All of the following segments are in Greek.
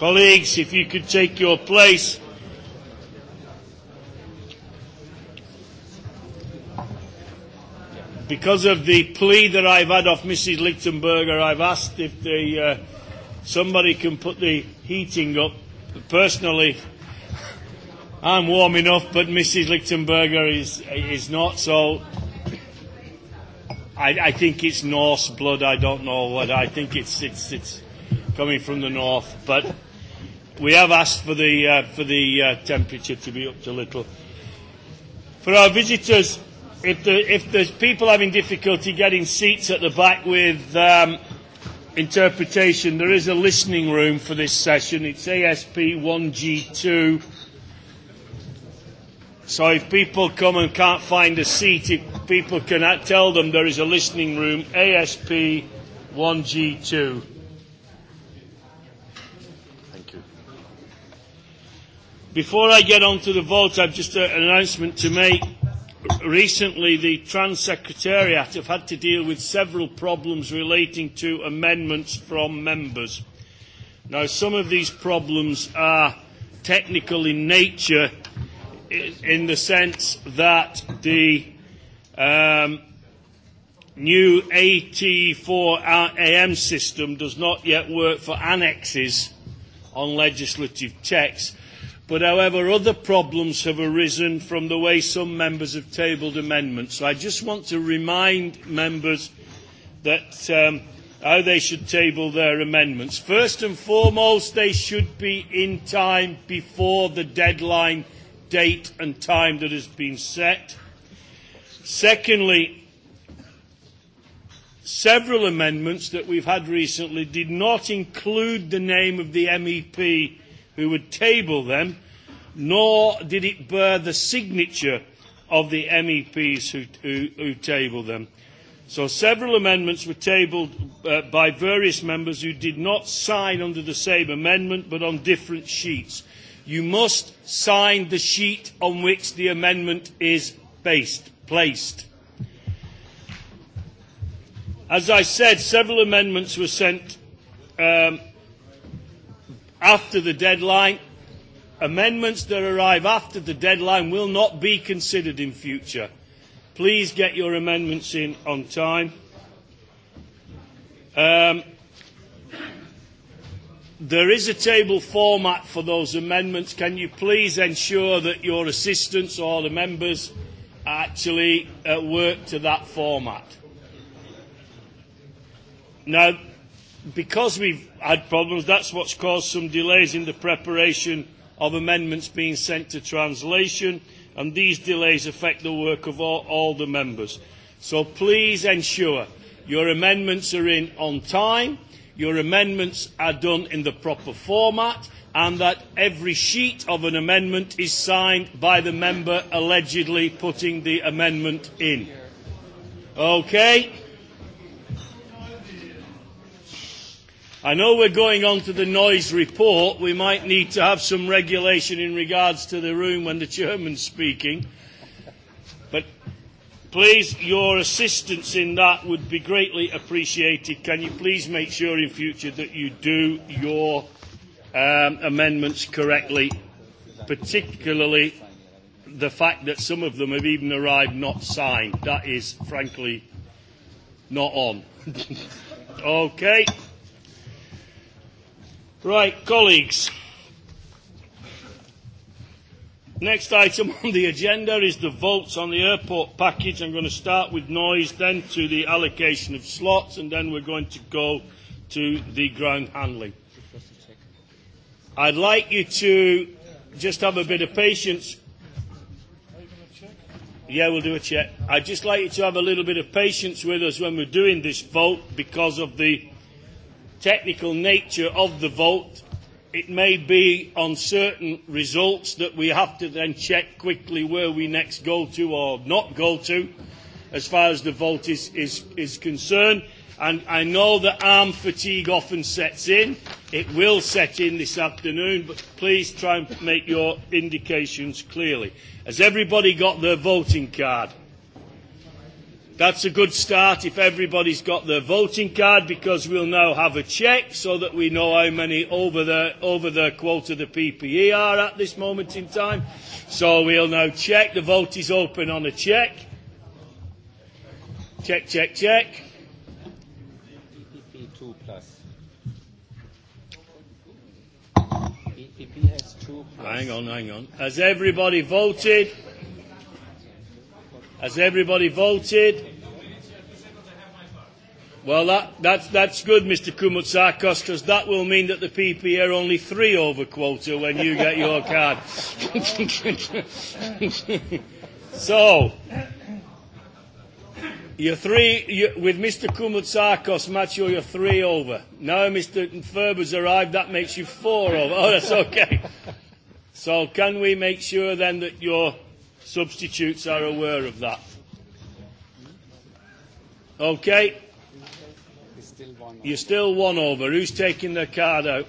Colleagues, if you could take your place. Because of the plea that I've had off Mrs. Lichtenberger, I've asked if the, uh, somebody can put the heating up. Personally, I'm warm enough, but Mrs. Lichtenberger is, is not, so I, I think it's Norse blood. I don't know what. I think it's, it's, it's coming from the north, but We have asked for the, for the temperature to be up to little. For our visitors, if, the, if there's people having difficulty getting seats at the back with um, interpretation, there is a listening room for this session. It's ASP 1G2. So if people come and can't find a seat, if people can tell them there is a listening room, ASP 1G2. Before I get on to the vote, I have just an announcement to make. Recently, the Trans Secretariat have had to deal with several problems relating to amendments from members. Now, some of these problems are technical in nature in the sense that the um, new AT4AM system does not yet work for annexes on legislative texts. But however, other problems have arisen from the way some members have tabled amendments. So I just want to remind members that how they should table their amendments. First and foremost, they should be in time before the deadline date and time that has been set. Secondly, several amendments that we've had recently did not include the name of the MEP who would table them, nor did it bear the signature of the MEPs who tabled them. So several amendments were tabled by various members who did not sign under the same amendment but on different sheets. You must sign the sheet on which the amendment is based, placed. As I said, several amendments were sent after the deadline. Amendments that arrive after the deadline will not be considered in future. Please get your amendments in on time. There is a table format for those amendments. Can you please ensure that your assistants or the members actually work to that format? Now, because we've had problems, that's what's caused some delays in the preparation of amendments being sent to translation, and these delays affect the work of all the members. So please ensure your amendments are in on time, your amendments are done in the proper format, and that every sheet of an amendment is signed by the member allegedly putting the amendment in. Okay? I know we're going on to the noise report. We might need to have some regulation in regards to the room when the chairman's speaking. But please, your assistance in that would be greatly appreciated. Can you please make sure in future that you do your amendments correctly, particularly the fact that some of them have even arrived not signed. That is, frankly, not on. Okay. Right, colleagues. Next item on the agenda is the votes on the airport package. I'm going to start with noise, then to the allocation of slots, and then we're going to go to the ground handling. I'd like you to just have a bit of patience. Yeah, we'll do a check. I'd just like you to have a little bit of patience with us when we're doing this vote because of the technical nature of the vote, it may be on certain results that we have to then check quickly where we next go to or not go to as far as the vote is, concerned. And I know that arm fatigue often sets in. It will set in this afternoon, but please try and make your indications clearly. Has everybody got their voting card? That's a good start if everybody's got their voting card because we'll now have a check so that we know how many over the, over the quota the PPE are at this moment in time. So we'll now check. The vote is open on a check. Check, check, check. Hang on, hang on. Has everybody voted? Has everybody voted? Well, that, that's, that's good, Mr. Kumutsakos, because that will mean that the PP are only three over quota when you get your card. so, you're three, you, with Mr. Kumutsakos, Macho, you're three over. Now Mr. Ferber's arrived, that makes you four over. Oh, that's okay. So can we make sure then that your substitutes are aware of that? Okay. You're still one over. Who's taking the card out?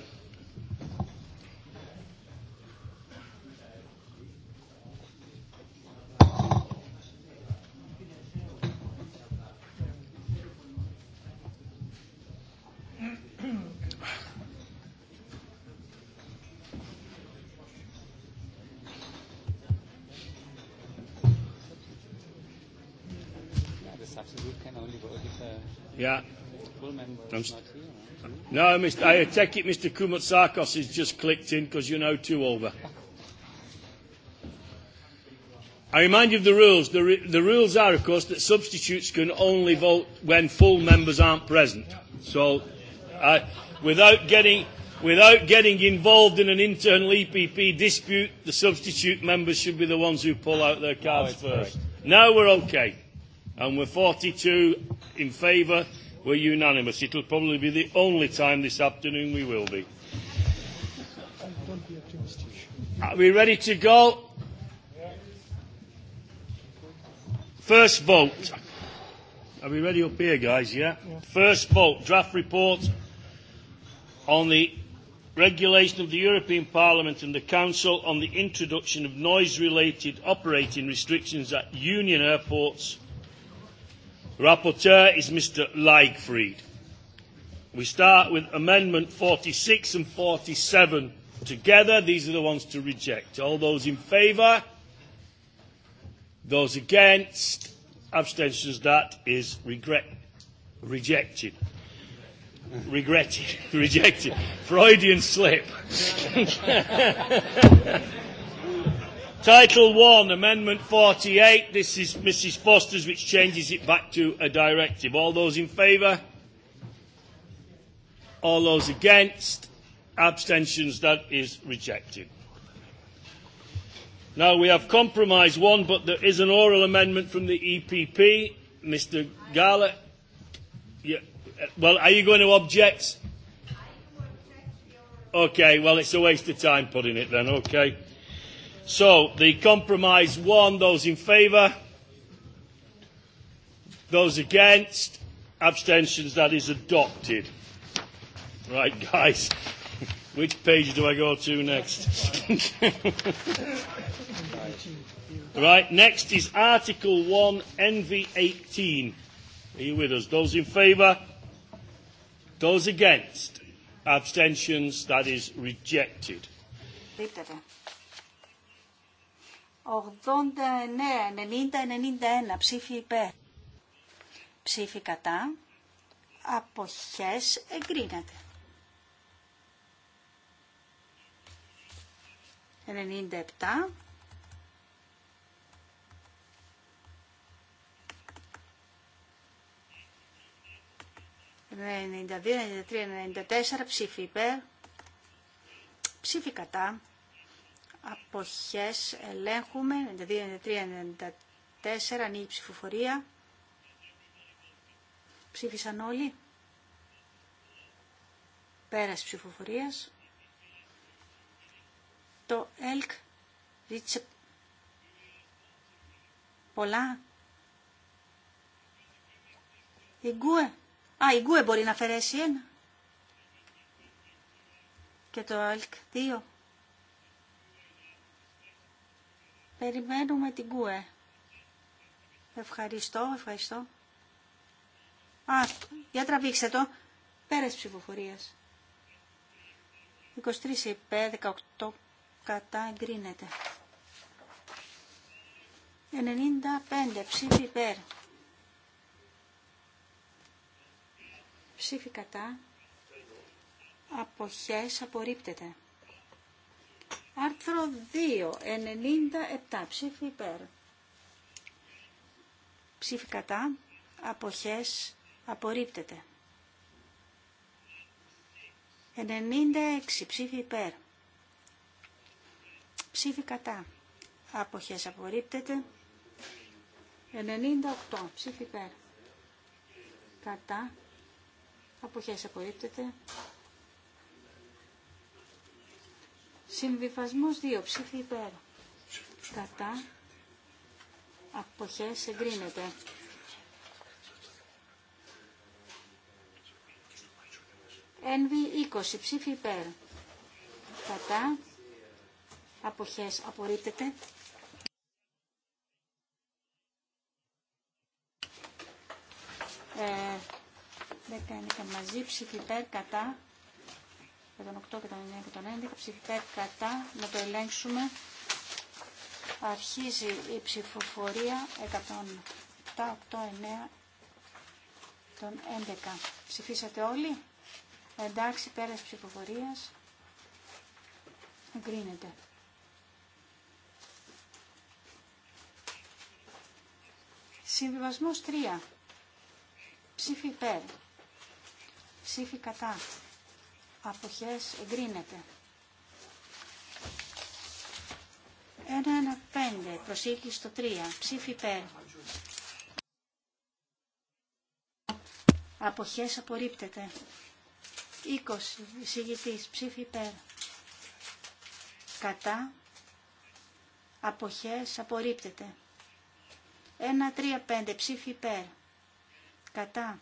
No, Mr. I take it Mr. Kumutsakos has just clicked in because you're now two over. I remind you of the rules. The rules are, of course, that substitutes can only vote when full members aren't present. So, without getting without getting involved in an internal EPP dispute, the substitute members should be the ones who pull out their cards first. Now we're okay, and we're 42 in favour were unanimous. It will probably be the only time this afternoon we will be. Are we ready to go? First vote. Are we ready up here, guys? Yeah? First vote. Draft report on the regulation of the European Parliament and the Council on the introduction of noise-related operating restrictions at union airports Rapporteur is Mr. Leigfried. We start with Amendment 46 and 47 together. These are the ones to reject. All those in favour? Those against? Abstentions? That is regret rejected. Regretted. Rejected. Freudian slip. Title 1, Amendment 48. This is Mrs Foster's, which changes it back to a directive. All those in favour? All those against? Abstentions. That is rejected. Now we have compromise one, but there is an oral amendment from the EPP. Mr. Gala, yeah, well, are you going to object? Okay, well, it's a waste of time putting it then, okay. So, the compromise one, those in favour, those against, abstentions, that is adopted. Right, guys, which page do I go to next? right, next is Article 1, NV 18. Are you with us? Those in favour, those against, abstentions, that is rejected. 89, 90, 91 ψήφι υπέρ. Ψήφι κατά. Αποχές εγκρίνεται. 97. «92, 93, 94 ψήφι υπέρ, ψήφι κατά, αποχές ελέγχουμε 92, 93, 94 ανοίγει η ψηφοφορία ψήφισαν όλοι πέρας ψηφοφορίας το ΕΛΚ ζήτησε πολλά η Γκουε α η ΓΚΟΕ μπορεί να αφαιρέσει ένα και το ΕΛΚ δύο Περιμένουμε την ΚΟΕ. Ευχαριστώ, ευχαριστώ. Α, για τραβήξτε το. Πέρες ψηφοφορίας. 23 υπέρ, 18 κατά εγκρίνεται. 95 ψήφι υπέρ. Ψήφι κατά. Αποχές απορρίπτεται. Άρθρο 2, 97, ψήφι υπέρ. Ψήφι κατά, αποχές, απορρίπτεται. 96, ψήφι υπέρ. Ψήφι κατά, αποχές, απορρίπτεται. 98, ψήφι υπέρ. Κατά, αποχές, απορρίπτεται. Συμβιβασμός 2. Ψήφι υπέρ. Κατά. Αποχές εγκρίνεται. Ενβι 20. Ψήφι υπέρ. Κατά. Αποχές απορρίπτεται. Ε, κάνετε μαζί. Ψήφι υπέρ. Κατά τον 8 και τον 9 και τον 11 ψηφικά κατά να το ελέγξουμε αρχίζει η ψηφοφορία 107, 8, 9 τον 11 ψηφίσατε όλοι εντάξει πέρας ψηφοφορίας εγκρίνεται Συμβιβασμός 3. Ψήφι υπέρ. Ψήφι κατά αποχές εγκρίνεται. 1-1-5 προσήκη στο 3 ψήφι υπέρ. Αποχές απορρίπτεται. 20 εισηγητής ψήφι υπέρ. Κατά. Αποχές απορρίπτεται. 1-3-5 ψήφι υπέρ. Κατά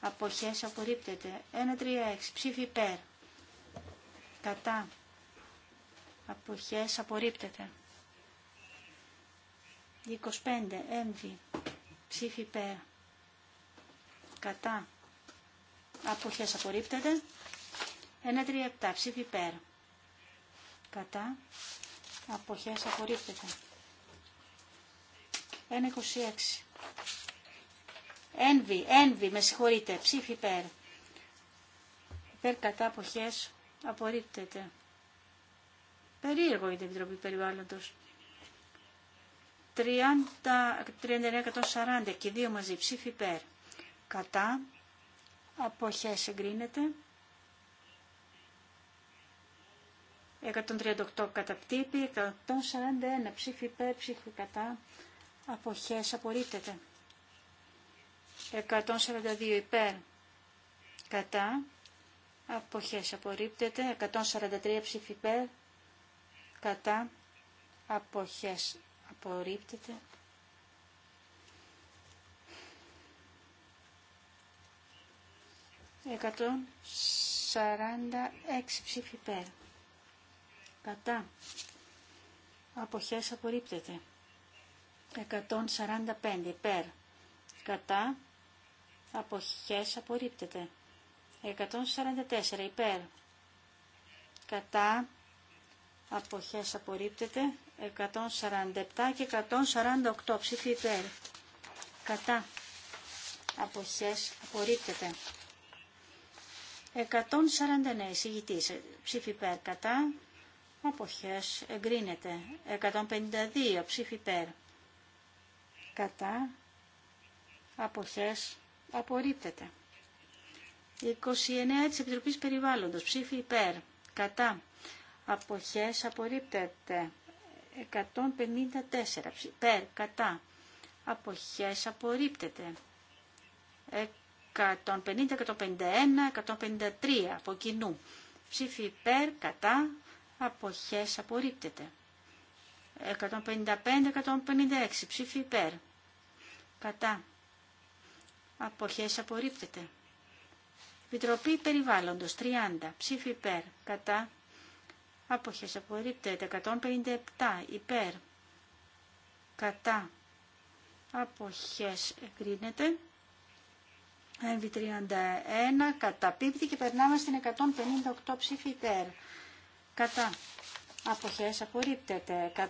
αποχές απορρίπτεται. 1-3-6 ψήφι υπέρ. Κατά. Αποχές απορρίπτεται. 25 έμβη ψήφι υπέρ. Κατά. Αποχές απορρίπτεται. 1-3-7 ψήφι υπέρ. Κατά. Αποχές απορρίπτεται. 1-26 Ένβη, ένβη, με συγχωρείτε, ψήφι υπέρ. Υπέρ κατά αποχές απορρίπτεται. Περίεργο είναι η Επιτροπή Περιβάλλοντος. 30, 39, 140 και δύο μαζί ψήφι υπέρ. Κατά αποχές εγκρίνεται. 138 καταπτύπη, 141 ψήφι υπέρ, ψήφι κατά, αποχές απορρίπτεται. 142 υπέρ κατά αποχές απορρίπτεται 143 ψήφι υπέρ κατά αποχές απορρίπτεται 146 σαράντα έξι ψήφι υπέρ. Κατά. Αποχές απορρίπτεται. 145 υπέρ. Κατά αποχές απορρίπτεται. 144 υπέρ κατά αποχές απορρίπτεται. 147 και 148 ψήφι υπέρ κατά αποχές απορρίπτεται. 149 εισηγητής ψήφι υπέρ κατά αποχές εγκρίνεται. 152 ψήφι υπέρ κατά αποχές απορρίπτεται. 29 τη Επιτροπής Περιβάλλοντος, ψήφι υπέρ, κατά, αποχές, απορρίπτεται. 154, υπέρ, κατά, αποχές, απορρίπτεται. 150, 151, 153, από κοινού, ψήφι υπέρ, κατά, αποχές, απορρίπτεται. 155-156 ψήφι υπέρ. Κατά αποχές απορρίπτεται. Επιτροπή περιβάλλοντος 30 ψήφι υπέρ κατά αποχές απορρίπτεται 157 υπέρ κατά αποχές Έμβη MV31 καταπίπτει και περνάμε στην 158 ψήφι υπέρ. Κατά. Αποχές απορρίπτεται. 159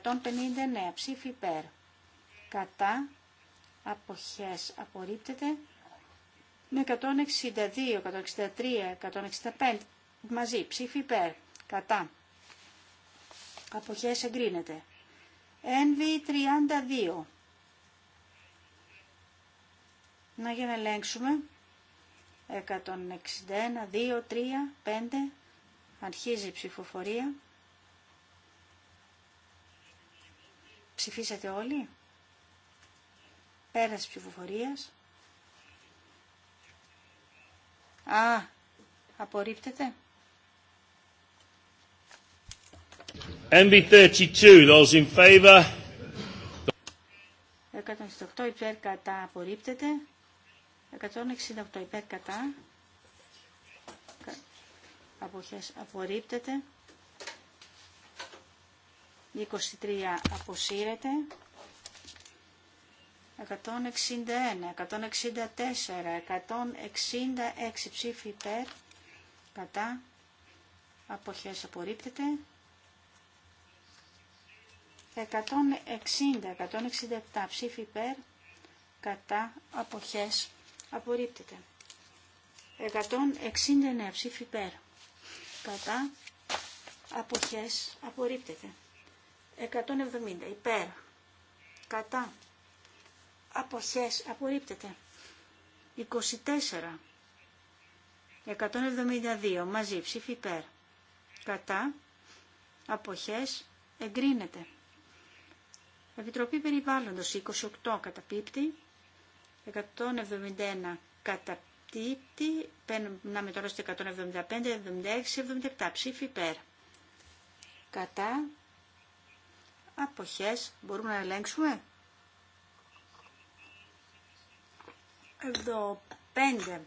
ψήφι υπέρ. Κατά. Αποχές απορρίπτεται με 162, 163, 165 μαζί. Ψήφι υπέρ. Κατά. Αποχές εγκρίνεται. NV32. Να για να ελέγξουμε. 161, 2, 3, 5. Αρχίζει η ψηφοφορία. Ψηφίσατε όλοι. Πέρας ψηφοφορίας. Α, απορριπτεται MB32, those in favor. 168 υπέρ κατά απορρίπτεται. 168 υπέρ κατά. Αποχές απορρίπτεται. 23 αποσύρεται. 161, 164, 166 ψήφι υπέρ, κατά, αποχές απορρίπτεται. 160, 167 ψήφι υπέρ, κατά, αποχές απορρίπτεται. 169 ψήφοι υπέρ, κατά, αποχές απορρίπτεται. 170 υπέρ, κατά, αποχές απορρίπτεται. 24. 172 μαζί ψήφι υπέρ. Κατά αποχές εγκρίνεται. Επιτροπή Περιβάλλοντος 28 καταπίπτει. 171 καταπίπτει. με τώρα στο 175, 76, 77 ψήφι υπέρ. Κατά αποχές μπορούμε να ελέγξουμε. 75,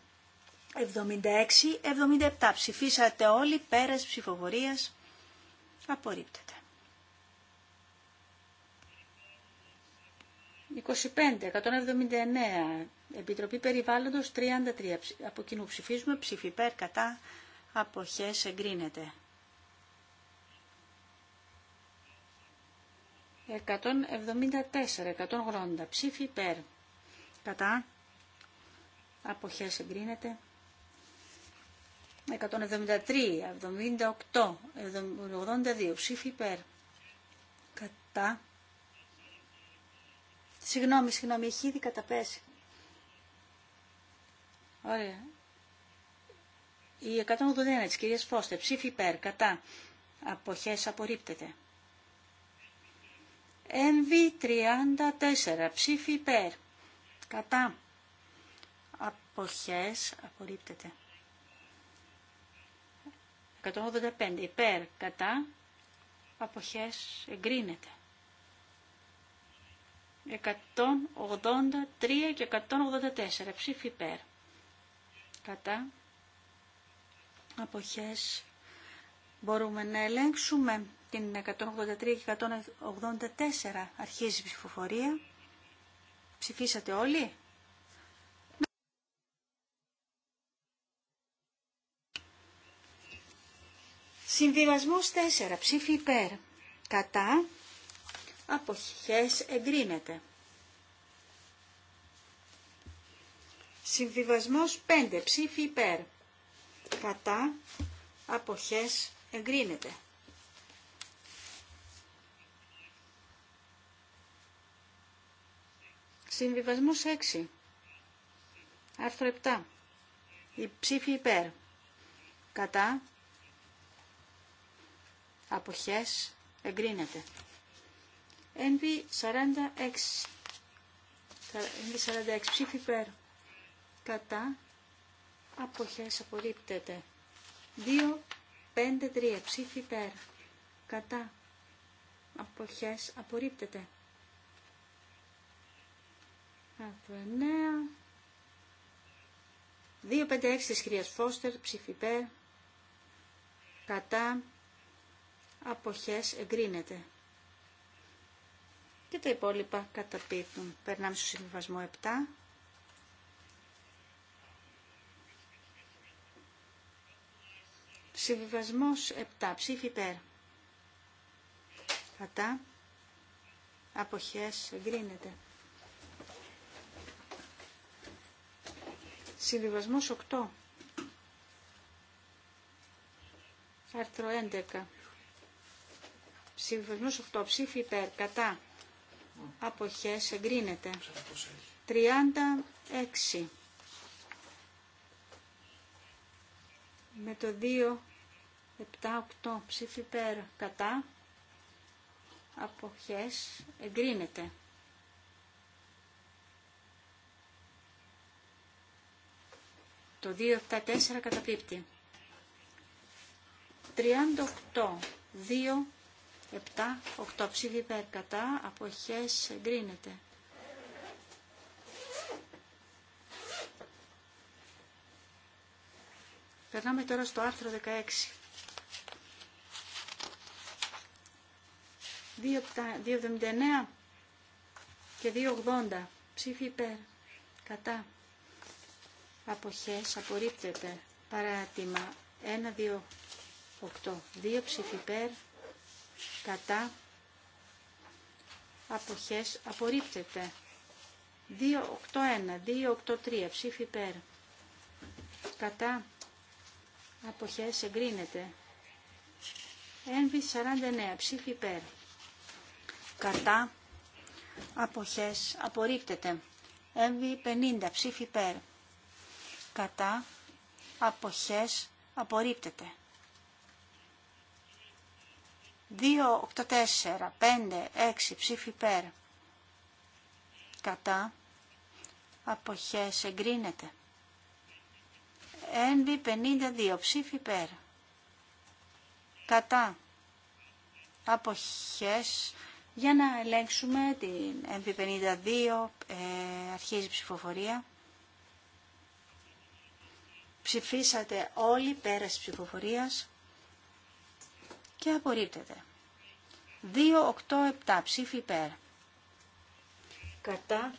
76, 77. Ψηφίσατε όλοι πέρας ψηφοφορία Απορρίπτεται. 25, 179, Επιτροπή Περιβάλλοντος 33. Από κοινού ψηφίζουμε ψήφι υπέρ κατά αποχές εγκρίνεται. 174, 180 ψήφι περ κατά αποχές εγκρίνεται. 173, 78, 82 ψήφι υπέρ. Κατά. Συγγνώμη, συγγνώμη, έχει ήδη καταπέσει. Ωραία. Η 181 της κυρίας Φώστε, ψήφι υπέρ, κατά. Αποχές απορρίπτεται. MV34, ψήφι υπέρ. Κατά αποχές απορρίπτεται. 185 υπέρ κατά αποχές εγκρίνεται. 183 και 184 ψήφι υπέρ κατά αποχές μπορούμε να ελέγξουμε την 183 και 184 αρχίζει η ψηφοφορία. Ψηφίσατε όλοι. Συμβιβασμός 4. Ψήφι υπέρ. Κατά. Αποχές εγκρίνεται. Συμβιβασμός 5. Ψήφι υπέρ. Κατά. Αποχές εγκρίνεται. Συμβιβασμός 6. Άρθρο 7. Η ψήφι υπέρ. Κατά αποχές εγκρίνεται. NB46 NB46 ψήφι υπέρ κατά αποχές απορρίπτεται. 2-5-3 ψήφι υπέρ κατά αποχές απορρίπτεται. Από 9 2-5-6 της κυρίας Φώστερ ψήφι κατά αποχές εγκρίνεται. Και τα υπόλοιπα καταπίπτουν. Περνάμε στο συμβιβασμό 7. Συμβιβασμός 7. Ψήφι υπέρ. Κατά. Αποχές εγκρίνεται. Συμβιβασμός 8. Άρθρο 11. Συμφωνούς 8. Ψήφι υπέρ. Κατά. Αποχές. Εγκρίνεται. 36. Με το 2, 7, 8. Ψήφι υπέρ. Κατά. Αποχές. Εγκρίνεται. Το 2, 7, 4, καταπίπτει. 38. 2, 7, 8 ψήφι υπέρ κατά αποχές εγκρίνεται. Περνάμε τώρα στο άρθρο 16. 2,79 και 2,80 ψήφι υπέρ κατά αποχές απορρίπτεται παράτημα 1, 2, 8 2 ψήφι υπέρ κατά αποχές απορρίπτεται. 281, 283 ψήφι υπέρ κατά αποχές εγκρίνεται. Ένβι 49 ψήφι υπέρ κατά αποχές απορρίπτεται. Ένβι 50 ψήφι υπέρ κατά αποχές απορρίπτεται. 2, 8, 4, 5, 6 ψήφι υπέρ. Κατά. Αποχές εγκρίνεται. εγκρίνεται. 52 ψήφι υπέρ. Κατά. Αποχές. Για να ελέγξουμε την MP52, ε, αρχίζει η ψηφοφορία. Ψηφίσατε όλοι πέρας ψηφοφορίας και απορρίπτεται. 2-8-7 ψήφι υπέρ. Κατά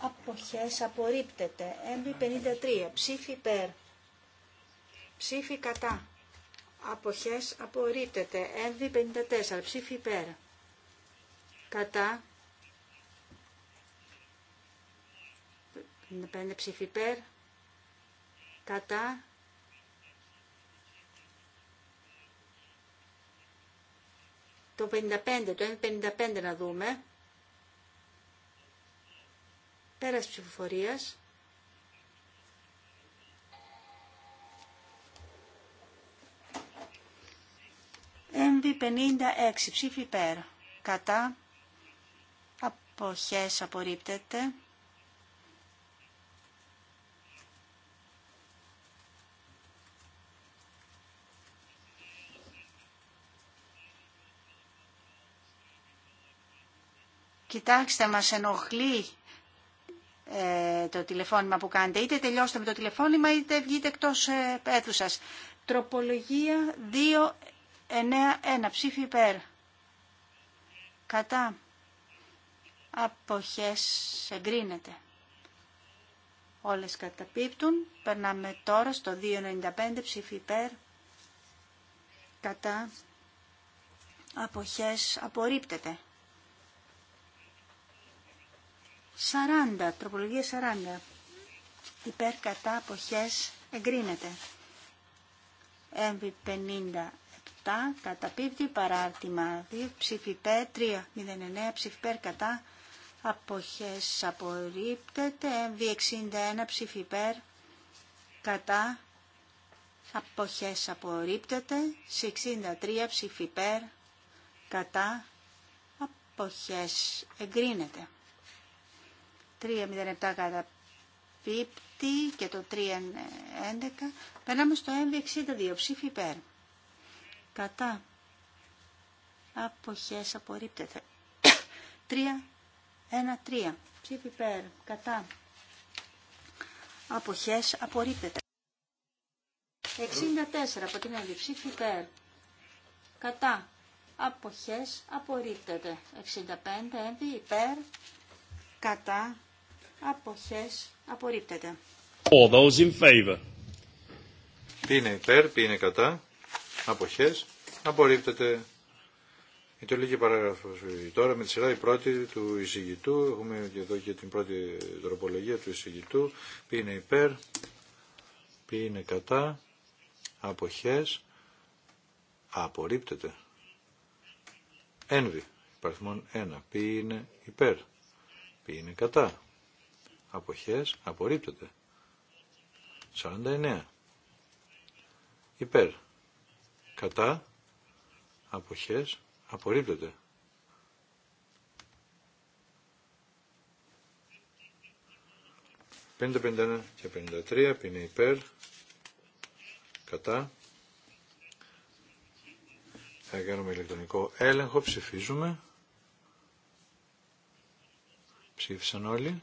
αποχές απορρίπτεται. MB53 ψήφι υπέρ. Ψήφι κατά. Αποχές απορρίπτεται. MV54 ψήφι υπέρ. Κατά. 55 ψήφι υπέρ. Κατά. το 55, το 55 να δούμε. Πέρας ψηφοφορίας. MV56 ψήφι πέρα Κατά. Αποχές απορρίπτεται. Κοιτάξτε, μας ενοχλεί ε, το τηλεφώνημα που κάνετε. Είτε τελειώστε με το τηλεφώνημα, είτε βγείτε εκτός ε, τροπολογια 291, υπέρ. Κατά. Αποχές εγκρίνεται. Όλες καταπίπτουν. Περνάμε τώρα στο 2.95 ψήφι υπέρ. Κατά. Αποχές απορρίπτεται. 40, τροπολογία 40. Υπέρ κατά αποχές εγκρίνεται. Έμβη 57 κατά πίπτη παράρτημα 2 ψηφιπέ 3 09 ψηφιπέρ κατά αποχές απορρίπτεται έμβη 61 ψηφιπέρ κατά αποχές απορρίπτεται 63 ψηφιπέρ κατά αποχές εγκρίνεται. 307 κατά πίπτη και το 311. Περνάμε στο MV62 ψήφι υπέρ. Κατά. Αποχές απορρίπτεται. 313 ψήφι υπέρ. Κατά. Αποχές απορρίπτεται. 64 από την άλλη ψήφι υπέρ. Κατά. Αποχές απορρίπτεται. 65 Έμβη υπέρ. Κατά αποχές απορρίπτεται. All those in favor. Ποιοι είναι υπέρ, ποιοι είναι κατά, αποχές, απορρίπτεται. Η τελική παράγραφος τώρα με τη σειρά η πρώτη του εισηγητού, έχουμε και εδώ και την πρώτη τροπολογία του εισηγητού, ποιοι είναι υπέρ, ποιοι είναι κατά, αποχές, απορρίπτεται. Ένβη, παριθμόν 1, ποιοι είναι υπέρ, ποιοι είναι κατά, αποχές απορρίπτεται. 49 υπέρ κατά αποχές απορρίπτεται. 50, 51 και 53 είναι υπέρ κατά θα κάνουμε ηλεκτρονικό έλεγχο, ψηφίζουμε. Ψήφισαν όλοι.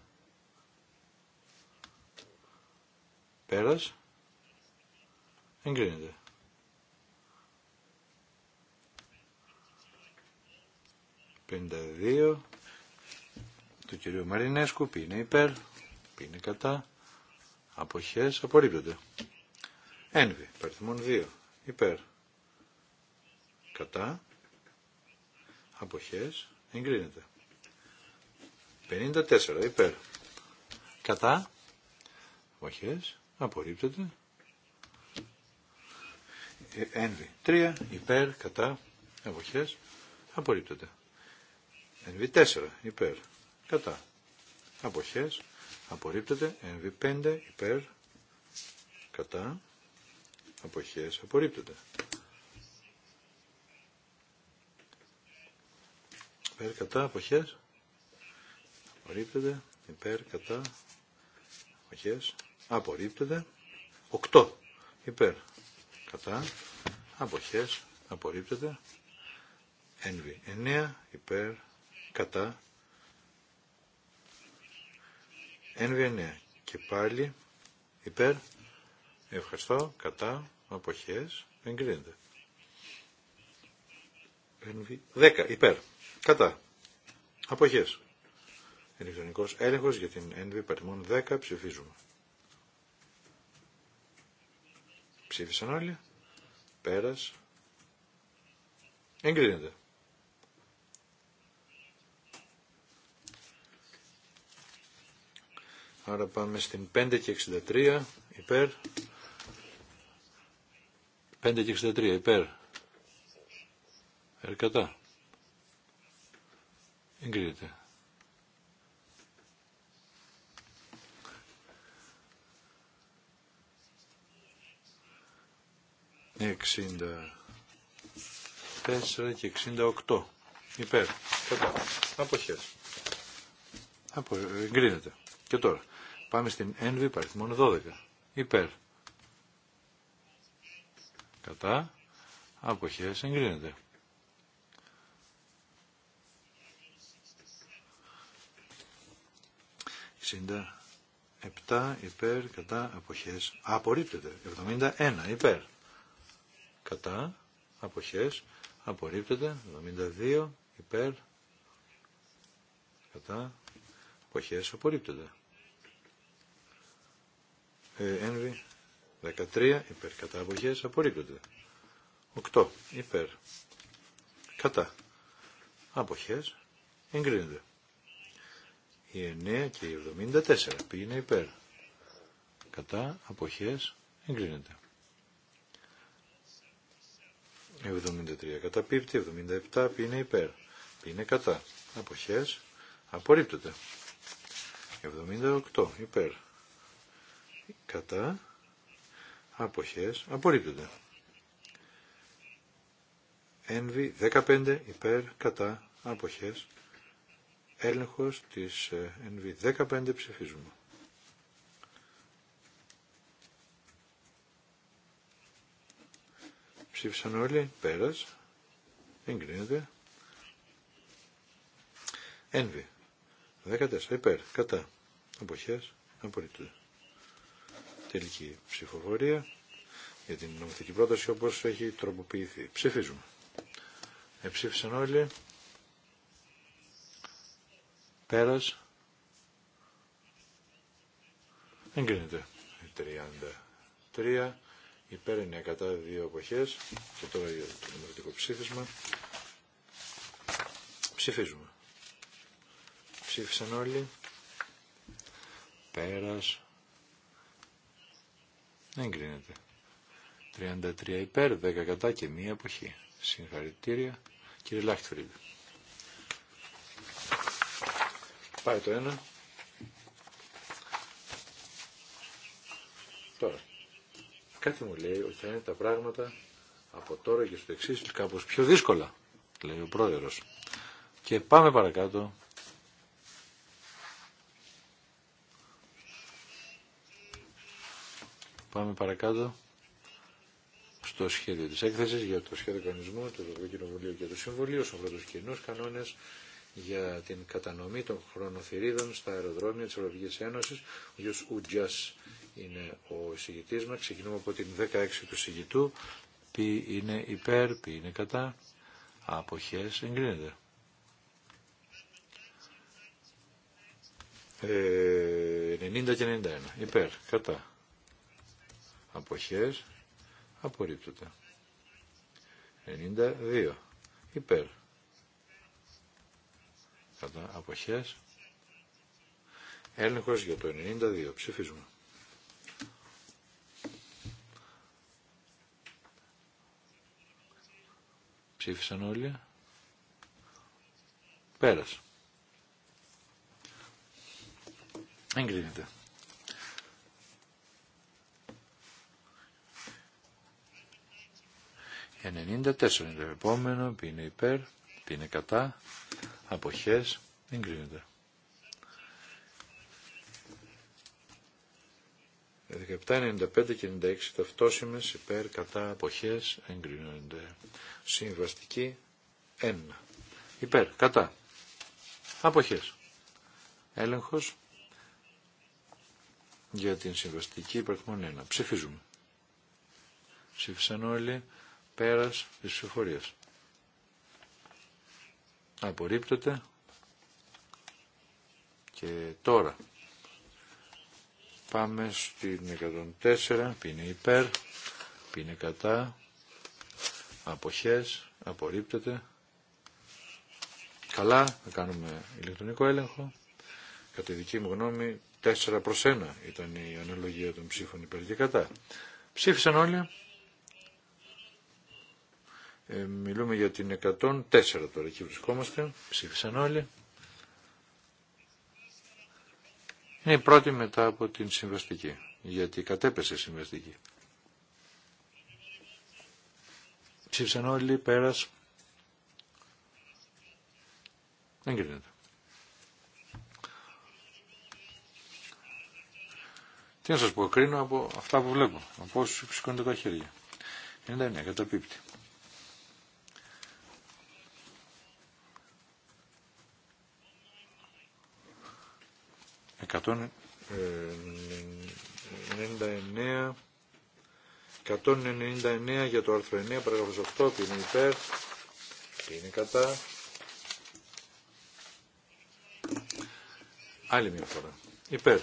Πέρας. Εγκρίνεται. 52 του κυρίου Μαρινέσκου, πήνε είναι υπέρ, πήνε κατά, αποχές, απορρίπτονται. Ένβη, παριθμόν 2, υπέρ, κατά, αποχές, εγκρίνεται. 54, υπέρ, κατά, αποχές, απορρίπτεται. Ένβη ε, 3 υπέρ κατά αποχές απορρίπτεται. Ένβη 4 υπέρ κατά αποχέ, απορρίπτεται. ενβι 5 υπέρ κατά αποχέ, απορρίπτεται. Υπέρ κατά αποχές απορρίπτεται. Υπέρ κατά απορρίπτεται. 8 υπέρ κατά αποχές απορρίπτεται. Ένβη 9 υπέρ κατά Ένβη 9 και πάλι υπέρ ευχαριστώ κατά αποχές εγκρίνεται. Ένβη 10 υπέρ κατά αποχές. Ηλεκτρονικός έλεγχος για την nv παριμών 10 ψηφίζουμε. Ψήφισαν όλοι. Πέρας. Εγκρίνεται. Άρα πάμε στην 5 και 63 υπέρ. 5 και 63 υπέρ. Ερκατά. Εγκρίνεται. 64 και 68 υπέρ κατά αποχές Απο... εγκρίνεται και τώρα πάμε στην ένβη παριθμών 12 υπέρ κατά αποχές εγκρίνεται 67 7 υπέρ κατά αποχές απορρίπτεται 71 υπέρ κατά, αποχές, απορρίπτεται, 72 υπέρ, κατά, αποχές, απορρίπτεται. Ε, Ένβη, 13 υπέρ, κατά, αποχές, απορρίπτεται. 8 υπέρ, κατά, αποχές, εγκρίνεται. Η 9 και η 74 πήγαινε υπέρ. Κατά αποχές εγκρίνεται. 73 καταπίπτει, 77 είναι υπέρ, είναι κατά, αποχές, απορρίπτονται. 78 υπέρ, κατά, αποχές, απορρίπτονται. Ένβη 15 υπέρ, κατά, αποχές, έλεγχος της ε, NV15 ψηφίζουμε. Ψήφισαν όλοι. Πέρας. Εγκρίνεται. Ένβη. 14. Υπέρ. Κατά. Αποχές. απορρίπτω. Τελική ψηφοφορία για την νομοθετική πρόταση όπως έχει τροποποιηθεί. Ψηφίζουμε. Εψήφισαν όλοι. Πέρας. Εγκρίνεται. 33 υπέρ κατά δύο εποχές και τώρα για το δημοκρατικό ψήφισμα ψηφίζουμε ψήφισαν όλοι πέρας εγκρίνεται 33 υπέρ 10 κατά και μία εποχή συγχαρητήρια κύριε Λάχτφριντ πάει το ένα τώρα Κάτι μου λέει ότι θα είναι τα πράγματα από τώρα και στο εξή κάπως πιο δύσκολα, λέει ο πρόεδρος. Και πάμε παρακάτω. Πάμε παρακάτω στο σχέδιο της έκθεσης για το σχέδιο κανονισμού του Ευρωπαϊκού Κοινοβουλίου και του Συμβουλίου, στους κοινού κανόνες για την κατανομή των χρονοθυρίδων στα αεροδρόμια της Ευρωπαϊκής Ένωσης. Ο Γιος Ουτζιάς είναι ο εισηγητής μας. Ξεκινούμε από την 16 του εισηγητού. Ποι είναι υπέρ, ποι είναι κατά. Αποχές εγκρίνεται. Ε, 90 και 91. Υπέρ, κατά. Αποχές απορρίπτωτα 92. Υπέρ κατά αποχές έλεγχος για το 92 ψηφίζουμε ψήφισαν όλοι πέρασε εγκρίνεται 94 είναι το επόμενο που είναι υπέρ είναι κατά, αποχές, κρίνεται. 1795 και 96 ταυτόσημες υπέρ κατά αποχές εγκρίνονται. Συμβαστική 1. Υπέρ κατά αποχές. Έλεγχος για την συμβαστική υπαρχμόν 1. Ψηφίζουμε. Ψήφισαν όλοι πέρας της ψηφορίας απορρίπτεται και τώρα πάμε στην 104 που είναι υπέρ που είναι κατά αποχές απορρίπτεται καλά να κάνουμε ηλεκτρονικό έλεγχο κατά τη δική μου γνώμη 4 προς 1 ήταν η αναλογία των ψήφων υπέρ και κατά ψήφισαν όλοι ε, μιλούμε για την 104 τώρα. Εκεί βρισκόμαστε. Ψήφισαν όλοι. Είναι η πρώτη μετά από την συμβαστική. Γιατί κατέπεσε η συμβαστική. Ψήφισαν όλοι. Πέρας. Δεν κρίνεται. Τι να σας πω, κρίνω από αυτά που βλέπω, από όσους σηκώνετε τα χέρια. 99, καταπίπτει. 199 για το άρθρο 9 παράγραφος 8 που είναι υπέρ και είναι κατά άλλη μια φορά υπέρ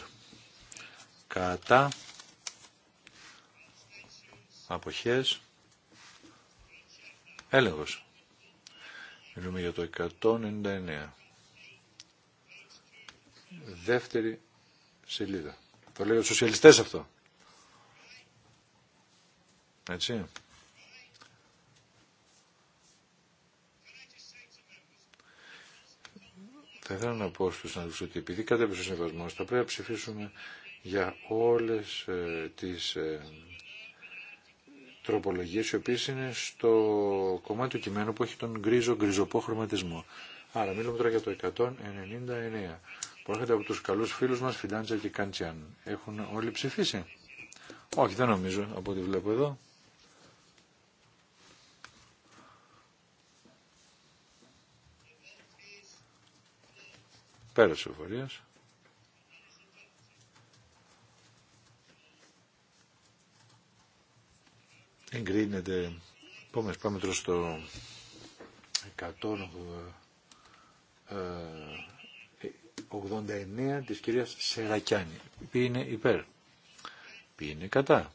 κατά αποχές έλεγχος μιλούμε για το 199 δεύτερη σελίδα. Το λέει ο σοσιαλιστές αυτό. Έτσι. Θα ήθελα να πω στους συναδελφούς ότι επειδή κατέβησε ο συμβασμός θα πρέπει να ψηφίσουμε για όλες ε, τις ε, τροπολογίες οι οποίες είναι στο κομμάτι του κειμένου που έχει τον γκρίζο γκριζοπό χρωματισμό. Άρα μιλούμε τώρα για το 199 έρχεται από τους καλούς φίλους μας Φιντάντζα και Καντσιάν. Έχουν όλοι ψηφίσει. Όχι, δεν νομίζω από ό,τι βλέπω εδώ. Πέρασε ο φορείας. Εγκρίνεται. πάμε τώρα στο 100 89 της κυρίας Σερακιάνη. Ποιοι είναι υπέρ. Ποιοι είναι κατά.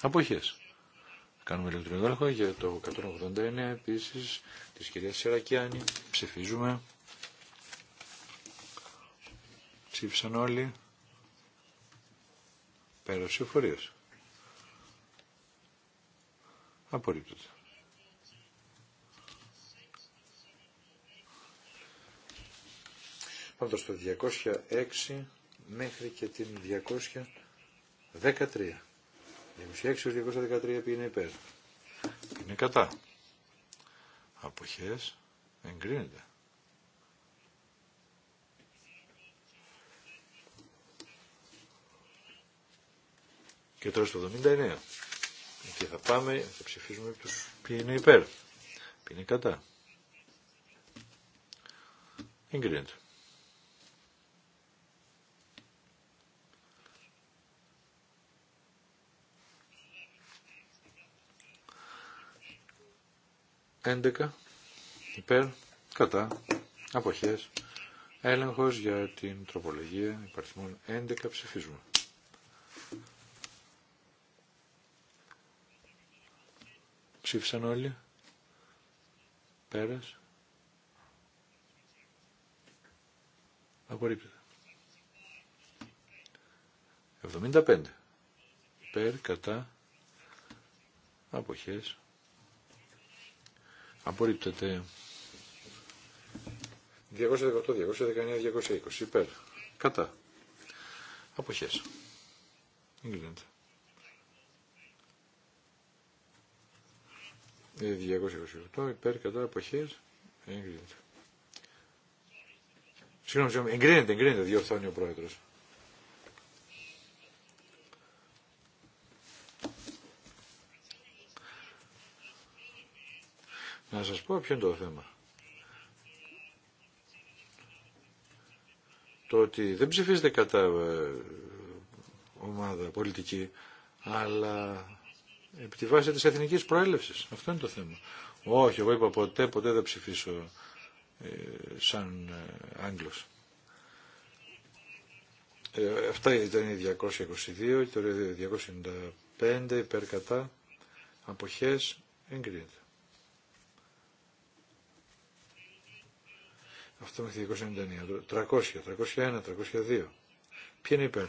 Αποχές. Κάνουμε ηλεκτρονικό έλεγχο για το 189 επίσης της κυρίας Σερακιάνη. Ψηφίζουμε. Ψήφισαν όλοι. Πέρασε ο φορείος. πάντως το 206 μέχρι και την 213. 206 213 213 είναι υπέρ. Είναι κατά. Αποχές εγκρίνεται. Και τώρα στο 79. Εκεί θα πάμε, θα ψηφίσουμε τους ποιοι είναι υπέρ, ποιοι είναι κατά. Εγκρίνεται. 11 υπέρ κατά αποχές έλεγχος για την τροπολογία υπαριθμών 11 ψηφίζουμε. Ψήφισαν όλοι. Πέρας. Απορρίπτεται. 75. Υπέρ, κατά, αποχές, Απορρίπτεται. 218, 219, 220. Υπέρ. Κατά. Αποχές. Εγκρίνεται. 228. Ε, Υπέρ. Κατά. Αποχές. Εγκλίνεται. Συγγνώμη, εγκρίνεται, εγκρίνεται, διορθώνει ο πρόεδρος. Να σας πω ποιο είναι το θέμα. Το ότι δεν ψηφίζεται κατά ε, ομάδα πολιτική, αλλά επί τη βάση της εθνικής προέλευσης. Αυτό είναι το θέμα. Όχι, εγώ είπα ποτέ, ποτέ δεν ψηφίσω ε, σαν ε, Άγγλος. αυτά ήταν οι 222 και τώρα 295 υπέρ κατά αποχές εγκρίνεται. Αυτό μέχρι 299. 300, 301, 302. Ποιοι είναι υπέρ.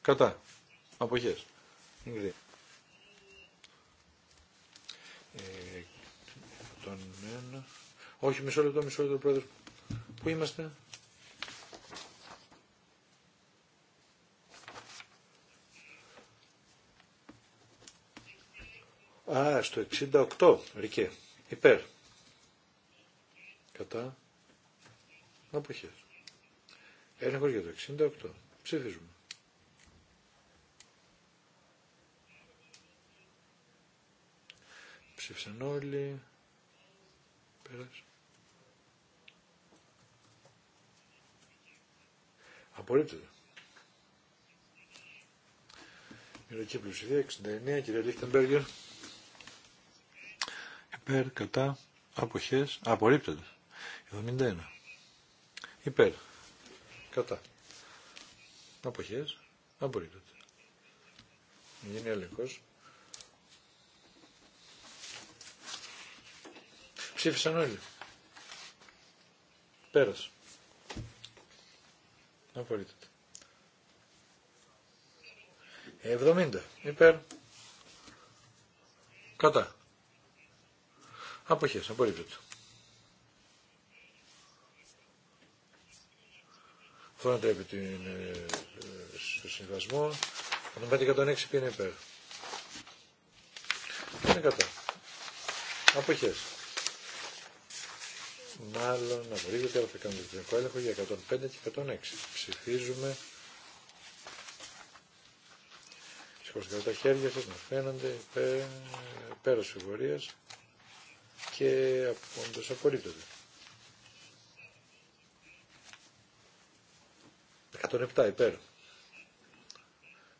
Κατά. Αποχές. Ε, τον Όχι, μισό λεπτό, μισό λεπτό, πρόεδρος. Πού είμαστε. Α, στο 68, Ρικέ. Υπέρ κατά αποχές. Έλεγχος για το 68. Ψηφίζουμε. Ψήφισαν όλοι. Πέρασε. Απορρίπτεται. ροκή πλουσιδία 69, Κύριε Λίχτεμπεργκερ. Υπέρ, κατά, αποχές, απορρίπτεται. 71. Υπέρ. Κατά. Αποχές. Απορρίπτεται. Γίνει έλεγχος. Ψήφισαν όλοι. Πέρασε. Απορρίπτεται. 70. Υπέρ. Κατά. Αποχές. Απορρίπτεται. Αυτό ανατρέπει την, στο ε, ε, συμβασμό. Αν πάτε 106 ποιο είναι υπέρ. Και είναι κατά. Αποχές. Μάλλον βρείτε αλλά θα κάνουμε τελικό έλεγχο για 105 και 106. Ψηφίζουμε. Σηκώστε τα χέρια σας να φαίνονται πέρα ψηφορίας και όντως απορρίπτονται. 107 υπέρ.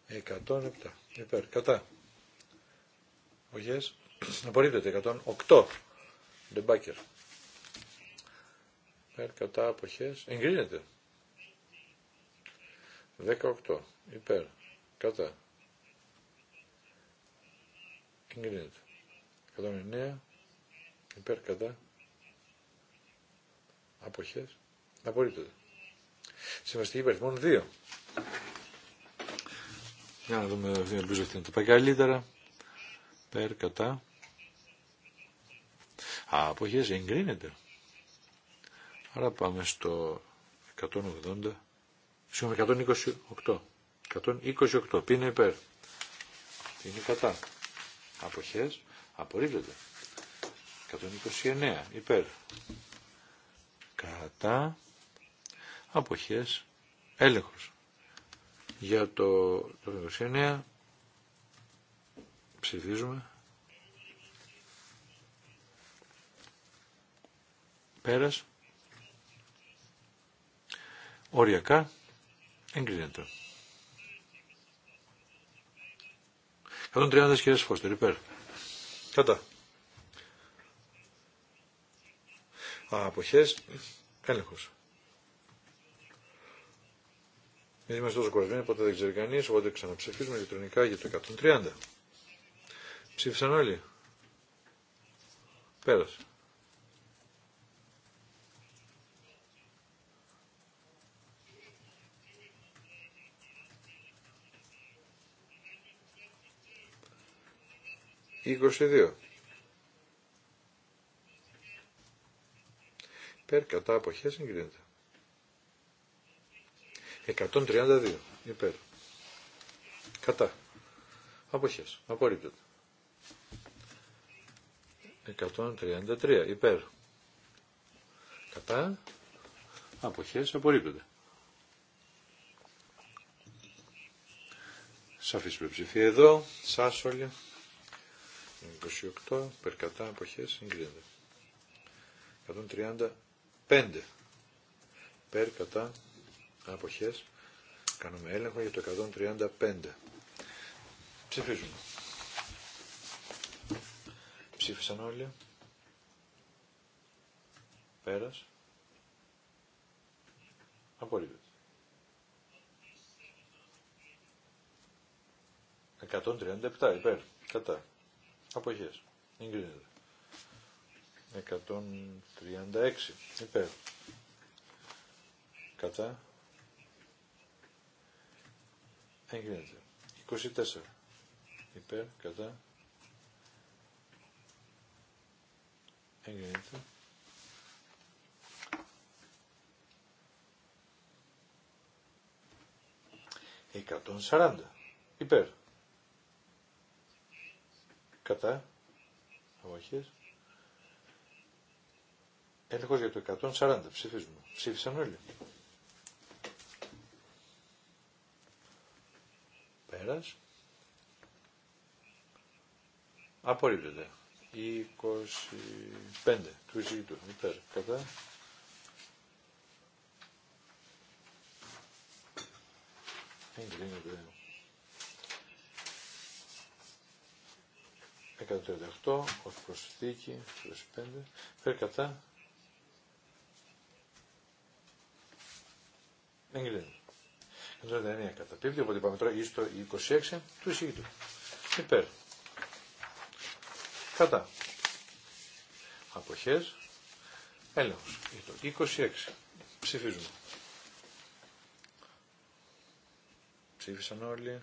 107 υπέρ. Κατά. να Απορρίπτεται. 108. Ντεμπάκερ. Υπέρ. Κατά. Αποχές. Εγκρίνεται. 18. Υπέρ. Κατά. Εγκρίνεται. 109. Υπέρ. Κατά. Αποχές. Απορρίπτεται. Συμβαστική υπερθμόν 2. Για να δούμε την πίσω αυτή το πάει καλύτερα. Περ, κατά. Α, αποχές εγκρίνεται. Άρα πάμε στο 180. Συγγνώμη, 128. 128. Πίνε υπέρ. Είναι κατά. Αποχές. Απορρίπτεται. 129. Υπέρ. Κατά αποχές, έλεγχος. Για το, το 29 ψηφίζουμε. Πέρας. Οριακά εγκρίνεται. 130 κυρίες Φώστερ, υπέρ. Κατά. Α, αποχές, έλεγχος. Γιατί είμαστε τόσο κουρασμένοι, ποτέ δεν ξέρει κανεί, οπότε ξαναψηφίζουμε ηλεκτρονικά για το 130. Ψήφισαν όλοι. Πέρασε. Είκοσι δύο. Υπέρ κατά αποχές εγκρίνεται. 132 υπέρ. Κατά. Αποχές. Απορρίπτεται. 133 υπέρ. Κατά. Αποχές. Απορρίπτεται. Σαφής πλειοψηφία εδώ. Σάσολια. 28 Περκατά. Αποχές. Εγκρίνεται. 135 υπέρ κατά αποχές κάνουμε έλεγχο για το 135 ψηφίζουμε ψήφισαν όλοι πέρας Απολύτως. 137 υπέρ κατά αποχές εγκρίνεται 136 υπέρ κατά Εγκρίνεται. 24. Υπέρ, κατά. Εγκρίνεται. Εκατόν σαράντα. Υπέρ. Κατά. όχι. Έλεγχος για το 140. Ψηφίζουμε. Ψήφισαν όλοι. Πέρας. Απορρίπτεται. 25 του εισηγητού. Υπέρ. Κατά. Εγκρίνεται. 138 ως προσθήκη 25 υπέρ κατά εγκρίνεται κατά καταπίπτει, οπότε πάμε τώρα στο 26 του εισηγητού. Υπέρ. Κατά. Αποχές. Έλεγχος. το 26. Ψηφίζουμε. Ψήφισαν όλοι.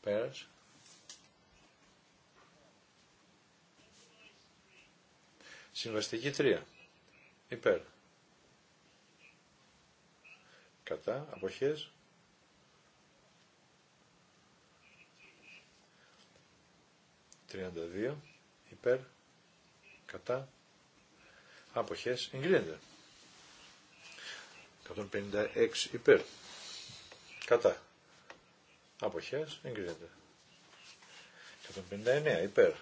Πέρας. Συμβαστική 3 υπέρ. Κατά, αποχές. 32. υπέρ, κατά, αποχές, εγκρίνεται. 156 υπέρ. Κατά. Αποχές, εγκρίνεται. 159 υπέρ.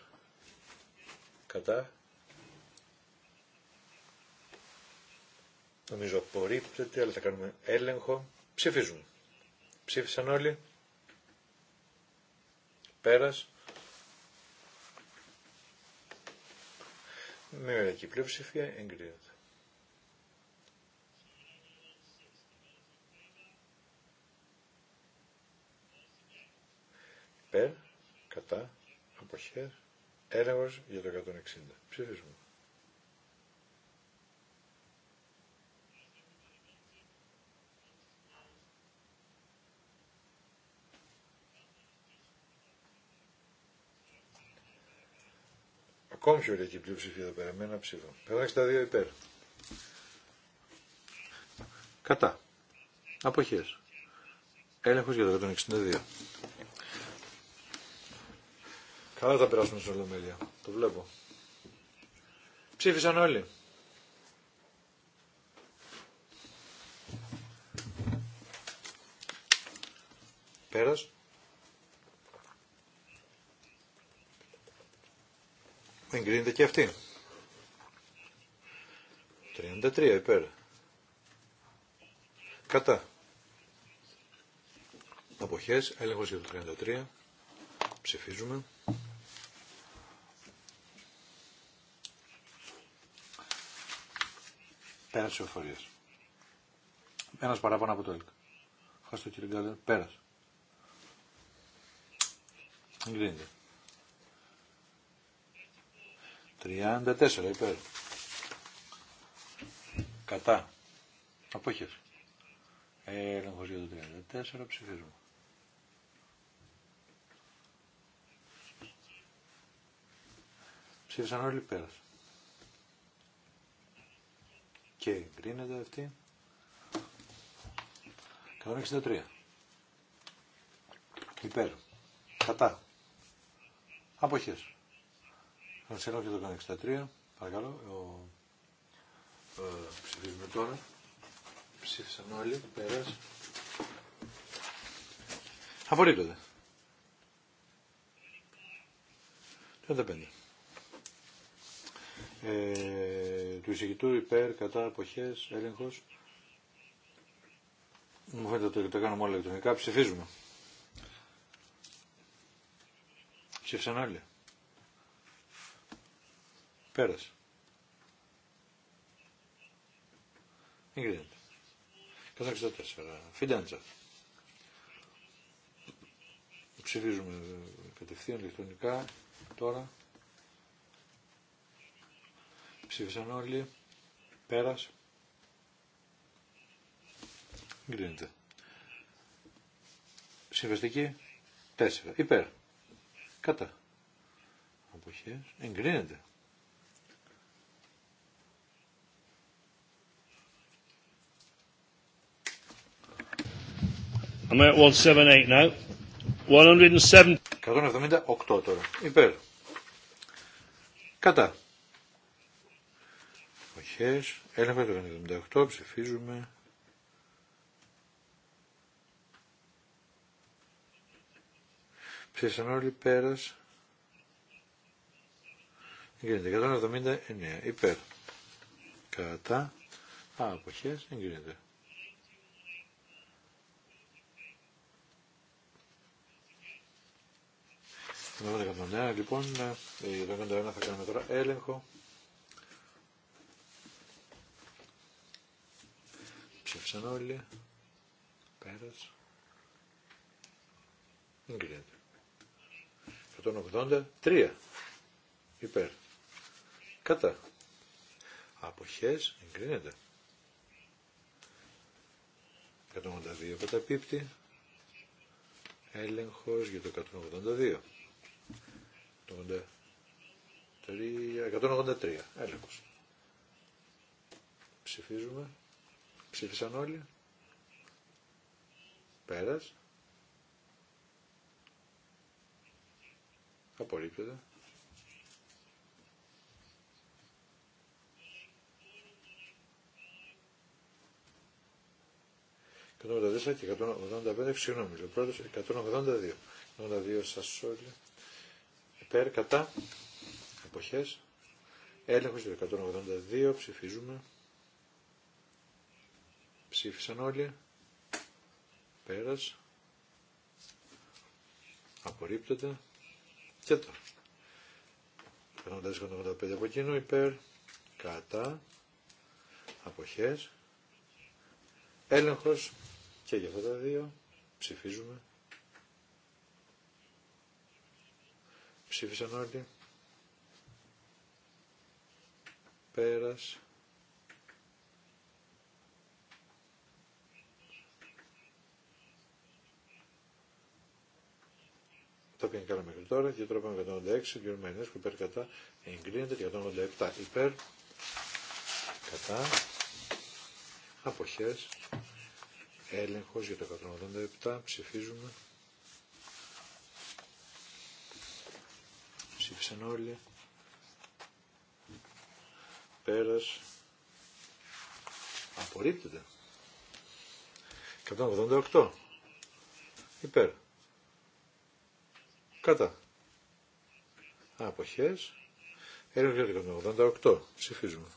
Κατά. Νομίζω απορρίπτεται, αλλά θα κάνουμε έλεγχο. Ψηφίζουμε. Ψήφισαν όλοι. Πέρας. Με μερική πλειοψηφία εγκρίνεται. Πέρ. κατά Αποχέ. έλεγχος για το 160. Ψηφίζουμε. ακόμη πιο η πλειοψηφία εδώ πέρα, με ένα ψήφο. 162 υπέρ. Κατά. Αποχές. Έλεγχος για το 162. Καλά θα περάσουμε στην Ολομέλεια. Το βλέπω. Ψήφισαν όλοι. Πέρας. Εγκρίνεται και αυτή. 33 υπέρ. Κατά. Αποχές. Έλεγχος για το 33. Ψηφίζουμε. Πέρασε ευφορίας. Ένας παράπονα από το ΕΛΚ. Ευχαριστώ κύριε Γκάλερ. Πέρας. Εγκρίνεται. 34 υπέρ. Κατά. Απόχευση. Ελέγχο για το 34 ψηφίζουμε. Ψήφισαν όλοι υπέρ. Και εγκρίνεται αυτή. 163. Υπέρ. Κατά. Αποχές αν σε και το 63. Παρακαλώ. Ο... Ε, ψηφίζουμε τώρα. Ψήφισαν όλοι. Πέρας. Απορρίπτονται. 35. Ε, του εισηγητού υπέρ, κατά, αποχές, έλεγχος. Μου φαίνεται ότι το κάνουμε όλα ηλεκτρονικά. Ψηφίζουμε. Ψήφισαν όλοι. Πέρασε. Εγκρίνεται. 164. Φιντάντσα. Ψηφίζουμε κατευθείαν ηλεκτρονικά τώρα. Ψήφισαν όλοι. Πέρας. Εγκρίνεται. Συμβαστική 4. Υπέρ. Κατά. Αποχές. Εγκρίνεται. 178 now. 178 τώρα. Υπέρ. Κατά. Οχές. Έλεγχα το 178. Ψηφίζουμε. Ψήφισαν όλοι πέρας. Εγκρίνεται. 179. Υπέρ. Κατά. Α, αποχές. Εγκρίνεται. 171 λοιπόν, για το 191 θα κάνουμε τώρα έλεγχο. Ψήφισαν όλοι. Πέρασε. Εγκρίνεται. 183 υπέρ. Κατά. Αποχές εγκρίνεται. 182 καταπίπτει. έλεγχο για το 182. 183, έλεγχος. Ψηφίζουμε. Ψήφισαν όλοι. Πέρας. Απορρίπτεται. και 185, συγγνώμη, ο πρώτος 182. 182 σας όλοι υπέρ, κατά, εποχές, έλεγχος του 182, ψηφίζουμε, ψήφισαν όλοι, πέρας, απορρίπτεται, και τώρα, 185 από κοινού, υπέρ, κατά, αποχές, έλεγχος, και για αυτά τα δύο ψηφίζουμε. Ψήφισαν όλοι. Πέρας. Τα οποία καλά μέχρι τώρα και τώρα πάμε 186, κύριο που υπέρ κατά, εγκρίνεται 187 υπέρ, κατά, αποχές, έλεγχος για το 187, ψηφίζουμε. Ψήφισαν όλοι. Πέρας. Απορρίπτεται. 188. Υπέρ. Κατά. Αποχές. Έλεγχο 188. Ψηφίζουμε.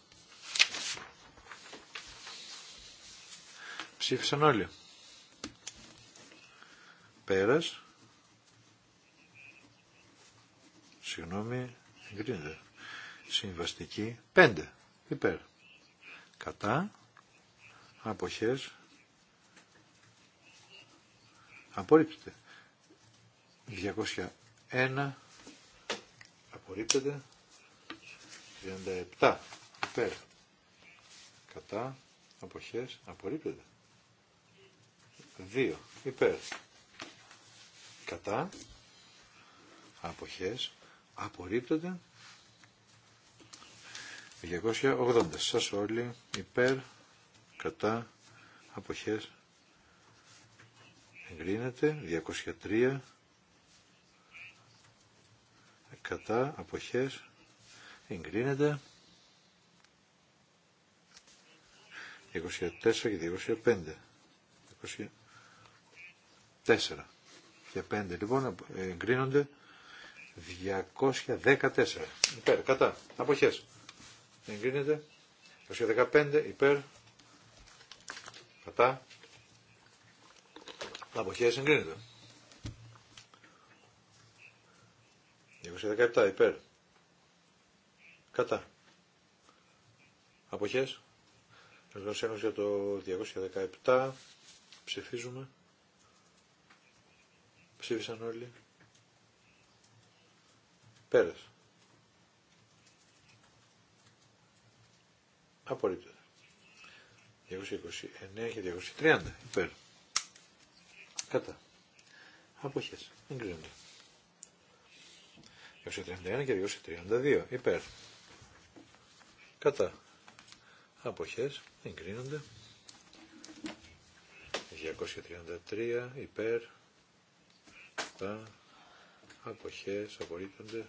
Ψήφισαν όλοι. Πέρας. συγγνώμη, εγκρίνεται. Συμβαστική 5 υπέρ. Κατά αποχές απορρίπτεται. 201 απορρίπτεται. 37 υπέρ. Κατά αποχές απορρίπτεται. 2 υπέρ. Κατά αποχές Απορρίπτονται 280 σας όλοι υπέρ κατά αποχές εγκρίνεται 203 κατά αποχές εγκρίνεται 204 και 205 204 και 5 λοιπόν εγκρίνονται 214 υπέρ, κατά, αποχές. Εγκρίνεται. 215 υπέρ, κατά, αποχές εγκρίνεται. 217 υπέρ, κατά, αποχές. Εργασία για το 217 ψηφίζουμε. Ψήφισαν όλοι. Πέρες. Απορρίπτεται. 229 και 230 υπέρ. Κατά. Αποχές. Εγκρίνονται. 231 και 232 υπέρ. Κατά. Αποχές. κρίνονται, 233 υπέρ. Κατά. Αποχές. Απορρίπτονται.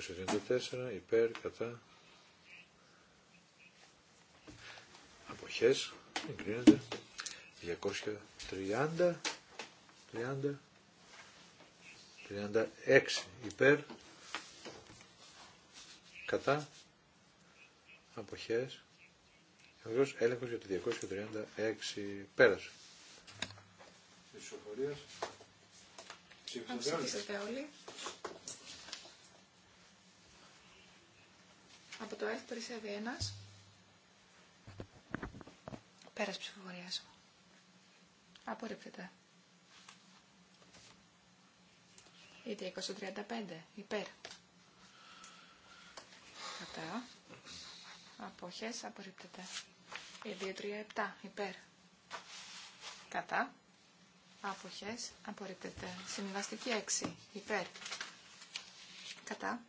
294 υπέρ κατά αποχές εγκρίνεται 230 30 36 υπέρ κατά αποχές Ευρωπαϊκός έλεγχος για το 236 πέρασε. ισοφορίας. Ψηφίσατε όλοι. από το ΕΛΚ περισσεύει ένας. Πέρας ψηφοφορίας. Απορρίπτεται. Η 235 υπέρ. Κατά. Αποχές απορρίπτεται. Η 237 υπέρ. Κατά. Άποχες απορρίπτεται. Συμβαστική 6 υπέρ. Κατά.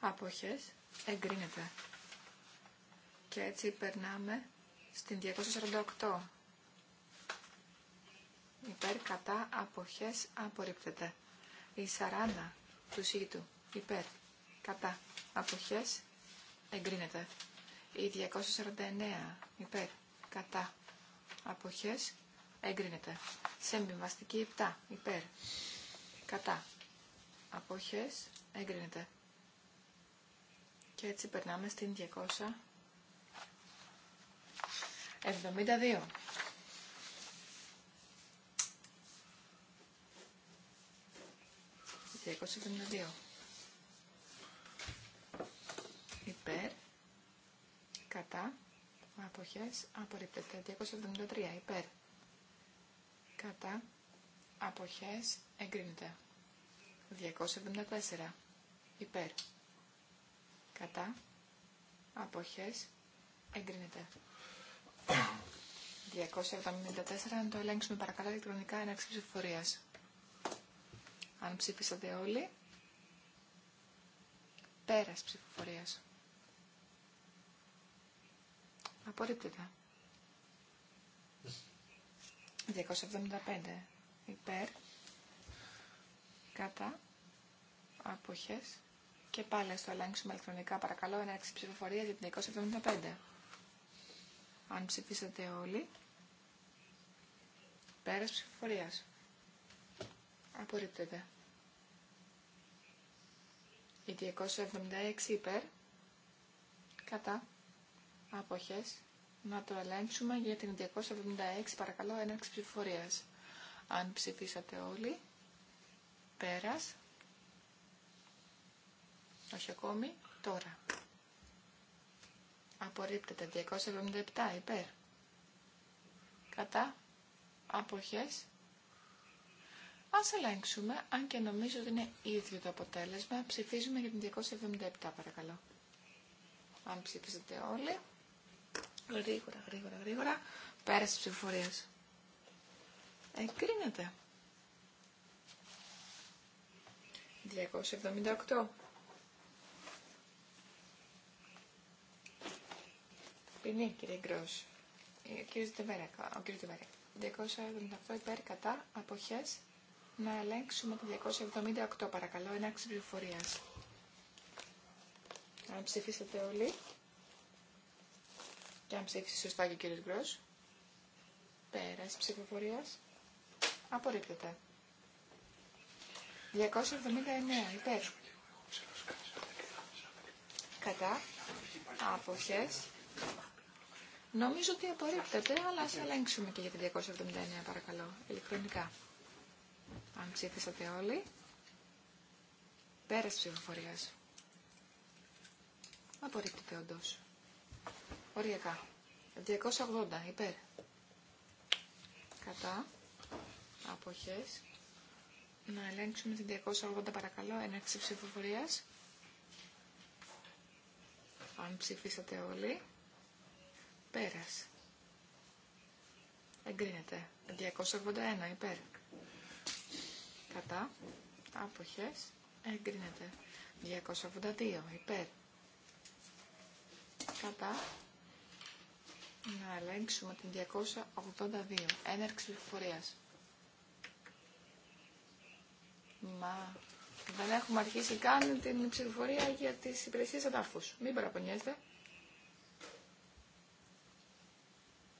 Άποχες Εγκρίνεται. Και έτσι περνάμε στην 248. Υπέρ κατά αποχές απορρίπτεται. Η 40 του σύγητου. Υπέρ κατά αποχές εγκρίνεται. Η 249 υπέρ κατά αποχές εγκρίνεται. σεμπιβαστική 7 υπέρ κατά αποχές εγκρίνεται. Και έτσι περνάμε στην 272. Υπέρ, κατά, αποχές, απορρίπτεται. 273, υπέρ, κατά, αποχές, εγκρίνεται. 274, υπέρ. Κατά. Αποχές. Εγκρίνεται. 274. Να το ελέγξουμε παρακαλώ ηλεκτρονικά έναρξη ψηφοφορία. Αν ψήφισατε όλοι. Πέρας ψηφοφορία. Απορρίπτεται. 275. Υπέρ. Κατά. Αποχές. Και πάλι στο ελέγξουμε ηλεκτρονικά παρακαλώ έναρξη ψηφοφορία για την 275. Αν ψηφίσατε όλοι, πέρας ψηφοφορίας. Απορρίπτεται. Η 276 υπέρ, κατά, αποχές. Να το ελέγξουμε για την 276 παρακαλώ έναρξη ψηφοφορίας. Αν ψηφίσατε όλοι, πέρας, όχι ακόμη. Τώρα. Απορρίπτεται. 277 υπέρ. Κατά. Αποχές. Ας ελέγξουμε, αν και νομίζω ότι είναι ίδιο το αποτέλεσμα, ψηφίζουμε για την 277 παρακαλώ. Αν ψηφίσετε όλοι. Γρήγορα, γρήγορα, γρήγορα. Πέρασε τις ψηφοφορίες. Εγκρίνεται. 278. είναι κύριε Γκρό. Ε, ο κύριο Τεβέρεκα, ο 278 υπέρ κατά αποχέ Να ελέγξουμε το 278 παρακαλώ, ενάξη πληροφορία. Αν ψηφίσετε όλοι και αν ψήφισε σωστά και ο κύριο Γκρό. πέρας ψηφοφορία. απορρίπτεται. 279 υπέρ. Κατά αποχές Νομίζω ότι απορρίπτεται, αλλά ας ελέγξουμε και για την 279 παρακαλώ, ηλεκτρονικά. Αν ψήφισατε όλοι, πέρας ψηφοφορίας. Απορρίπτεται όντως. Οριακά. 280 υπέρ. Κατά. Αποχές. Να ελέγξουμε την 280 παρακαλώ, έναρξη ψηφοφορίας. Αν ψηφίσατε όλοι, Πέρας. Εγκρίνεται. 281 υπέρ. Κατά. Άποχες. Εγκρίνεται. 282 υπέρ. Κατά. Να ελέγξουμε την 282. Έναρξη ψηφοφορίας. Μα δεν έχουμε αρχίσει καν την ψηφοφορία για τις υπηρεσίες αντάφους. Μην παραπονιέστε.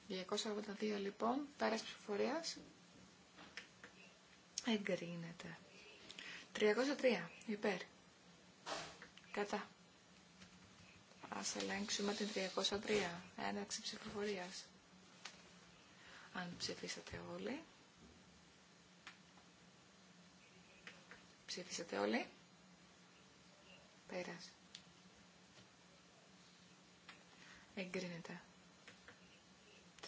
282, λοιπόν, πέρας ψηφοφορίας, εγκρίνεται. 303, υπέρ. Κατά. Ας ελέγξουμε την 303, Έναξη ψηφοφορίας. Αν ψηφίσατε όλοι. Ψηφίσατε όλοι. Πέρας. Εγκρίνεται.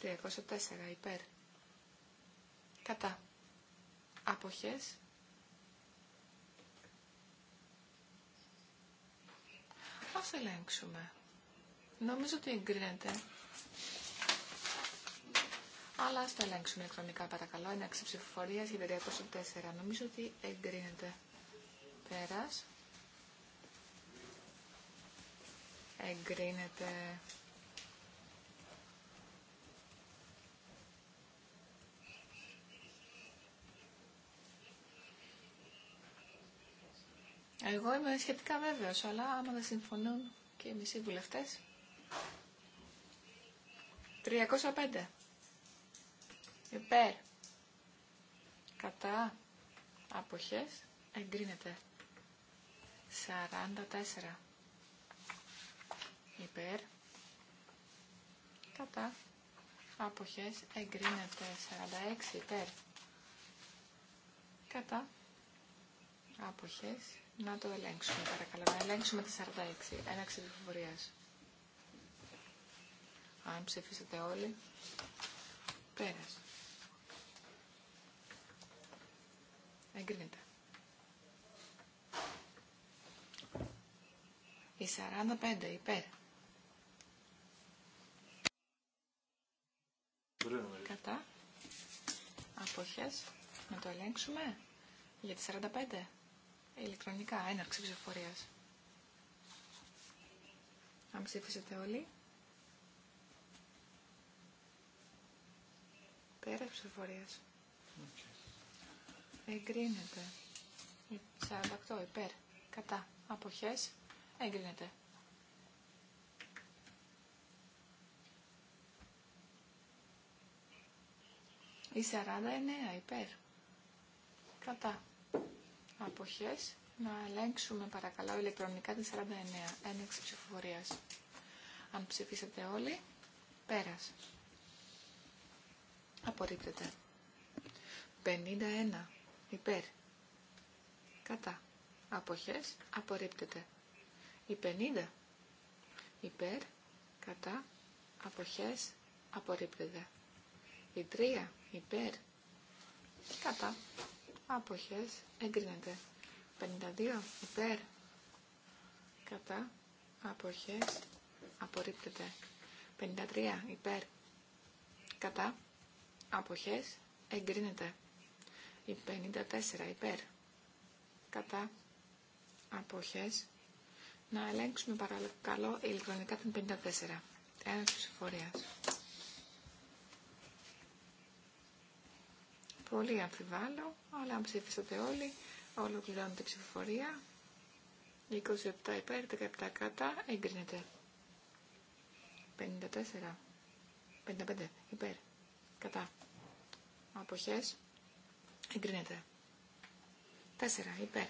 304 υπέρ. Κατά. Αποχές. Ας ελέγξουμε. Νομίζω ότι εγκρίνεται. Αλλά ας το ελέγξουμε ηλεκτρονικά παρακαλώ. Είναι ψηφοφορία για 304. Νομίζω ότι εγκρίνεται. Πέρας. Εγκρίνεται. Εγώ είμαι σχετικά βέβαιος, αλλά άμα δεν συμφωνούν και οι μισοί βουλευτέ. 305. Υπέρ. Κατά. Αποχές. Εγκρίνεται. 44. Υπέρ. Κατά. Αποχές. Εγκρίνεται. 46. Υπέρ. Κατά. Αποχές να το ελέγξουμε παρακαλώ. Να ελέγξουμε τη 46. Ένα ψηφοφορία. Αν ψηφίσετε όλοι. Πέρασε. Εγκρίνεται. Η 45 υπέρ. Κατά. Αποχές. Να το ελέγξουμε. Για τη 45 ηλεκτρονικά έναρξη ψηφοφορία. Αν ψήφισετε όλοι. Πέρα ψηφοφορίας. Εγκρίνεται. 48 υπέρ. Κατά. απόχέ Εγκρίνεται. Η 49 υπέρ. Κατά αποχές να ελέγξουμε παρακαλώ ηλεκτρονικά την 49 ένεξη ψηφοφορίας. Αν ψηφίσετε όλοι, πέρας. Απορρίπτεται. 51 υπέρ. Κατά. Αποχές απορρίπτεται. Η 50 υπέρ. Κατά. Αποχές απορρίπτεται. Η 3 υπέρ. Κατά. Αποχές εγκρίνεται. 52 υπέρ. Κατά. Αποχές απορρίπτεται. 53 υπέρ. Κατά. Αποχές εγκρίνεται. 54 υπέρ. Κατά. Αποχές. Να ελέγξουμε παρακαλώ ηλεκτρονικά την 54. Ένας ψηφορίας. Πολύ αμφιβάλλω, αλλά αν ψήφισατε όλοι, ολοκληρώνεται η ψηφοφορία. 27 υπέρ, 17 κατά, εγκρίνεται. 54, 55 υπέρ, κατά. Αποχές, εγκρίνεται. 4 υπέρ.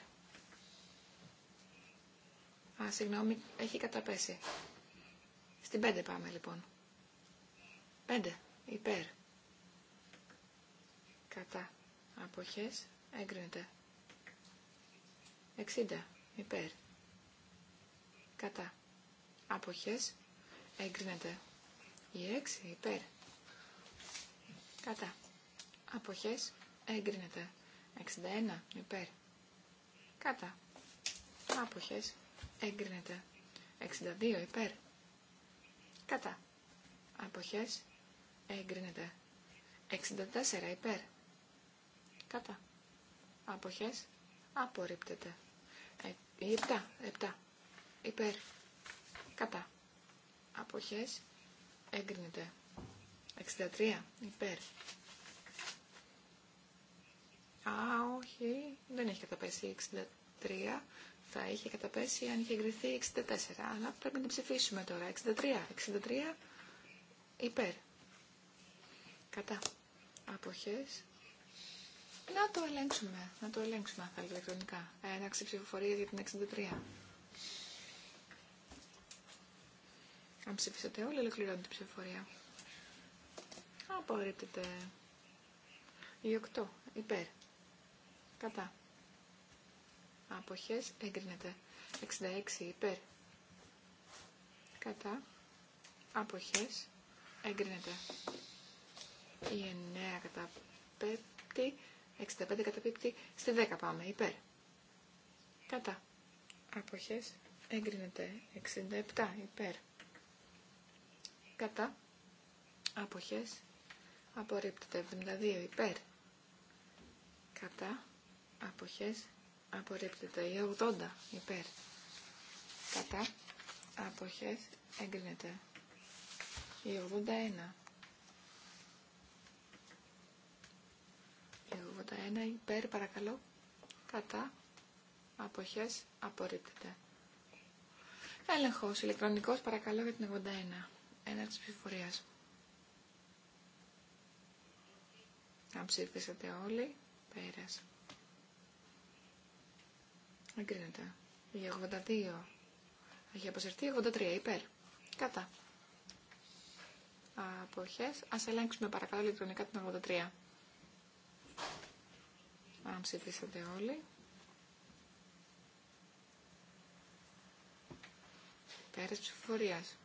Α, συγγνώμη, έχει καταπέσει. Στην 5 πάμε λοιπόν. 5 υπέρ κατά αποχές έγκρινεται 60 υπέρ κατά αποχές έγκρινεται η 6 υπέρ κατά αποχές έγκρινεται 61 υπέρ κατά αποχές έγκρινεται 62 υπέρ κατά αποχές έγκρινεται 64 υπέρ Κατά. Αποχές. Απορρίπτεται. Ε, 7. 7. Υπέρ. Κατά. Αποχές. Έγκρινεται. 63. Υπέρ. Α, όχι. Δεν έχει καταπέσει 63. Θα είχε καταπέσει αν είχε εγκριθεί 64. Αλλά πρέπει να την ψηφίσουμε τώρα. 63. 63. Υπέρ. Κατά. Αποχές. Να το ελέγξουμε, να το ελέγξουμε αν θέλετε ηλεκτρονικά. Έναξη ε, ψηφοφορία για την 63. Αν ψηφίσετε όλοι, ολοκληρώνει την ψηφοφορία. Απορρίπτεται. Η 8. Υπέρ. Κατά. Αποχές έγκρινεται. 66. Υπέρ. Κατά. Αποχές έγκρινεται. Η 9 κατά 5. 65 καταπίπτει. Στη 10 πάμε. Υπέρ. Κατά. Αποχές. Έγκρινεται. 67. Υπέρ. Κατά. Αποχές. Απορρίπτεται. 72. Υπέρ. Κατά. Αποχές. Απορρίπτεται. 80. Υπέρ. Κατά. Αποχές. Έγκρινεται. Η 81. 81 υπέρ παρακαλώ. Κατά. Αποχές απορρίπτεται. Έλεγχος ηλεκτρονικός παρακαλώ για την 81. Ένα της ψηφορίας. Αν ψήφισατε όλοι, πέρας. Εγκρίνεται. Η 82. Έχει αποσυρθεί 83 υπέρ. Κατά. Αποχές. Ας ελέγξουμε παρακαλώ ηλεκτρονικά την 83 αν ψηφίσατε όλοι. της ψηφοφορίας.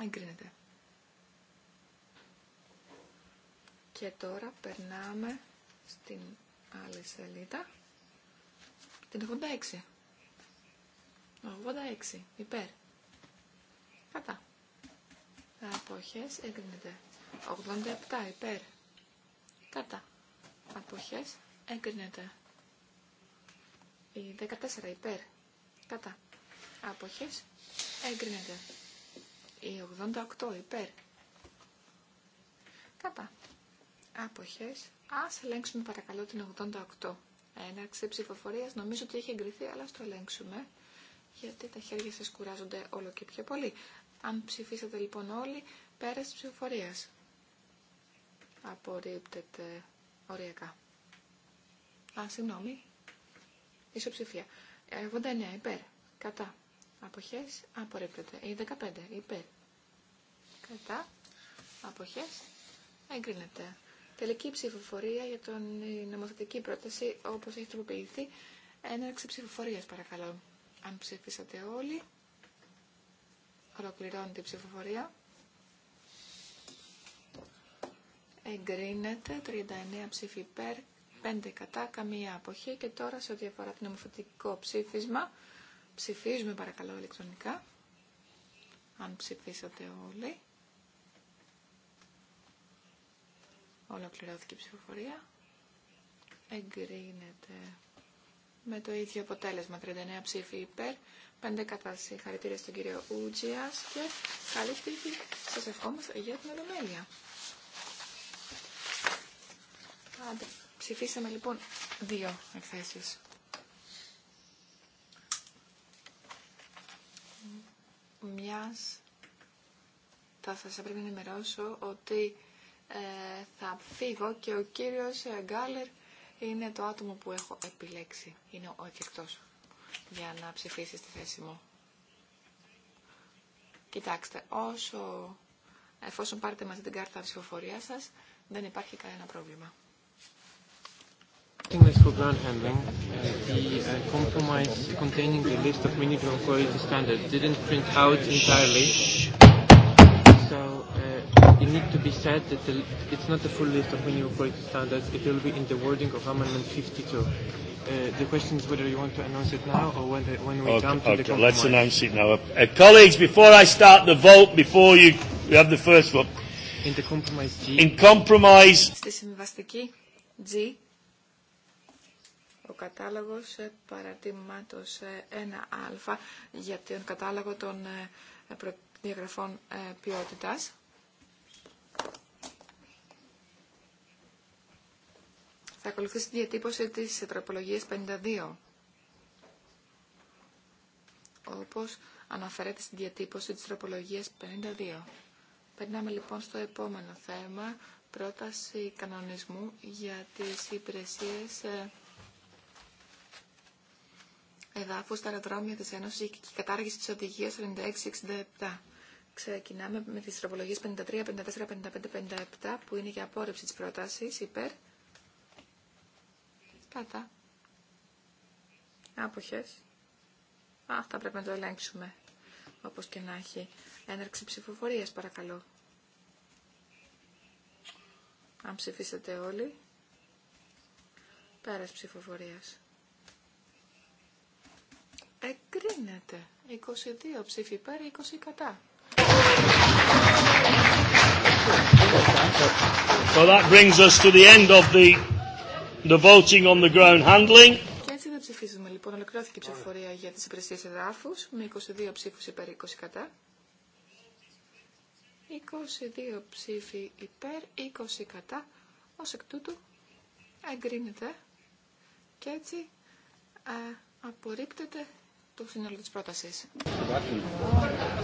Εγκρίνεται. Και τώρα περνάμε στην άλλη σελίδα. Την 86. 86. Υπέρ. Κατά. Τα Αποχές εγκρίνεται. 87. Υπέρ. Κατά αποχές εγκρίνεται. Η 14 υπέρ κατά αποχές εγκρίνεται. Η 88 υπέρ κατά αποχές. Ας ελέγξουμε παρακαλώ την 88. Έναρξη ψηφοφορία. νομίζω ότι έχει εγκριθεί, αλλά ας το ελέγξουμε, γιατί τα χέρια σας κουράζονται όλο και πιο πολύ. Αν ψηφίσατε λοιπόν όλοι, πέρας ψηφοφορία. Απορρίπτεται οριακά. Α, συγγνώμη. Ισοψηφία. 89 υπέρ. Κατά. Αποχές απορρίπτεται. Ή 15 υπέρ. Κατά. Αποχές εγκρίνεται. Τελική ψηφοφορία για την ε, νομοθετική πρόταση όπως έχει τροποποιηθεί. Έναρξη ψηφοφορίας παρακαλώ. Αν ψηφίσατε όλοι, ολοκληρώνει την ψηφοφορία. εγκρίνεται 39 ψήφοι υπέρ, 5 κατά, καμία αποχή και τώρα σε ό,τι αφορά το νομοθετικό ψήφισμα ψηφίζουμε παρακαλώ ηλεκτρονικά αν ψηφίσατε όλοι ολοκληρώθηκε η ψηφοφορία εγκρίνεται με το ίδιο αποτέλεσμα 39 ψήφοι υπέρ 5 κατά συγχαρητήρια στον κύριο Ούτζιας και καλή τύχη σας ευχόμαστε για την Ολομέλεια Άντε, ψηφίσαμε λοιπόν δύο εκθέσεις. Μιας, θα σας πρέπει να ενημερώσω ότι ε, θα φύγω και ο κύριος Γκάλερ είναι το άτομο που έχω επιλέξει. Είναι ο εκτός για να ψηφίσει στη θέση μου. Κοιτάξτε, όσο εφόσον πάρετε μαζί την κάρτα ψηφοφορία σας, δεν υπάρχει κανένα πρόβλημα. Thanks for ground handling. The compromise containing the list of minimum quality standards didn't print out entirely. So it needs to be said that it's not the full list of minimum quality standards. It will be in the wording of Amendment 52. The question is whether you want to announce it now or when we come to the compromise. Let's announce it now. Colleagues, before I start the vote, before you have the first vote, In the compromise G. In compromise. G ο κατάλογος ε, παρατήματος 1α ε, για τον κατάλογο των ε, διαγραφών ποιότητας. Θα ακολουθήσει τη διατύπωση της τροπολογίας 52, όπως αναφέρεται στη διατύπωση της τροπολογίας 52. Περνάμε λοιπόν στο επόμενο θέμα, πρόταση κανονισμού για τις υπηρεσίες εδάφους, στα αεροδρόμια της Ένωσης και κατάργηση της οδηγιας 96 46-67. Ξεκινάμε με τις τροπολογίες 53, 54, 55, 57 που είναι για απόρριψη της πρότασης υπέρ κατά άποχες. Αυτά πρέπει να το ελέγξουμε όπως και να έχει. Έναρξη ψηφοφορίας παρακαλώ. Αν ψηφίσετε όλοι, πέρας ψηφοφορίας. Εγκρίνεται. 22 ψήφι υπέρ, 20 κατά. So that brings us to the end of the, the voting on the handling. Και έτσι δεν ψηφίζουμε λοιπόν. Ολοκληρώθηκε η ψηφοφορία για τις υπηρεσίες εδάφους με 22 ψήφους υπέρ, 20 κατά. 22 ψήφοι υπέρ, 20 κατά. Ως εκ τούτου εγκρίνεται και έτσι ε, απορρίπτεται το συνόλου της πρότασης.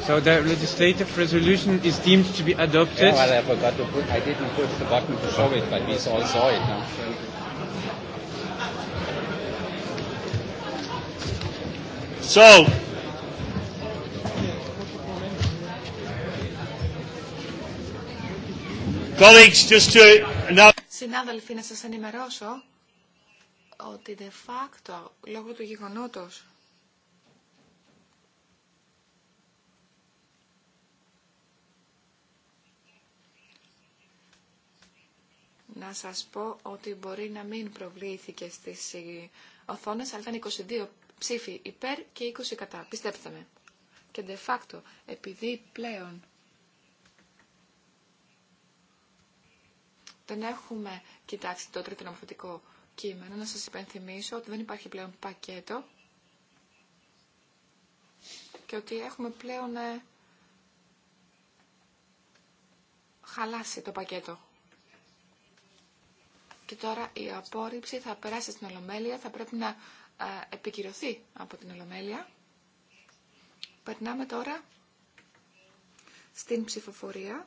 So the legislative resolution is deemed to be adopted. Yeah, well, I forgot to put, I didn't push the button to show it, but we all saw it. No? So, colleagues, just to now. Συνάδελφοι, να σας ενημερώσω ότι de facto, λόγω του γεγονότος να σας πω ότι μπορεί να μην προβλήθηκε στις ε, οθόνες, αλλά ήταν 22 ψήφοι υπέρ και 20 κατά. Πιστέψτε με. Και de facto, επειδή πλέον δεν έχουμε κοιτάξει το τρίτο νομοθετικό κείμενο, να σας υπενθυμίσω ότι δεν υπάρχει πλέον πακέτο και ότι έχουμε πλέον ε, χαλάσει το πακέτο και τώρα η απόρριψη θα περάσει στην Ολομέλεια, θα πρέπει να ε, επικυρωθεί από την Ολομέλεια. Περνάμε τώρα στην ψηφοφορία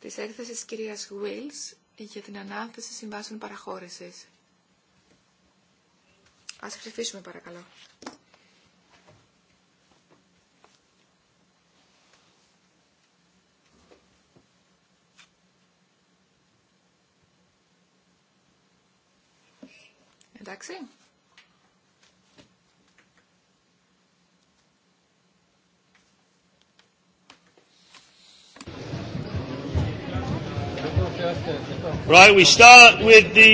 της έκθεσης της κυρίας Wills για την ανάθεση συμβάσεων παραχώρησης. Ας ψηφίσουμε παρακαλώ. Εντάξει. Right, we start with the,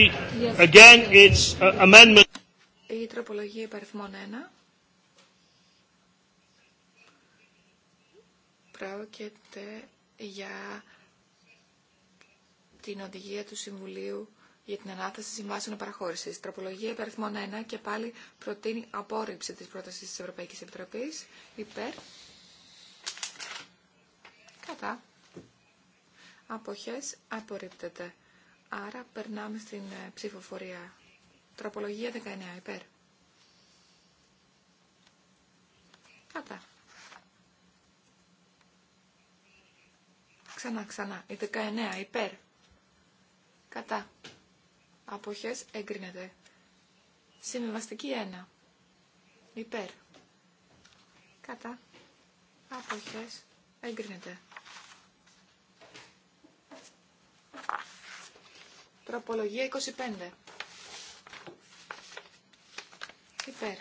again, it's uh, amendment. Η τροπολογία υπαριθμών 1. Πρόκειται για την οδηγία του Συμβουλίου για την ανάθεση συμβάσεων παραχώρηση. Τροπολογία υπαριθμών 1 και πάλι προτείνει απόρριψη τη πρόταση τη Ευρωπαϊκή Επιτροπή. Υπέρ. Κατά. Αποχέ. Απορρίπτεται. Άρα περνάμε στην ε, ψηφοφορία. Τροπολογία 19. Υπέρ. Κατά. Ξανά, ξανά. Η 19. Υπέρ. Κατά αποχές εγκρίνεται. Συμβαστική 1. Υπέρ. Κατά. Αποχές εγκρίνεται. Προπολογία 25. Υπέρ.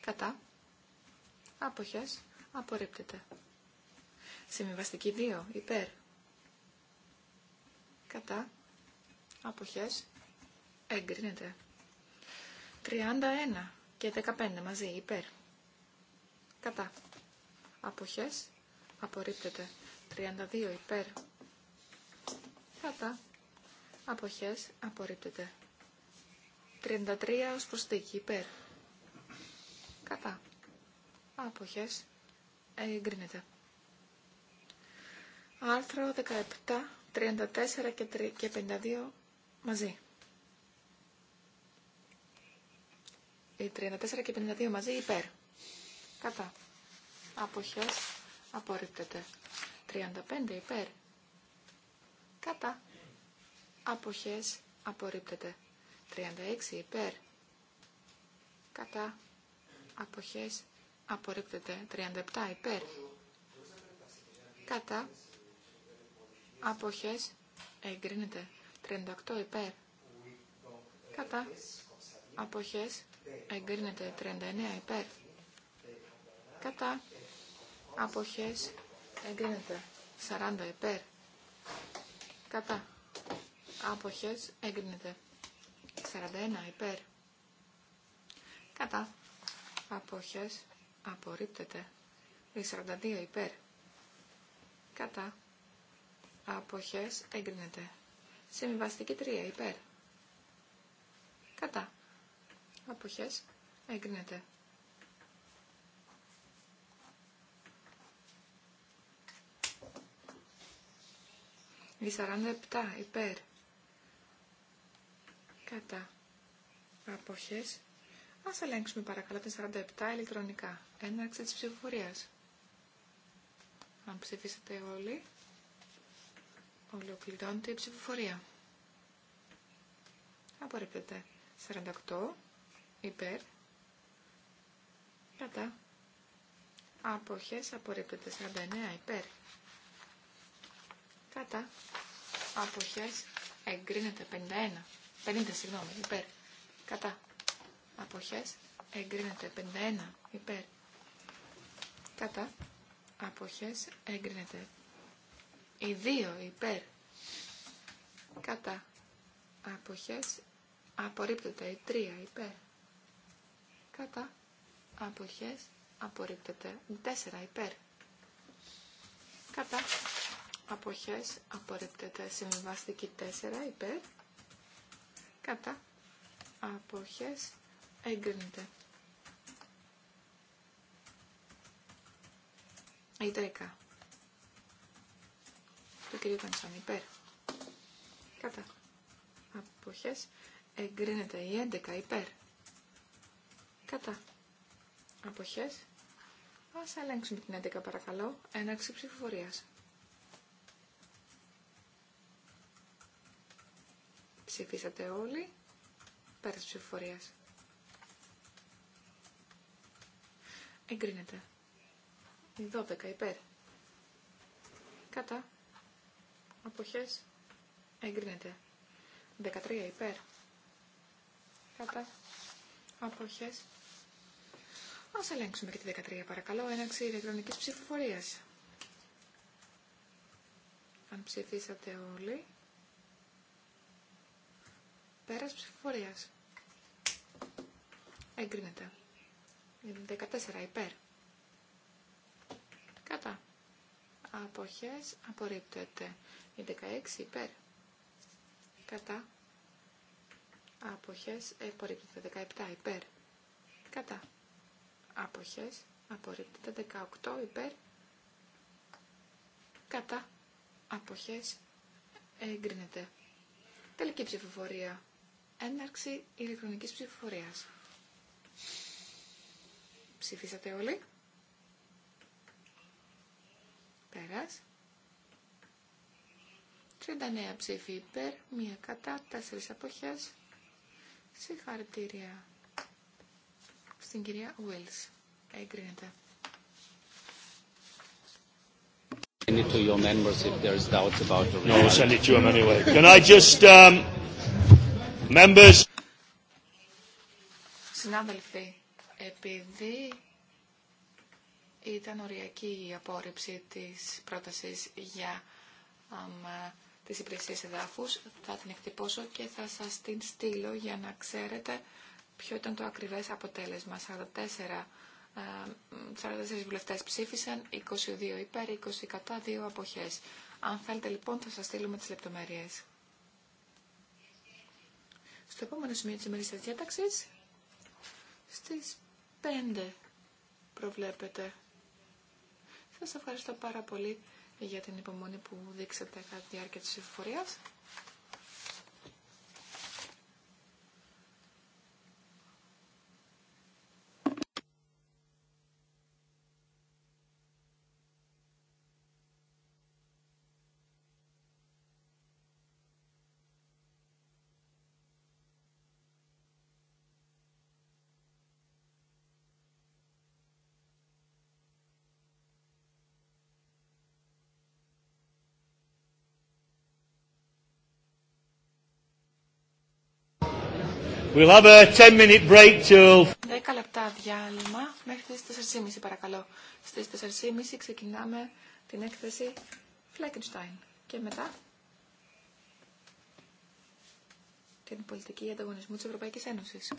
Κατά. Άποχες. Απορρίπτεται. Συμβαστική 2. Υπέρ. Κατά αποχές εγκρίνεται. 31 και 15 μαζί υπέρ. Κατά. Αποχές απορρίπτεται. 32 υπέρ. Κατά. Αποχές απορρίπτεται. 33 ως προστίκη υπέρ. Κατά. Αποχές εγκρίνεται. Άρθρο 17, 34 και 52 μαζί. Οι 34 και 52 μαζί υπέρ. Κατά. Αποχές απορρίπτεται. 35 υπέρ. Κατά. Αποχές απορρίπτεται. 36 υπέρ. Κατά. Αποχές απορρίπτεται. 37 υπέρ. Κατά. Αποχές εγκρίνεται. 38 υπέρ. Κατά. Αποχές. Εγκρίνεται 39 υπέρ. Κατά. Αποχές. Εγκρίνεται 40 υπέρ. Κατά. Αποχές. Εγκρίνεται 41 υπέρ. Κατά. Αποχές. Απορρίπτεται. 42 υπέρ. Κατά. Αποχές εγκρίνεται. Συμβαστική 3 υπέρ. Κατά. Αποχές έγκρινεται. Η 47 υπέρ. Κατά. Αποχές. Ας ελέγξουμε παρακαλώ την 47 ηλεκτρονικά. Έναρξη της ψηφοφορίας. Αν ψηφίσετε όλοι, Ολοκληρώνεται η ψηφοφορία. Απορρίπτεται. 48 υπέρ. Κατά. Αποχές απορρίπτεται. 49 υπέρ. Κατά. Αποχές εγκρίνεται. 51. 50 συγγνώμη υπέρ. Κατά. Αποχές εγκρίνεται. 51 υπέρ. Κατά. Αποχές εγκρίνεται. Οι δύο υπέρ κατά αποχές απορρίπτεται. Η τρία υπέρ κατά αποχές απορρίπτεται. Η τέσσερα υπέρ κατά αποχές απορρίπτεται. Συμβαστική τέσσερα υπέρ κατά αποχές εγκρίνεται. Η δέκα. Το κ. σαν υπέρ. Κατά. Αποχές εγκρίνεται η 11 υπέρ. Κατά. Αποχές. Ας ελέγξουμε την 11 παρακαλώ. Έναρξη ψηφοφορίας. Ψηφίσατε όλοι. Πέρας ψηφοφορίας. Εγκρίνεται. Η 12 υπέρ. Κατά αποχές εγκρίνεται 13 υπέρ κατά αποχές Ας ελέγξουμε και τη 13 παρακαλώ έναξη ηλεκτρονική ψηφοφορίας αν ψηφίσατε όλοι πέρας ψηφοφορίας εγκρίνεται 14 υπέρ κατά αποχές απορρίπτεται η 16 υπέρ. Κατά. Αποχές απορρίπτεται 17 υπέρ. Κατά. Αποχές απορρίπτεται 18 υπέρ. Κατά. Αποχές εγκρίνεται. Τελική ψηφοφορία. Έναρξη ηλεκτρονικής ψηφοφορίας. Ψηφίσατε όλοι. Πέρας. 39 ψήφοι υπέρ, μία κατά, τέσσερις αποχές. Συγχαρητήρια στην κυρία Wills. Εγκρίνεται. To your members if there is doubts about the no, we'll send it to them anyway. Can I just, um, members? Συνάδελφοι, επειδή ήταν οριακή η απόρριψη της πρότασης για um, τις υπηρεσίας εδάφους. Θα την εκτυπώσω και θα σας την στείλω για να ξέρετε ποιο ήταν το ακριβές αποτέλεσμα. 44, 44 ε, βουλευτές ψήφισαν, 22 υπέρ, 20 κατά, 2 αποχές. Αν θέλετε λοιπόν θα σας στείλουμε τις λεπτομέρειες. Στο επόμενο σημείο της ημερής της διάταξης, στις 5 προβλέπετε. Σας ευχαριστώ πάρα πολύ για την υπομονή που δείξατε κατά τη διάρκεια της ευφορίας. We'll have a 10 minute break λεπτά διάλειμμα μέχρι τις 4.30 παρακαλώ. Στις 4.30 ξεκινάμε την έκθεση Fleckenstein και μετά την πολιτική ανταγωνισμού της Ευρωπαϊκής Ένωσης.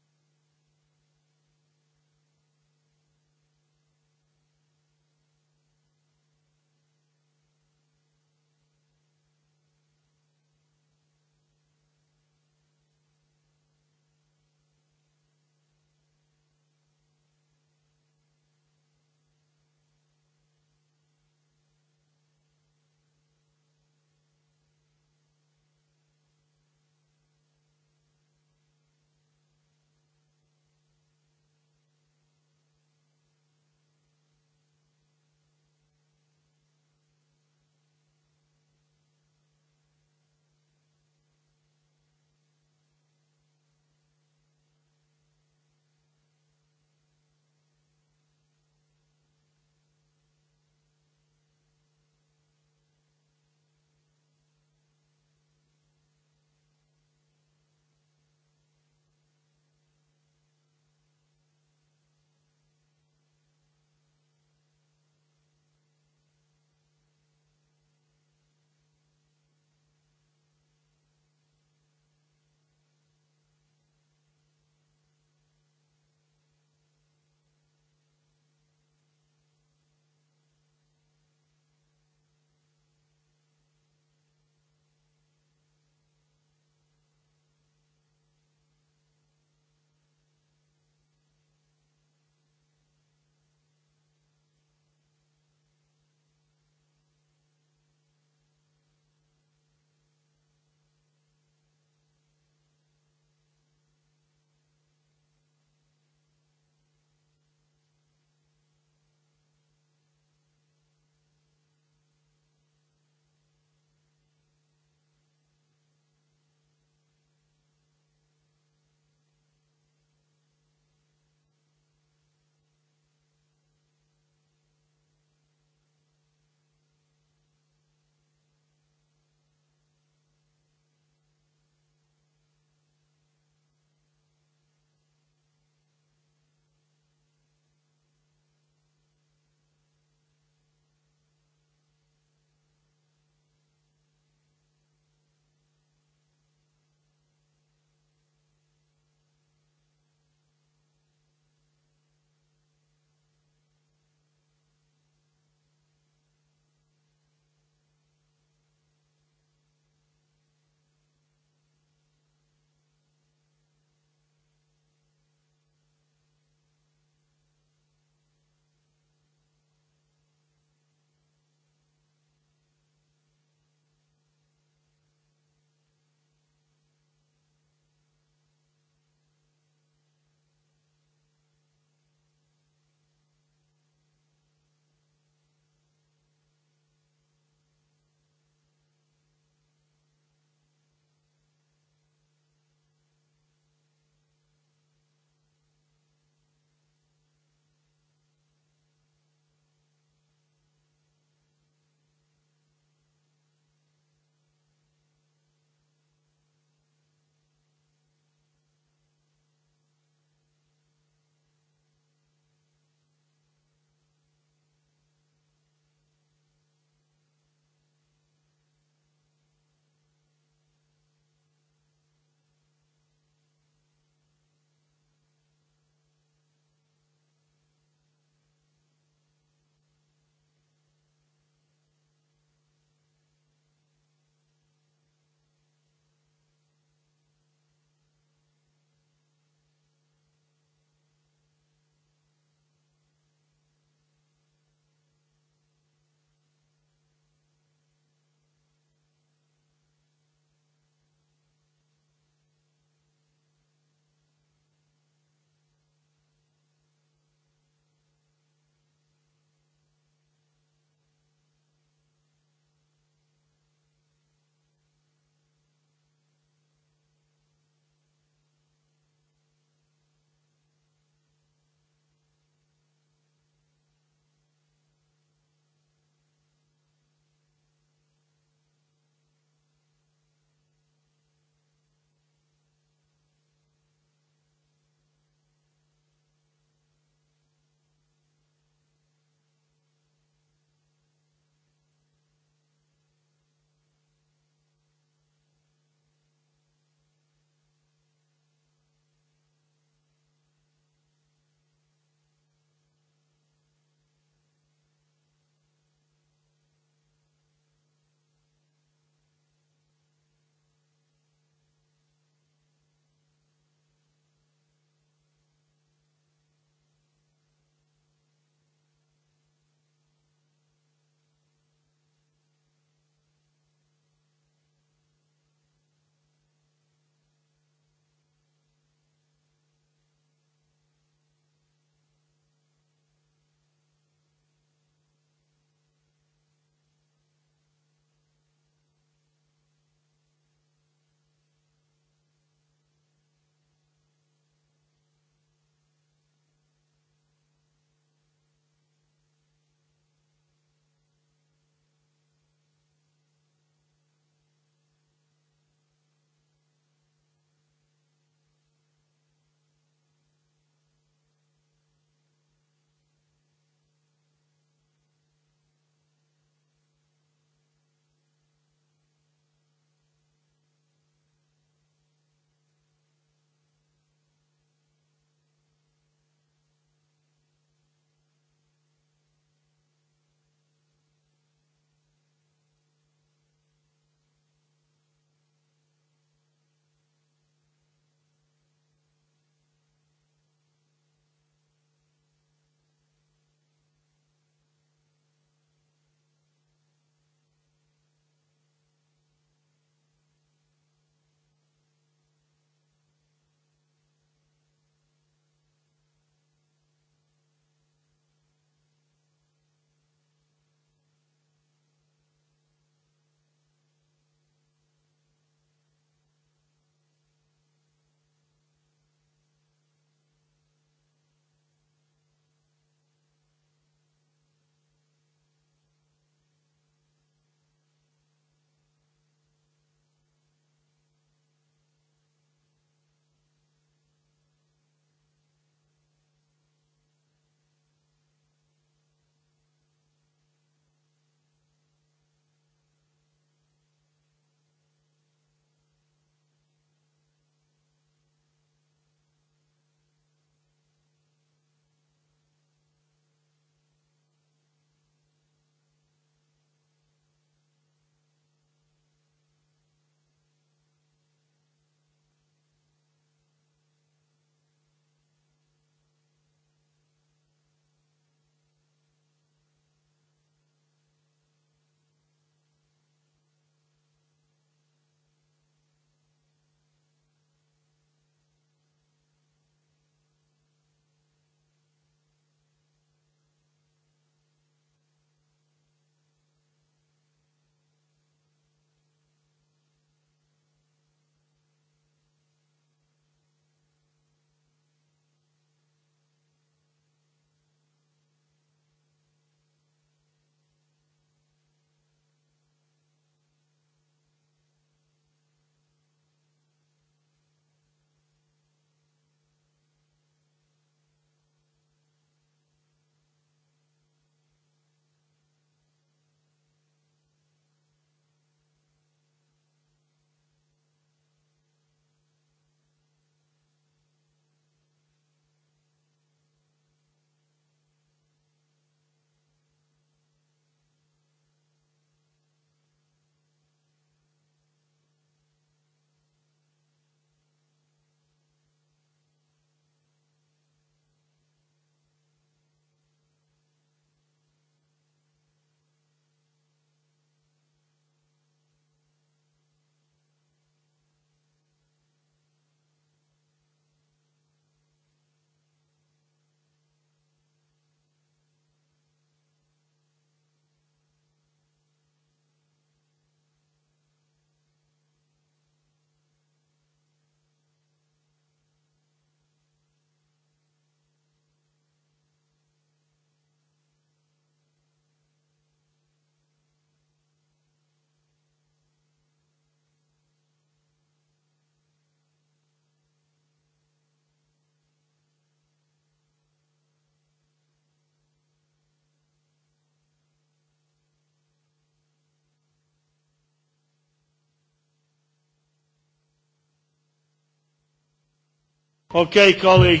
κύριε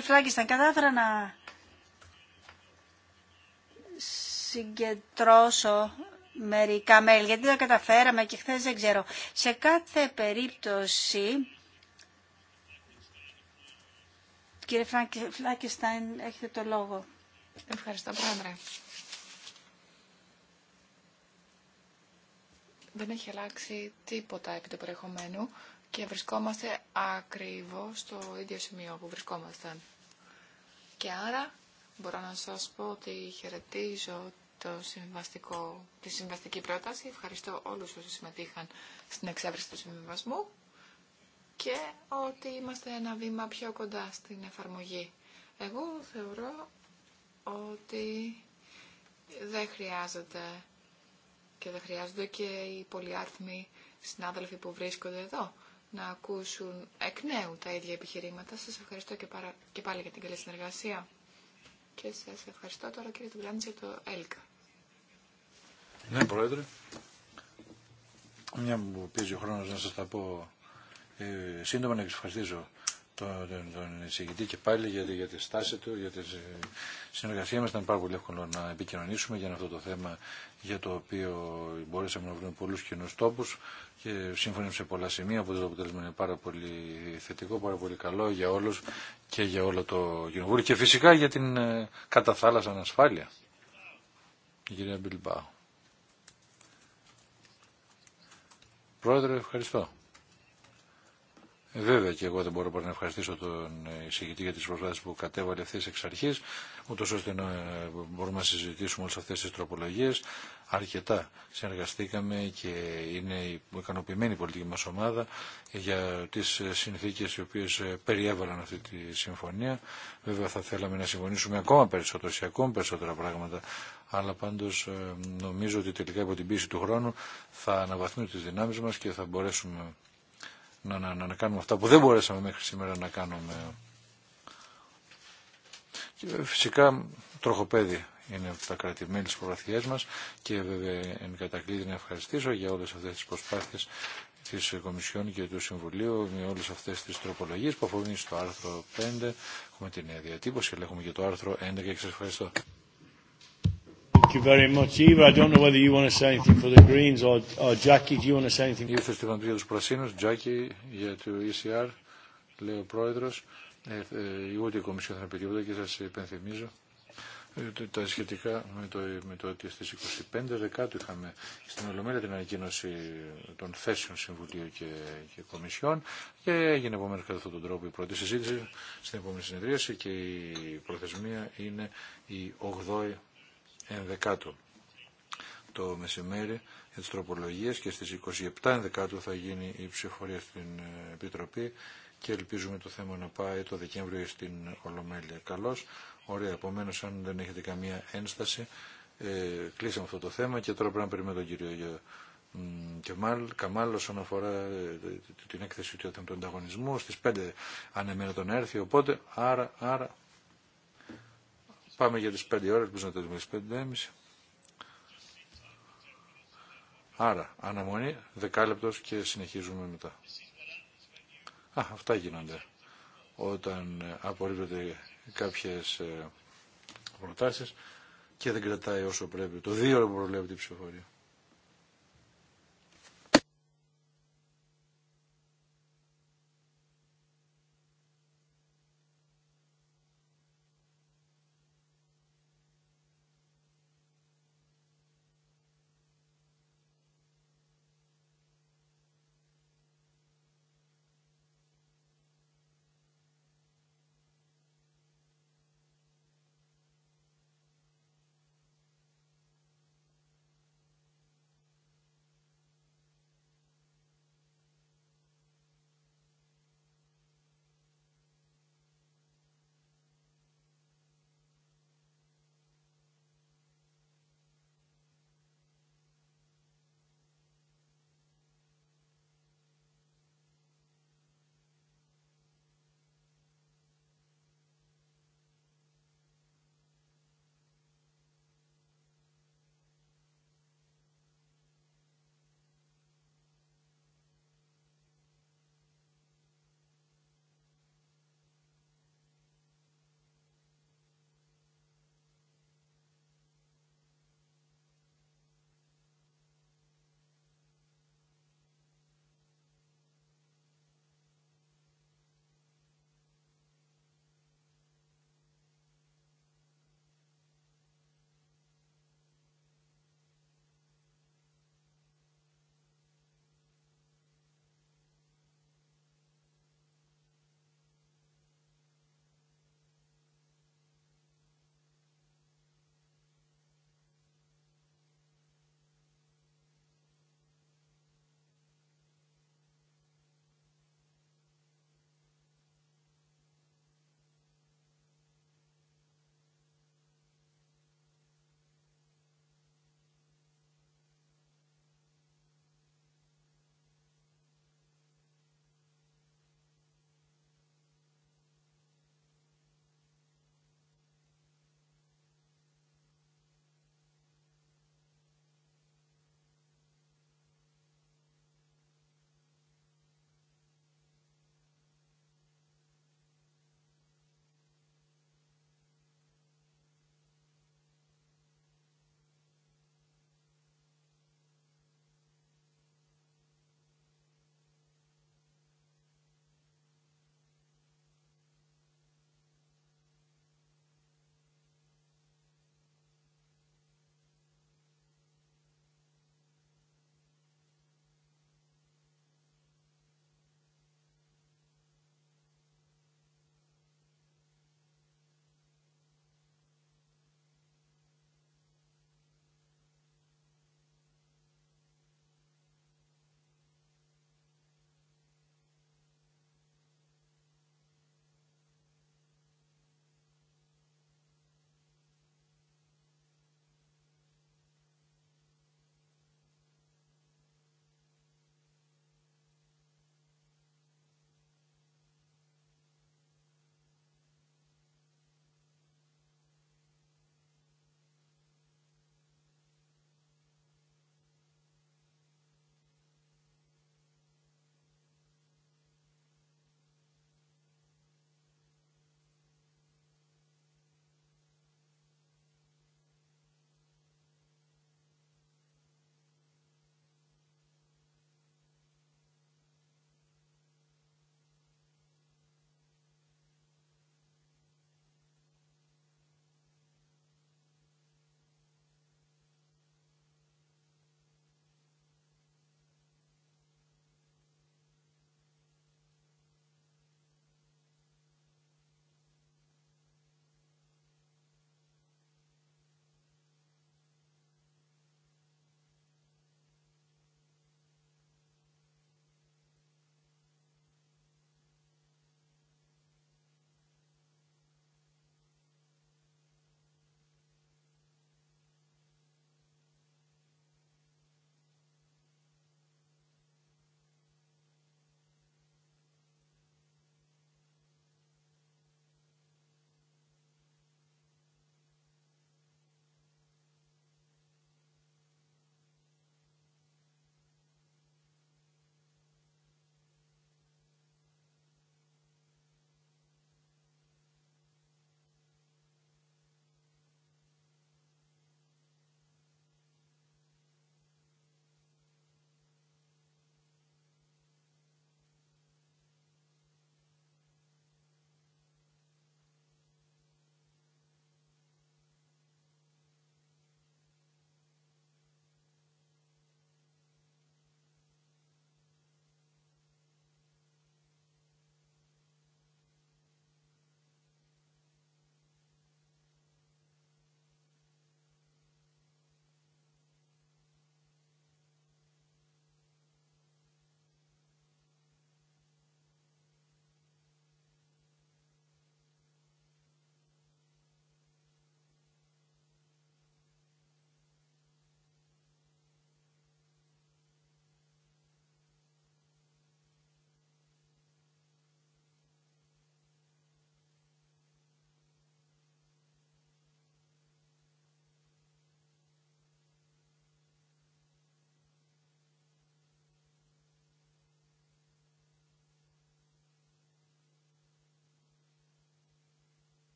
Φλάκισταν, κατάφερα να συγκεντρώσω μερικά μέλη, γιατί τα καταφέραμε και χθες δεν ξέρω. Σε κάθε περίπτωση, κύριε Φλάκισταν, έχετε το λόγο. Ευχαριστώ, Πρόεδρε. δεν έχει αλλάξει τίποτα επί το περιεχομένου και βρισκόμαστε ακριβώς στο ίδιο σημείο που βρισκόμασταν. Και άρα μπορώ να σας πω ότι χαιρετίζω το συμβαστικό, τη συμβαστική πρόταση. Ευχαριστώ όλους όσοι συμμετείχαν στην εξέβριση του συμβιβασμού και ότι είμαστε ένα βήμα πιο κοντά στην εφαρμογή. Εγώ θεωρώ ότι δεν χρειάζεται και δεν χρειάζονται και οι πολυάριθμοι συνάδελφοι που βρίσκονται εδώ να ακούσουν εκ νέου τα ίδια επιχειρήματα. Σας ευχαριστώ και, πάλι για την καλή συνεργασία. Και σας ευχαριστώ τώρα κύριε Τουμπλάντζη για το ΕΛΚΑ. Ναι, Πρόεδρε. Μια μου πιέζει ο χρόνος να σας τα πω ε, σύντομα να εξευχαριστήσω τον, τον εισηγητή και πάλι για, για τη στάση του, για τη συνεργασία μας. Ήταν πάρα πολύ εύκολο να επικοινωνήσουμε για αυτό το θέμα για το οποίο μπορέσαμε να βρούμε πολλούς κοινού τόπους και σύμφωνα σε πολλά σημεία, οπότε το αποτέλεσμα είναι πάρα πολύ θετικό, πάρα πολύ καλό για όλους και για όλο το κοινοβούλιο και φυσικά για την ε, καταθάλασσα ασφάλεια. ανασφάλεια. Η κυρία Μπιλμπάου. Πρόεδρε, ευχαριστώ. Βέβαια και εγώ δεν μπορώ παρά να ευχαριστήσω τον εισηγητή για τις προσπάθειες που κατέβαλε αυτές εξ αρχής, ούτως ώστε να μπορούμε να συζητήσουμε όλες αυτές τις τροπολογίες. Αρκετά συνεργαστήκαμε και είναι η ικανοποιημένη πολιτική μας ομάδα για τις συνθήκες οι οποίες περιέβαλαν αυτή τη συμφωνία. Βέβαια θα θέλαμε να συμφωνήσουμε ακόμα περισσότερο σε ακόμα περισσότερα πράγματα, αλλά πάντως ε, νομίζω ότι τελικά από την πίεση του χρόνου θα αναβαθμίσουμε τις δυνάμεις μας και θα μπορέσουμε να, να, να κάνουμε αυτά που δεν μπορέσαμε μέχρι σήμερα να κάνουμε. Και φυσικά τροχοπέδι είναι από τα κρατημέλη της προγραφιές μας και βέβαια εν κατακλείδη να ευχαριστήσω για όλες αυτές τις προσπάθειες της Κομισιόν και του Συμβουλίου με όλες αυτές τις τροπολογίες που αφορούν στο άρθρο 5. Έχουμε την διατύπωση, αλλά έχουμε και το άρθρο 11 και σας ευχαριστώ. Thank you very much, Eva. I don't know whether you want to say anything for the Greens or, or Jackie. Do you want to say anything? Ήρθε στην για τους Πρασίνους, Jackie για το ECR, λέει ο Πρόεδρος. Ε, ε, ούτε η Κομισιόν θα πει τίποτα και σας υπενθυμίζω ε, τα σχετικά με το, με το ότι στις 25 Δεκάτου είχαμε στην Ολομέλεια την ανακοίνωση των θέσεων Συμβουλίου και, και Κομισιών και έγινε επομένω κατά αυτόν τον τρόπο η πρώτη συζήτηση στην επόμενη συνεδρίαση και η προθεσμία είναι η 8η ενδεκάτου το μεσημέρι για τις τροπολογίες και στις 27 ενδεκάτου θα γίνει η ψηφορία στην ε, Επιτροπή και ελπίζουμε το θέμα να πάει το Δεκέμβριο στην Ολομέλεια. Καλώς, ωραία, επομένω αν δεν έχετε καμία ένσταση ε, κλείσαμε αυτό το θέμα και τώρα πρέπει να περιμένουμε τον κύριο Κεμάλ, Καμάλ όσον αφορά ε, την έκθεση του ανταγωνισμού στις 5 ανεμένα τον έρθει οπότε άρα, άρα Πάμε για τις 5 ώρες, που να τελειώσουμε τις 5.30. Άρα, αναμονή, δεκάλεπτος και συνεχίζουμε μετά. Α, αυτά γίνονται όταν απορρίπτονται κάποιες ε, προτάσεις και δεν κρατάει όσο πρέπει. Το δύο ώρα που προβλέπει την ψηφοφορία.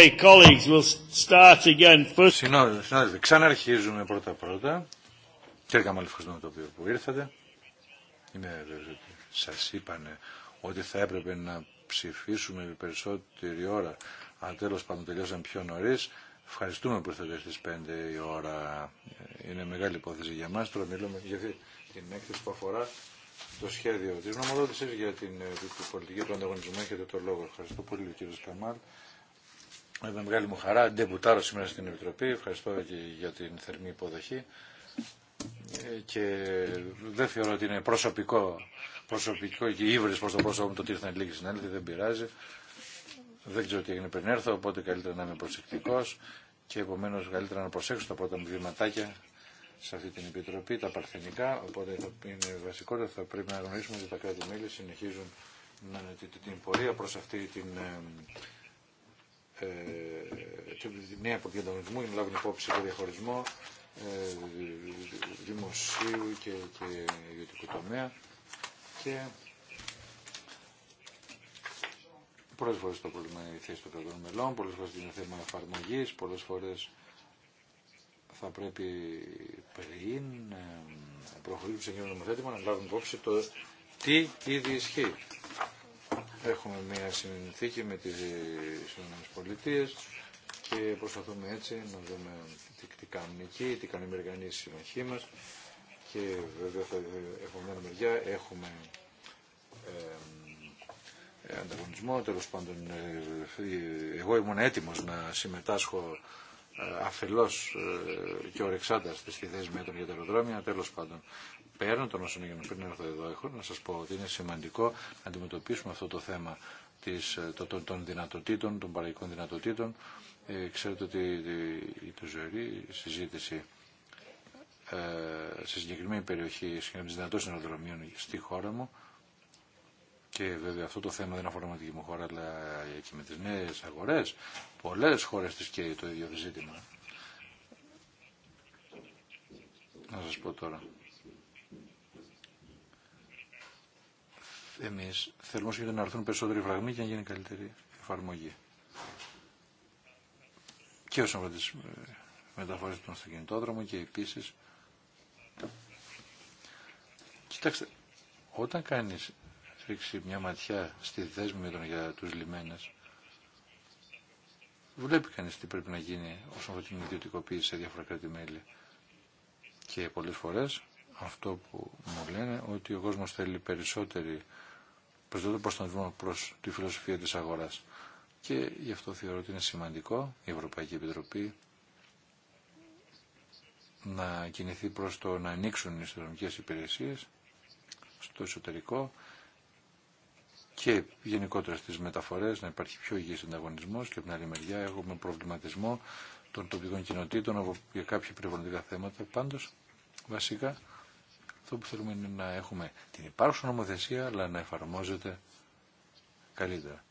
Hey, colleagues, we'll start again. First... συνόδελφοι, ξαναρχίζουμε πρώτα-πρώτα. Κύριε Καμάλη, με το οποίο που ήρθατε. Είμαι βέβαιος ότι σας είπανε ότι θα έπρεπε να ψηφίσουμε περισσότερη ώρα, αλλά τέλος πάντων τελειώσαμε πιο νωρίς. Ευχαριστούμε που ήρθατε στις 5 η ώρα. Είναι μεγάλη υπόθεση για μας. Τώρα μιλούμε για την έκθεση που αφορά το σχέδιο της νομοδότησης για ε, την πολιτική του ανταγωνισμού. Έχετε το λόγο. Ευχαριστώ πολύ, κύριε Καμάλ με μεγάλη μου χαρά ντεμπουτάρω σήμερα στην Επιτροπή. Ευχαριστώ και για την θερμή υποδοχή. Ε, και δεν θεωρώ ότι είναι προσωπικό, προσωπικό και ύβρι προ το πρόσωπο μου το ότι ήρθαν λίγοι συνέλθει, Δεν πειράζει. Δεν ξέρω τι έγινε πριν έρθω, οπότε καλύτερα να είμαι προσεκτικό και επομένω καλύτερα να προσέξω τα πρώτα μου βηματάκια σε αυτή την Επιτροπή, τα παρθενικά. Οπότε είναι βασικό ότι θα πρέπει να γνωρίσουμε ότι τα κράτη-μέλη συνεχίζουν την πορεία προ αυτή την ε, μια από την ανταγωνισμού είναι λάβουν υπόψη το διαχωρισμό ε, δημοσίου και, και ιδιωτικού τομέα και πολλές φορές το πρόβλημα είναι η θέση των κρατών μελών, πολλές φορές είναι θέμα εφαρμογής, πολλές φορές θα πρέπει πριν ε, προχωρήσουμε σε ένα νομοθέτημα να λάβουν υπόψη το τι ήδη ισχύει. Έχουμε μια συνθήκη με τις ΗΠΑ και προσπαθούμε έτσι να δούμε τι, τι κάνουν εκεί, τι κάνουν οι Αμερικανοί συμμαχοί μας και βέβαια από μια μεριά έχουμε ε, ανταγωνισμό. Τέλος πάντων, ε, ε, εγώ ήμουν έτοιμος να συμμετάσχω ε, αφελώς και ορεξάντας στη θέση μέτρων για τα αεροδρόμια. Τέλος πάντων, πέραν των όσων έγιναν πριν έρθω εδώ, έχω να σας πω ότι είναι σημαντικό να αντιμετωπίσουμε αυτό το θέμα της, ε, των, δυνατοτήτων, των παραγικών δυνατοτήτων. Ε, ξέρετε ότι η τουζερή συζήτηση ε, σε συγκεκριμένη περιοχή σχεδόν της των αεροδρομίων στη χώρα μου και βέβαια αυτό το θέμα δεν αφορά με τη μου χώρα αλλά και με τις νέες αγορές. Πολλές χώρες της και το ίδιο ζήτημα. Να σας πω τώρα. Εμεί θέλουμε όσο να έρθουν περισσότεροι φραγμοί και να γίνει καλύτερη εφαρμογή. Και όσον αφορά τι ε, μεταφορέ των αυτοκινητόδρομων και επίση. Κοιτάξτε, όταν κάνει ρίξει μια ματιά στη δέσμη των για του λιμένε, βλέπει κανεί τι πρέπει να γίνει όσον αφορά την ιδιωτικοποίηση σε διάφορα κράτη-μέλη. Και πολλέ φορέ, αυτό που μου λένε ότι ο κόσμος θέλει περισσότερη προσδοτώ προς τον προς τη φιλοσοφία της αγοράς. Και γι' αυτό θεωρώ ότι είναι σημαντικό η Ευρωπαϊκή Επιτροπή να κινηθεί προς το να ανοίξουν οι ιστορικές υπηρεσίες στο εσωτερικό και γενικότερα στις μεταφορές να υπάρχει πιο υγιής ανταγωνισμός και από την άλλη μεριά έχουμε προβληματισμό των τοπικών κοινοτήτων για κάποια περιβαλλοντικά θέματα. Πάντως, βασικά, αυτό που θέλουμε είναι να έχουμε την υπάρχουσα νομοθεσία, αλλά να εφαρμόζεται καλύτερα.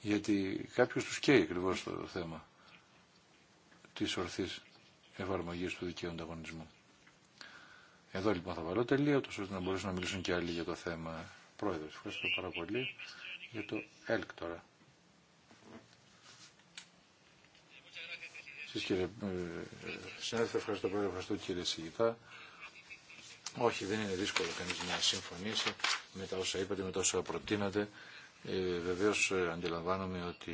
Γιατί κάποιο του καίει ακριβώ το θέμα τη ορθή εφαρμογή του δικαίου ανταγωνισμού. Εδώ λοιπόν θα βάλω τελεία, τόσο ώστε να μπορέσουν να μιλήσουν και άλλοι για το θέμα. Πρόεδρε, ευχαριστώ πάρα πολύ για το ΕΛΚ τώρα. Σας κύριε ε, συνάδελφε, ευχαριστώ πολύ, ευχαριστώ κύριε Σιγητά. Όχι, δεν είναι δύσκολο κανείς να συμφωνήσει με τα όσα είπατε, με τα όσα προτείνατε. Ε, βεβαίως ε, αντιλαμβάνομαι ότι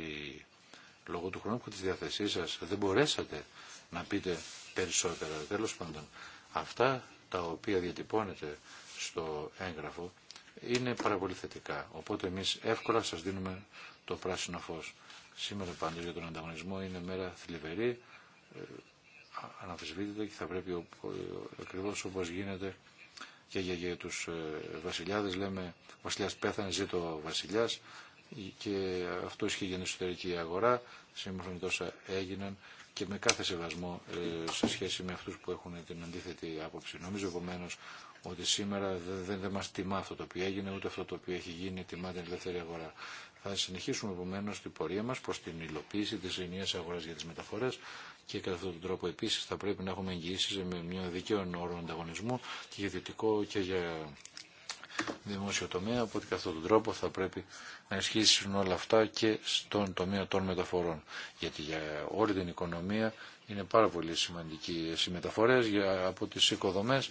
λόγω του χρόνου και της διαθεσής σας δεν μπορέσατε να πείτε περισσότερα. Τέλος πάντων, αυτά τα οποία διατυπώνετε στο έγγραφο είναι πάρα πολύ θετικά. Οπότε εμείς εύκολα σας δίνουμε το πράσινο φως. Σήμερα πάντως για τον ανταγωνισμό είναι μέρα θλιβερή, ε, αναμφισβήτητα και θα πρέπει ακριβώς όπως γίνεται και για, για τους ε, βασιλιάδες λέμε ο βασιλιάς πέθανε, ζήτω το βασιλιάς ε, και αυτό ισχύει για την εσωτερική αγορά, σύμφωνα με τόσα έγιναν και με κάθε σεβασμό ε, σε σχέση με αυτούς που έχουν την αντίθετη άποψη. Νομίζω επομένω ότι σήμερα δεν, δεν μας τιμά αυτό το οποίο έγινε, ούτε αυτό το οποίο έχει γίνει, τιμά την ελεύθερη αγορά. Θα συνεχίσουμε επομένω την πορεία μας προς την υλοποίηση της ενιαίας αγοράς για τις μεταφορές και κατά αυτόν τον τρόπο επίσης θα πρέπει να έχουμε εγγυήσεις με μια δικαίωση όρων ανταγωνισμού και για δυτικό και για δημόσιο τομέα, οπότε καθ' αυτόν τον τρόπο θα πρέπει να ισχύσουν όλα αυτά και στον τομέα των μεταφορών. Γιατί για όλη την οικονομία είναι πάρα πολύ σημαντικοί οι μεταφορές από τις οικοδομές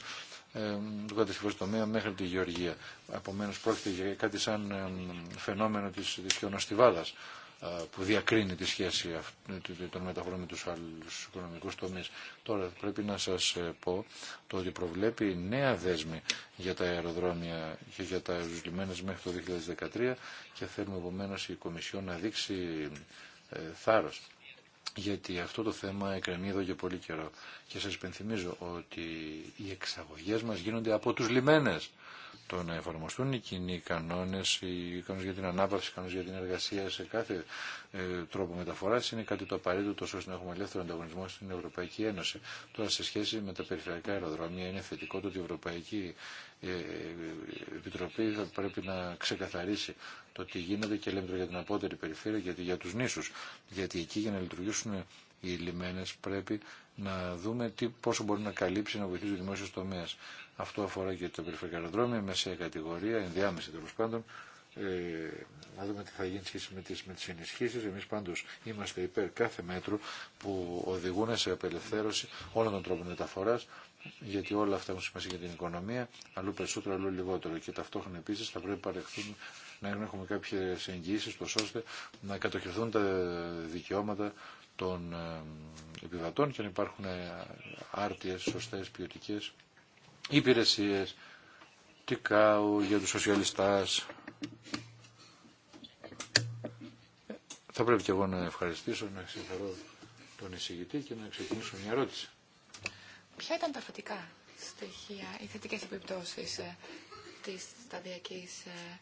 ε, του κατασκευαστικού τομέα μέχρι τη γεωργία. Επομένω, πρόκειται για κάτι σαν ε, φαινόμενο της, της ε, που διακρίνει τη σχέση ε, των μεταφορών με τους άλλους οικονομικούς τομείς. Τώρα πρέπει να σας ε, πω το ότι προβλέπει νέα δέσμη για τα αεροδρόμια και για τα αεροσλημένες μέχρι το 2013 και θέλουμε επομένω η Κομισιόν να δείξει θάρρος. Γιατί αυτό το θέμα εκρεμεί εδώ για πολύ καιρό. Και σας υπενθυμίζω ότι οι εξαγωγές μας γίνονται από τους λιμένες το να εφαρμοστούν οι κοινοί κανόνε, οι κανόνε για την ανάπαυση, οι κανόνε για την εργασία σε κάθε ε, τρόπο μεταφορά είναι κάτι το απαραίτητο ώστε να έχουμε ελεύθερο ανταγωνισμό στην Ευρωπαϊκή Ένωση. Τώρα σε σχέση με τα περιφερειακά αεροδρόμια είναι θετικό το ότι η Ευρωπαϊκή ε, ε, Επιτροπή θα πρέπει να ξεκαθαρίσει το τι γίνεται και λέμε τώρα για την απότερη περιφέρεια, γιατί για τους νήσους, γιατί εκεί για να λειτουργήσουν οι λιμένες πρέπει να δούμε τι, πόσο μπορεί να καλύψει να βοηθήσει ο δημόσιο τομέα. Αυτό αφορά και το περιφερειακό αεροδρόμιο, μεσαία κατηγορία, ενδιάμεση τέλο πάντων. Ε, να δούμε τι θα γίνει σχέση με τις, με τις ενισχύσεις. Εμείς πάντως είμαστε υπέρ κάθε μέτρου που οδηγούν σε απελευθέρωση όλων των τρόπων μεταφοράς γιατί όλα αυτά έχουν σημασία για την οικονομία, αλλού περισσότερο, αλλού λιγότερο. Και ταυτόχρονα επίση θα πρέπει παρεχθούν, να έχουμε κάποιε εγγυήσει, ώστε να κατοχυρθούν τα δικαιώματα των ε, επιβατών και να υπάρχουν ε, άρτιε, σωστέ, ποιοτικέ υπηρεσίες, Τικάου, για τους σοσιαλιστάς. Θα πρέπει και εγώ να ευχαριστήσω, να συγχαρώ τον εισηγητή και να ξεκινήσω μια ερώτηση. Ποια ήταν τα θετικά στοιχεία, οι θετικέ επιπτώσει ε, της σταδιακής, ε,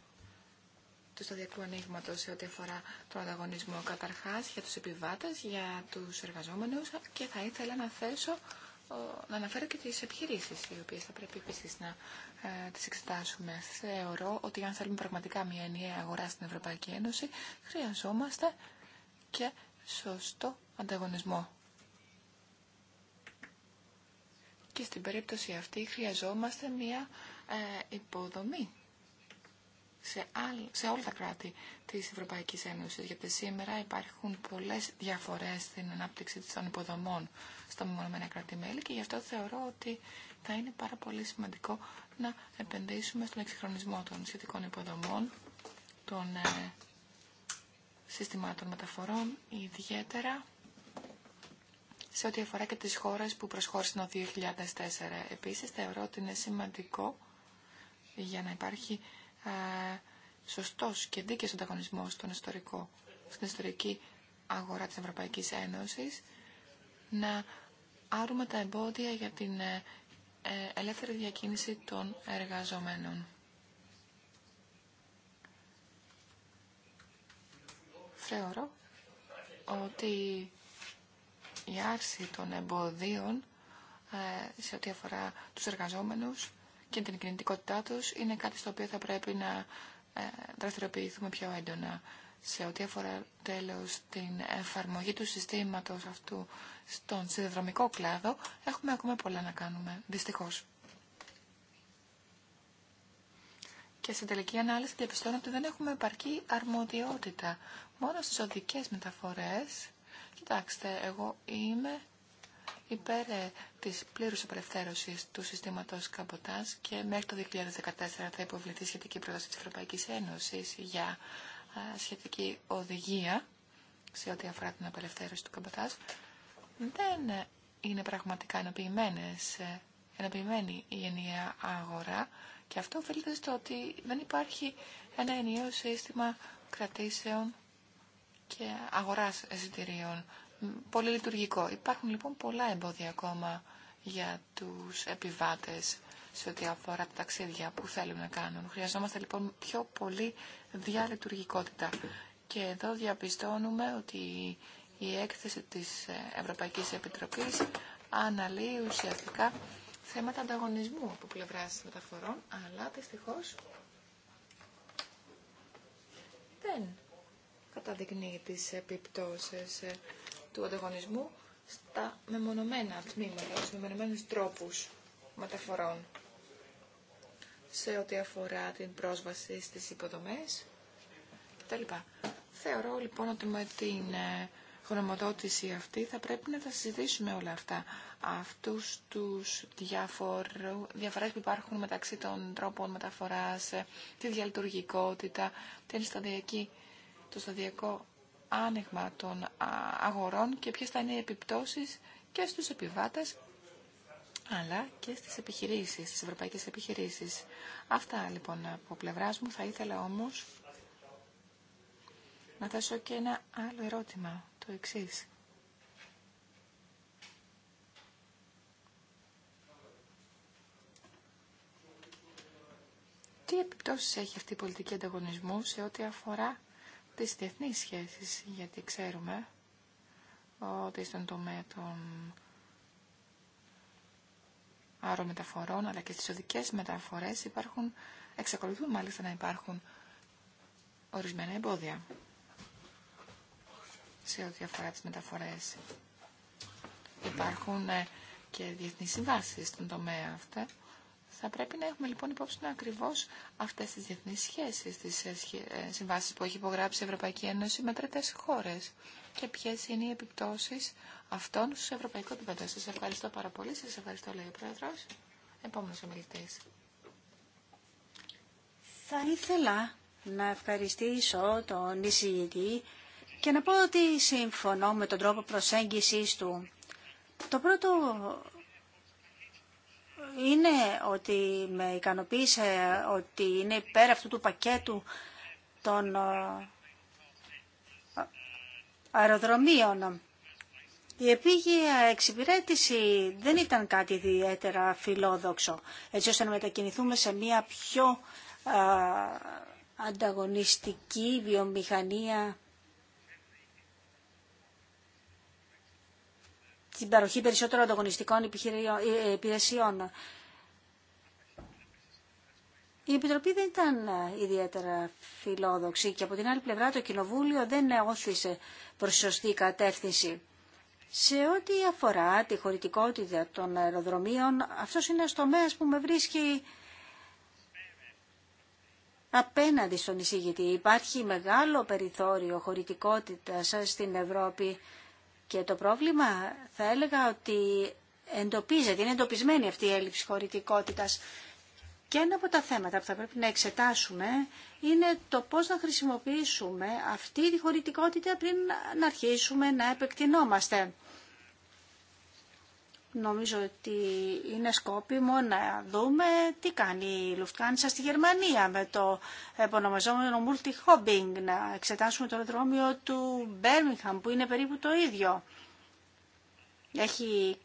του σταδιακού ανοίγματο σε ό,τι αφορά τον ανταγωνισμό καταρχάς για τους επιβάτες, για τους εργαζόμενους και θα ήθελα να θέσω να αναφέρω και τις επιχειρήσεις οι οποίες θα πρέπει επίσης να ε, τις εξετάσουμε. Θεωρώ ότι αν θέλουμε πραγματικά μια ενιαία αγορά στην Ευρωπαϊκή Ένωση χρειαζόμαστε και σωστό ανταγωνισμό. Και στην περίπτωση αυτή χρειαζόμαστε μια ε, υποδομή σε, άλλ, σε όλα τα κράτη της Ευρωπαϊκής Ένωσης, γιατί σήμερα υπάρχουν πολλές διαφορές στην ανάπτυξη των υποδομών στα μεμονωμένα κράτη-μέλη και γι' αυτό θεωρώ ότι θα είναι πάρα πολύ σημαντικό να επενδύσουμε στον εξυγχρονισμό των σχετικών υποδομών, των ε, συστημάτων μεταφορών, ιδιαίτερα σε ό,τι αφορά και τις χώρες που προσχώρησαν το 2004. Επίσης, θεωρώ ότι είναι σημαντικό για να υπάρχει ε, σωστός και δίκαιος ανταγωνισμός στον ιστορικό, στην ιστορική αγορά της Ευρωπαϊκής Ένωσης, να άρουμε τα εμπόδια για την ε, ε, ελεύθερη διακίνηση των εργαζομένων. Θεωρώ ότι η άρση των εμποδίων σε ό,τι αφορά τους εργαζόμενους και την κινητικότητά τους είναι κάτι στο οποίο θα πρέπει να ε, δραστηριοποιηθούμε πιο έντονα σε ό,τι αφορά τέλος την εφαρμογή του συστήματος αυτού στον συνδρομικό κλάδο, έχουμε ακόμα πολλά να κάνουμε, δυστυχώς. Και στην τελική ανάλυση διαπιστώνω ότι δεν έχουμε επαρκή αρμοδιότητα. Μόνο στις οδικές μεταφορές, κοιτάξτε, εγώ είμαι υπέρ ε, της πλήρους απελευθέρωσης του συστήματος Καμποτάς και μέχρι το 2014 θα υποβληθεί σχετική πρόταση της Ευρωπαϊκής Ένωσης για ε, σχετική οδηγία σε ό,τι αφορά την απελευθέρωση του Καμποτάς. Δεν ε, είναι πραγματικά ενοποιημένη η ενιαία αγορά και αυτό οφείλεται στο ότι δεν υπάρχει ένα ενιαίο σύστημα κρατήσεων και αγοράς εισιτηρίων πολύ λειτουργικό. Υπάρχουν λοιπόν πολλά εμπόδια ακόμα για τους επιβάτες σε ό,τι αφορά τα ταξίδια που θέλουν να κάνουν. Χρειαζόμαστε λοιπόν πιο πολύ διαλειτουργικότητα. Και εδώ διαπιστώνουμε ότι η έκθεση της Ευρωπαϊκής Επιτροπής αναλύει ουσιαστικά θέματα ανταγωνισμού από πλευράς μεταφορών, αλλά δυστυχώ δεν καταδεικνύει τις επιπτώσεις του ανταγωνισμού στα μεμονωμένα τμήματα, στους μεμονωμένους τρόπους μεταφορών σε ό,τι αφορά την πρόσβαση στις υποδομές κτλ. Θεωρώ λοιπόν ότι με την χρονομοδότηση ε, αυτή θα πρέπει να τα συζητήσουμε όλα αυτά. Αυτούς τους διαφορου... διαφορές που υπάρχουν μεταξύ των τρόπων μεταφοράς, ε, τη διαλειτουργικότητα, την σταδιακή, το σταδιακό άνοιγμα των αγορών και ποιες θα είναι οι επιπτώσεις και στους επιβάτες αλλά και στις επιχειρήσεις, στις ευρωπαϊκές επιχειρήσεις. Αυτά λοιπόν από πλευράς μου. Θα ήθελα όμως να θέσω και ένα άλλο ερώτημα, το εξής. Τι επιπτώσεις έχει αυτή η πολιτική ανταγωνισμού σε ό,τι αφορά τις διεθνείς σχέσεις, γιατί ξέρουμε ότι στον τομέα των αερομεταφορών αλλά και στις οδικές μεταφορές υπάρχουν, εξακολουθούν μάλιστα να υπάρχουν ορισμένα εμπόδια σε ό,τι αφορά τις μεταφορές. Υπάρχουν ε, και διεθνείς συμβάσεις στον τομέα αυτά θα πρέπει να έχουμε λοιπόν υπόψη να ακριβώ αυτέ τι διεθνεί σχέσει, τι ε, ε, συμβάσει που έχει υπογράψει η Ευρωπαϊκή Ένωση με τρίτε χώρε και ποιε είναι οι επιπτώσει αυτών στο ευρωπαϊκό επίπεδο. Σα ευχαριστώ πάρα πολύ. Σα ευχαριστώ, λέει ο Πρόεδρο. Επόμενο ομιλητή. Θα ήθελα να ευχαριστήσω τον εισηγητή και να πω ότι συμφωνώ με τον τρόπο προσέγγισης του. Το πρώτο είναι ότι με ικανοποίησε ότι είναι υπέρ αυτού του πακέτου των ε, αεροδρομίων. Η επίγεια εξυπηρέτηση δεν ήταν κάτι ιδιαίτερα φιλόδοξο, έτσι ώστε να μετακινηθούμε σε μια πιο ε, ανταγωνιστική βιομηχανία την παροχή περισσότερων ανταγωνιστικών ε, ε, υπηρεσιών. Η Επιτροπή δεν ήταν ε, ιδιαίτερα φιλόδοξη και από την άλλη πλευρά το Κοινοβούλιο δεν όθησε προς σωστή κατεύθυνση. Σε ό,τι αφορά τη χωρητικότητα των αεροδρομίων, αυτός είναι ένας τομέας που με βρίσκει απέναντι στον εισηγητή. Υπάρχει μεγάλο περιθώριο χωρητικότητας στην Ευρώπη και το πρόβλημα θα έλεγα ότι εντοπίζεται, είναι εντοπισμένη αυτή η έλλειψη χωρητικότητας. Και ένα από τα θέματα που θα πρέπει να εξετάσουμε είναι το πώς να χρησιμοποιήσουμε αυτή τη χωρητικότητα πριν να αρχίσουμε να επεκτηνόμαστε. Νομίζω ότι είναι σκόπιμο να δούμε τι κάνει η Λουφτκάνησα στη Γερμανία με το επωνομαζόμενο multi-hobbing, να εξετάσουμε το αεροδρόμιο του Μπέρμιχαμ που είναι περίπου το ίδιο. Έχει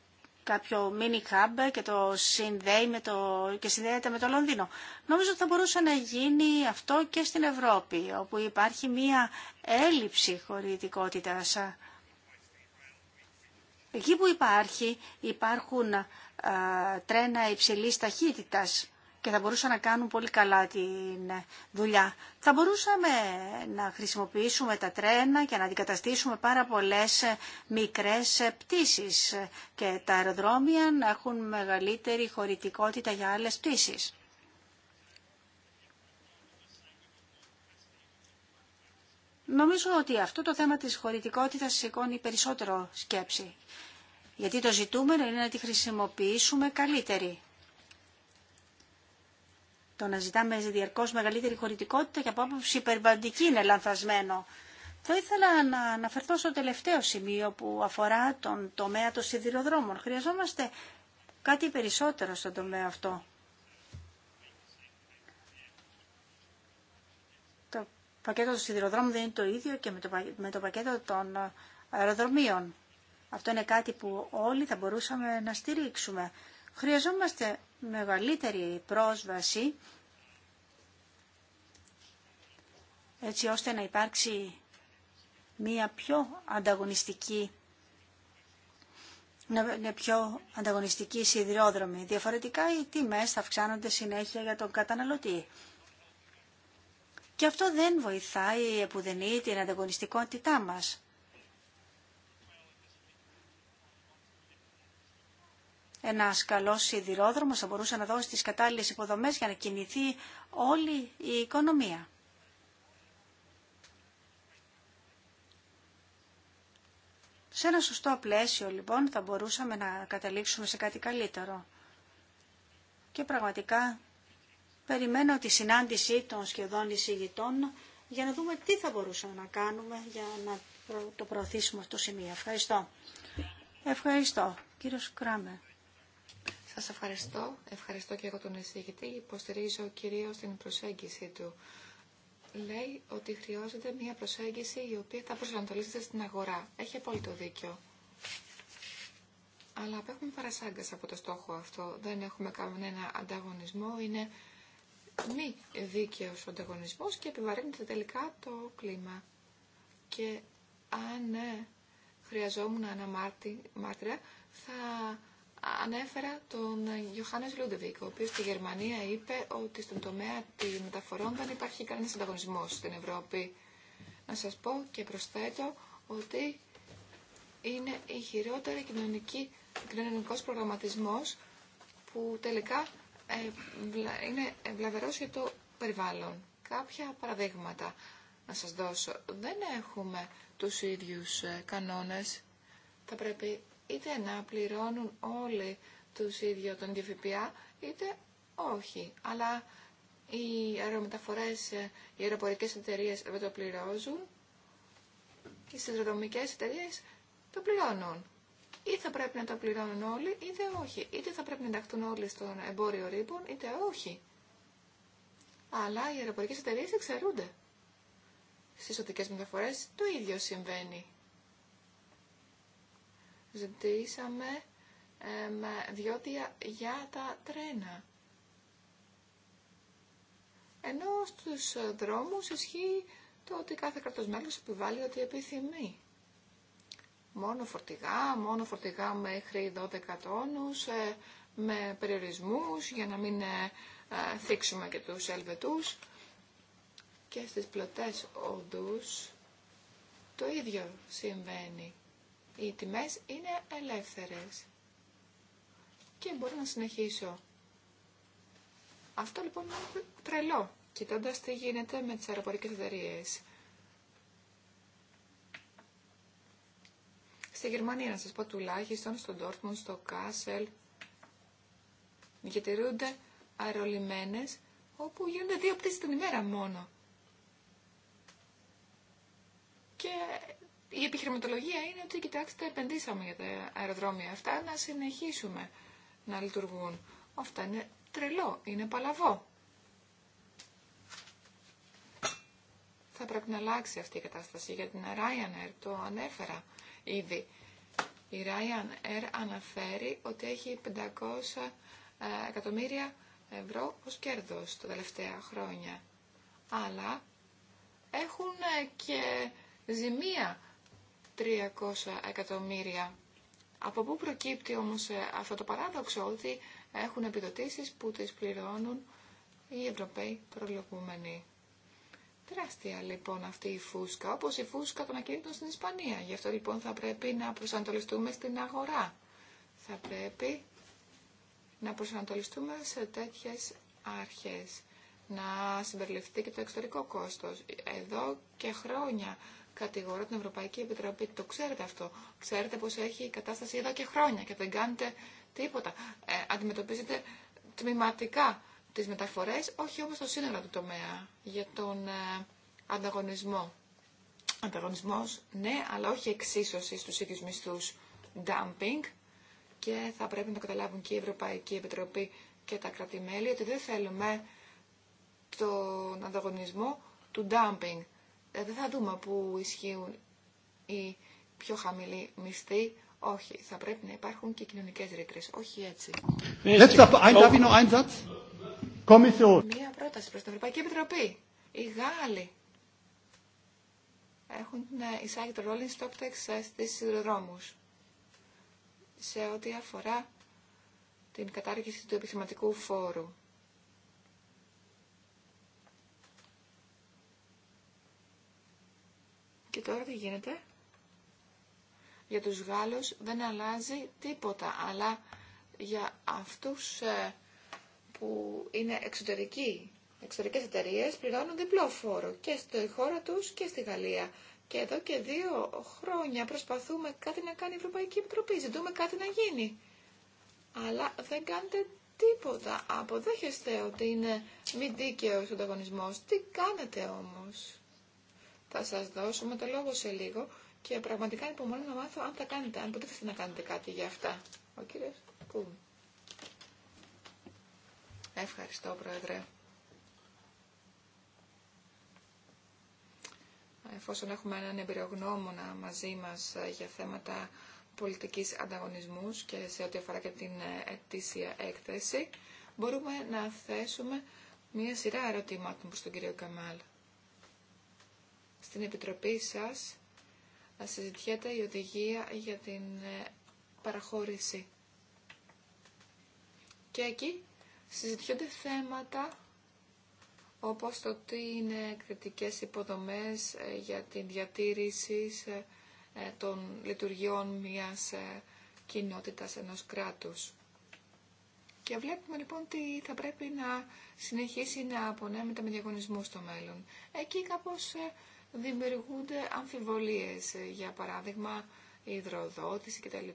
κάποιο mini hub και το συνδέει με το, και συνδέεται με το Λονδίνο. Νομίζω ότι θα μπορούσε να γίνει αυτό και στην Ευρώπη, όπου υπάρχει μία έλλειψη χωρητικότητας Εκεί που υπάρχει, υπάρχουν τρένα υψηλής ταχύτητας και θα μπορούσαν να κάνουν πολύ καλά την ε, δουλειά. Θα μπορούσαμε να χρησιμοποιήσουμε τα τρένα και να αντικαταστήσουμε πάρα πολλές ε, μικρές ε, πτήσεις και τα αεροδρόμια να έχουν μεγαλύτερη χωρητικότητα για άλλες πτήσεις. Νομίζω ότι αυτό το θέμα της χωρητικότητας σηκώνει περισσότερο σκέψη. Γιατί το ζητούμενο είναι να τη χρησιμοποιήσουμε καλύτερη. Το να ζητάμε διαρκώς μεγαλύτερη χωρητικότητα και από άποψη υπερβαντική είναι λανθασμένο. Θα ήθελα να αναφερθώ στο τελευταίο σημείο που αφορά τον τομέα των σιδηροδρόμων. Χρειαζόμαστε κάτι περισσότερο στον τομέα αυτό. πακέτο των σιδηροδρόμων δεν είναι το ίδιο και με το, με το πακέτο των αεροδρομίων. Αυτό είναι κάτι που όλοι θα μπορούσαμε να στηρίξουμε. Χρειαζόμαστε μεγαλύτερη πρόσβαση έτσι ώστε να υπάρξει μια πιο ανταγωνιστική είναι πιο ανταγωνιστική σιδηρόδρομη. Διαφορετικά οι τιμές θα αυξάνονται συνέχεια για τον καταναλωτή. Και αυτό δεν βοηθάει επουδενή την ανταγωνιστικότητά μας. Ένα καλό σιδηρόδρομος θα μπορούσε να δώσει τις κατάλληλες υποδομές για να κινηθεί όλη η οικονομία. Σε ένα σωστό πλαίσιο λοιπόν θα μπορούσαμε να καταλήξουμε σε κάτι καλύτερο. Και πραγματικά Περιμένω τη συνάντηση των σχεδόν εισηγητών για να δούμε τι θα μπορούσαμε να κάνουμε για να το προωθήσουμε αυτό το σημείο. Ευχαριστώ. Ευχαριστώ. Κύριο Κράμε. Σας ευχαριστώ. Ευχαριστώ και εγώ τον εισηγητή. Υποστηρίζω κυρίω την προσέγγιση του. Λέει ότι χρειάζεται μια προσέγγιση η οποία θα προσανατολίζεται στην αγορά. Έχει απόλυτο δίκιο. Αλλά απέχουμε παρασάγκα από το στόχο αυτό. Δεν έχουμε κανένα ανταγωνισμό. Είναι μη ναι, δίκαιος ανταγωνισμός και επιβαρύνεται τελικά το κλίμα. Και αν ναι, χρειαζόμουν ένα μάρτυρα, θα ανέφερα τον Ιωάννη Λούντεβικ, ο οποίος στη Γερμανία είπε ότι στον τομέα των μεταφορών δεν υπάρχει κανένα ανταγωνισμό στην Ευρώπη. Να σας πω και προσθέτω ότι είναι η χειρότερη κοινωνική, κοινωνικός προγραμματισμός που τελικά ε, είναι ε, βλαβερός για το περιβάλλον. Κάποια παραδείγματα να σας δώσω. Δεν έχουμε τους ίδιους ε, κανόνες. Θα πρέπει είτε να πληρώνουν όλοι τους ίδιο τον ίδιο είτε όχι. Αλλά οι αερομεταφορές, οι αεροπορικές εταιρείες δεν το πληρώζουν. και οι συνδρομικές εταιρείες το πληρώνουν. Ή θα πρέπει να τα πληρώνουν όλοι, είτε όχι. Είτε θα πρέπει να ενταχθούν όλοι στον εμπόριο ρήπων, είτε όχι. Αλλά οι αεροπορικέ εταιρείε εξαιρούνται. Στις οδικές μεταφορέ το ίδιο συμβαίνει. Ζητήσαμε ε, διότι για τα τρένα. Ενώ στους δρόμους ισχύει το ότι κάθε κρατος μέλος επιβάλλει ότι επιθυμεί μόνο φορτηγά, μόνο φορτηγά μέχρι 12 τόνους, ε, με περιορισμούς για να μην ε, ε, θίξουμε και τους Ελβετούς. Και στις πλωτές οδούς το ίδιο συμβαίνει. Οι τιμές είναι ελεύθερες. Και μπορώ να συνεχίσω. Αυτό λοιπόν είναι τρελό, κοιτώντας τι γίνεται με τις αεροπορικές εταιρείε. στη Γερμανία, να σα πω τουλάχιστον, στον Ντόρτμουντ, στο Κάσελ, διατηρούνται αερολιμένες όπου γίνονται δύο πτήσει την ημέρα μόνο. Και η επιχειρηματολογία είναι ότι, κοιτάξτε, επενδύσαμε για τα αεροδρόμια αυτά, να συνεχίσουμε να λειτουργούν. Αυτά είναι τρελό, είναι παλαβό. Θα πρέπει να αλλάξει αυτή η κατάσταση για την Ryanair, το ανέφερα ήδη. Η Ryanair αναφέρει ότι έχει 500 ε, εκατομμύρια ευρώ ως κέρδος τα τελευταία χρόνια. Αλλά έχουν ε, και ζημία 300 εκατομμύρια. Από πού προκύπτει όμως ε, αυτό το παράδοξο ότι έχουν επιδοτήσεις που τις πληρώνουν οι Ευρωπαίοι προλογούμενοι. Τεράστια λοιπόν αυτή η φούσκα, όπως η φούσκα των ακίνητων στην Ισπανία. Γι' αυτό λοιπόν θα πρέπει να προσανατολιστούμε στην αγορά. Θα πρέπει να προσανατολιστούμε σε τέτοιες άρχες. Να συμπεριληφθεί και το εξωτερικό κόστος. Εδώ και χρόνια κατηγορώ την Ευρωπαϊκή Επιτροπή. Το ξέρετε αυτό. Ξέρετε πως έχει η κατάσταση εδώ και χρόνια και δεν κάνετε τίποτα. Ε, αντιμετωπίζετε τμηματικά τις μεταφορές, όχι όμως το σύνολο του τομέα, για τον ε, ανταγωνισμό. Ανταγωνισμός, ναι, αλλά όχι εξίσωση στους ίδιους μισθούς dumping και θα πρέπει να καταλάβουν και η Ευρωπαϊκή Επιτροπή και τα κρατημέλη ότι δεν θέλουμε τον ανταγωνισμό του dumping. Ε, δεν θα δούμε που ισχύουν οι πιο χαμηλοί μισθοί. Όχι, θα πρέπει να υπάρχουν και κοινωνικές ρήτρες. Όχι έτσι. Μία πρόταση προς την Ευρωπαϊκή Επιτροπή. Οι Γάλλοι έχουν ναι, εισάγει το rolling Stock tax ε, στις σιδηροδρόμους σε ό,τι αφορά την κατάργηση του επιχειρηματικού φόρου. Και τώρα τι γίνεται. Για τους Γάλλους δεν αλλάζει τίποτα, αλλά για αυτούς ε, που είναι εξωτερικοί, εξωτερικές εταιρείε πληρώνουν διπλό φόρο και στη χώρα τους και στη Γαλλία. Και εδώ και δύο χρόνια προσπαθούμε κάτι να κάνει η Ευρωπαϊκή Επιτροπή, ζητούμε κάτι να γίνει. Αλλά δεν κάνετε τίποτα. Αποδέχεστε ότι είναι μη δίκαιο ο ανταγωνισμός. Τι κάνετε όμως. Θα σας δώσουμε το λόγο σε λίγο και πραγματικά υπομονώ να μάθω αν θα κάνετε, αν ποτέ να κάνετε κάτι για αυτά. Ο κύριος Κούμ. Ευχαριστώ, Πρόεδρε. Εφόσον έχουμε έναν εμπειρογνώμονα μαζί μας ε, για θέματα πολιτικής ανταγωνισμούς και σε ό,τι αφορά και την ε, ετήσια έκθεση, μπορούμε να θέσουμε μία σειρά ερωτημάτων προς τον κύριο Καμάλ. Στην Επιτροπή σας ε, συζητιέται η οδηγία για την παραχώρηση. Και εκεί συζητιούνται θέματα όπως το τι είναι κριτικές υποδομές ε, για την διατήρηση ε, ε, των λειτουργιών μιας κοινότητας ενός κράτους. Και βλέπουμε λοιπόν ότι θα πρέπει να συνεχίσει να απονέμεται με διαγωνισμού στο μέλλον. Εκεί κάπως δημιουργούνται αμφιβολίες, για παράδειγμα η υδροδότηση κτλ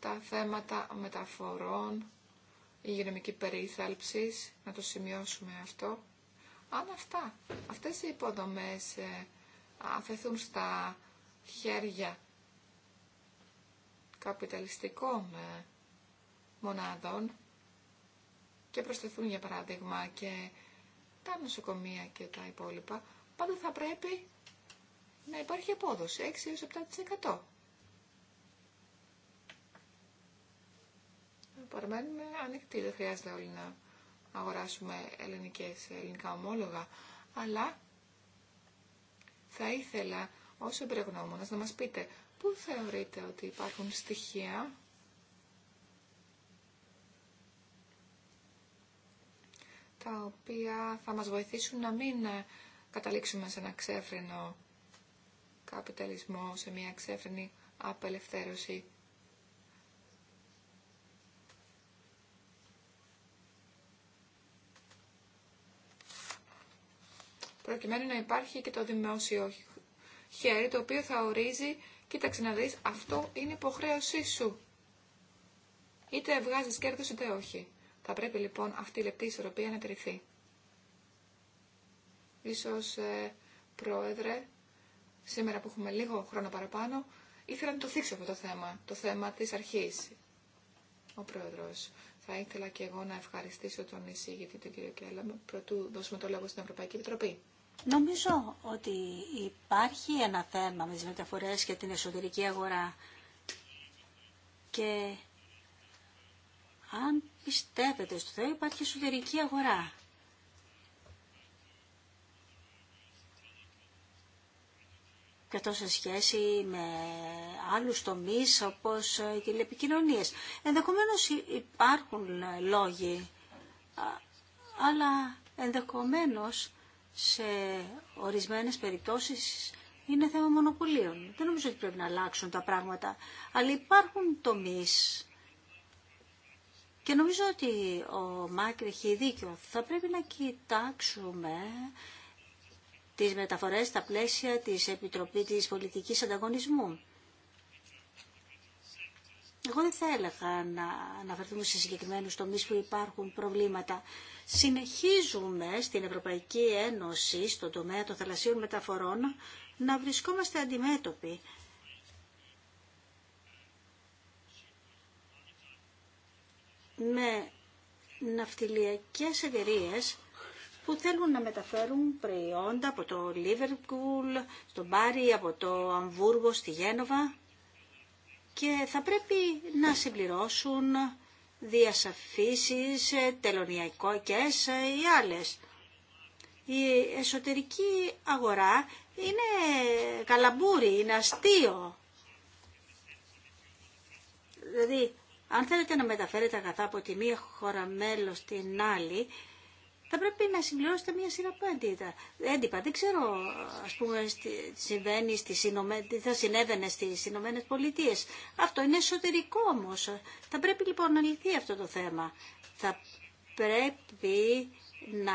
τα θέματα μεταφορών, υγειονομική περίθαλψη, να το σημειώσουμε αυτό. Αν αυτά, αυτές οι υποδομές ε, αφαιθούν στα χέρια καπιταλιστικών ε, μονάδων και προσθεθούν για παράδειγμα και τα νοσοκομεία και τα υπόλοιπα, πάντα θα πρέπει να υπάρχει απόδοση 6-7%. παραμένουμε ανοιχτοί. Δεν χρειάζεται όλοι να αγοράσουμε ελληνικές, ελληνικά ομόλογα. Αλλά θα ήθελα ως εμπρεγνώμονας να μας πείτε πού θεωρείτε ότι υπάρχουν στοιχεία τα οποία θα μας βοηθήσουν να μην καταλήξουμε σε ένα ξέφρενο καπιταλισμό, σε μια ξέφρενη απελευθέρωση προκειμένου να υπάρχει και το δημόσιο χέρι, το οποίο θα ορίζει, κοίταξε να δεις, αυτό είναι υποχρέωσή σου. Είτε βγάζει κέρδο είτε όχι. Θα πρέπει λοιπόν αυτή η λεπτή ισορροπία να τηρηθεί. Ίσως, ε, Πρόεδρε, σήμερα που έχουμε λίγο χρόνο παραπάνω, ήθελα να το θίξω αυτό το θέμα, το θέμα της αρχής. Ο Πρόεδρος. Θα ήθελα και εγώ να ευχαριστήσω τον εισηγητή, τον κύριο Κέλλα, πρωτού δώσουμε το λόγο στην Ευρωπαϊκή Επιτροπή. Νομίζω ότι υπάρχει ένα θέμα με τις μεταφορές και την εσωτερική αγορά και αν πιστεύετε στο Θεό υπάρχει εσωτερική αγορά. και αυτό σε σχέση με άλλους τομείς όπως ε, οι τηλεπικοινωνίες. Ενδεχομένως υπάρχουν ε, λόγοι, αλλά ενδεχομένως σε ορισμένες περιπτώσεις είναι θέμα μονοπωλίων. Δεν νομίζω ότι πρέπει να αλλάξουν τα πράγματα. Αλλά υπάρχουν τομείς και νομίζω ότι ο Μάκρη έχει δίκιο. Θα πρέπει να κοιτάξουμε τις μεταφορές στα πλαίσια της Επιτροπής της Πολιτικής Ανταγωνισμού. Εγώ δεν θα έλεγα να αναφερθούμε σε συγκεκριμένους τομείς που υπάρχουν προβλήματα. Συνεχίζουμε στην Ευρωπαϊκή Ένωση, στον τομέα των θαλασσίων μεταφορών, να βρισκόμαστε αντιμέτωποι. με ναυτιλιακές εταιρείε που θέλουν να μεταφέρουν προϊόντα από το Λίβερπουλ, στο Πάρι, από το Αμβούργο, στη Γένοβα και θα πρέπει να συμπληρώσουν διασαφήσεις ε, τελωνιακές ή ε, άλλες. Η εσωτερική αγορά είναι καλαμπούρι, είναι αστείο. Δηλαδή, αν θέλετε να μεταφέρετε αγαθά από τη μία χώρα μέλος στην άλλη, θα πρέπει να συμπληρώσετε μία σειρά από έντυπα. Δεν ξέρω, ας πούμε, συμβαίνει θα συνέβαινε στις Ηνωμένες Πολιτείες. Αυτό είναι εσωτερικό όμως. Θα πρέπει λοιπόν να λυθεί αυτό το θέμα. Θα πρέπει να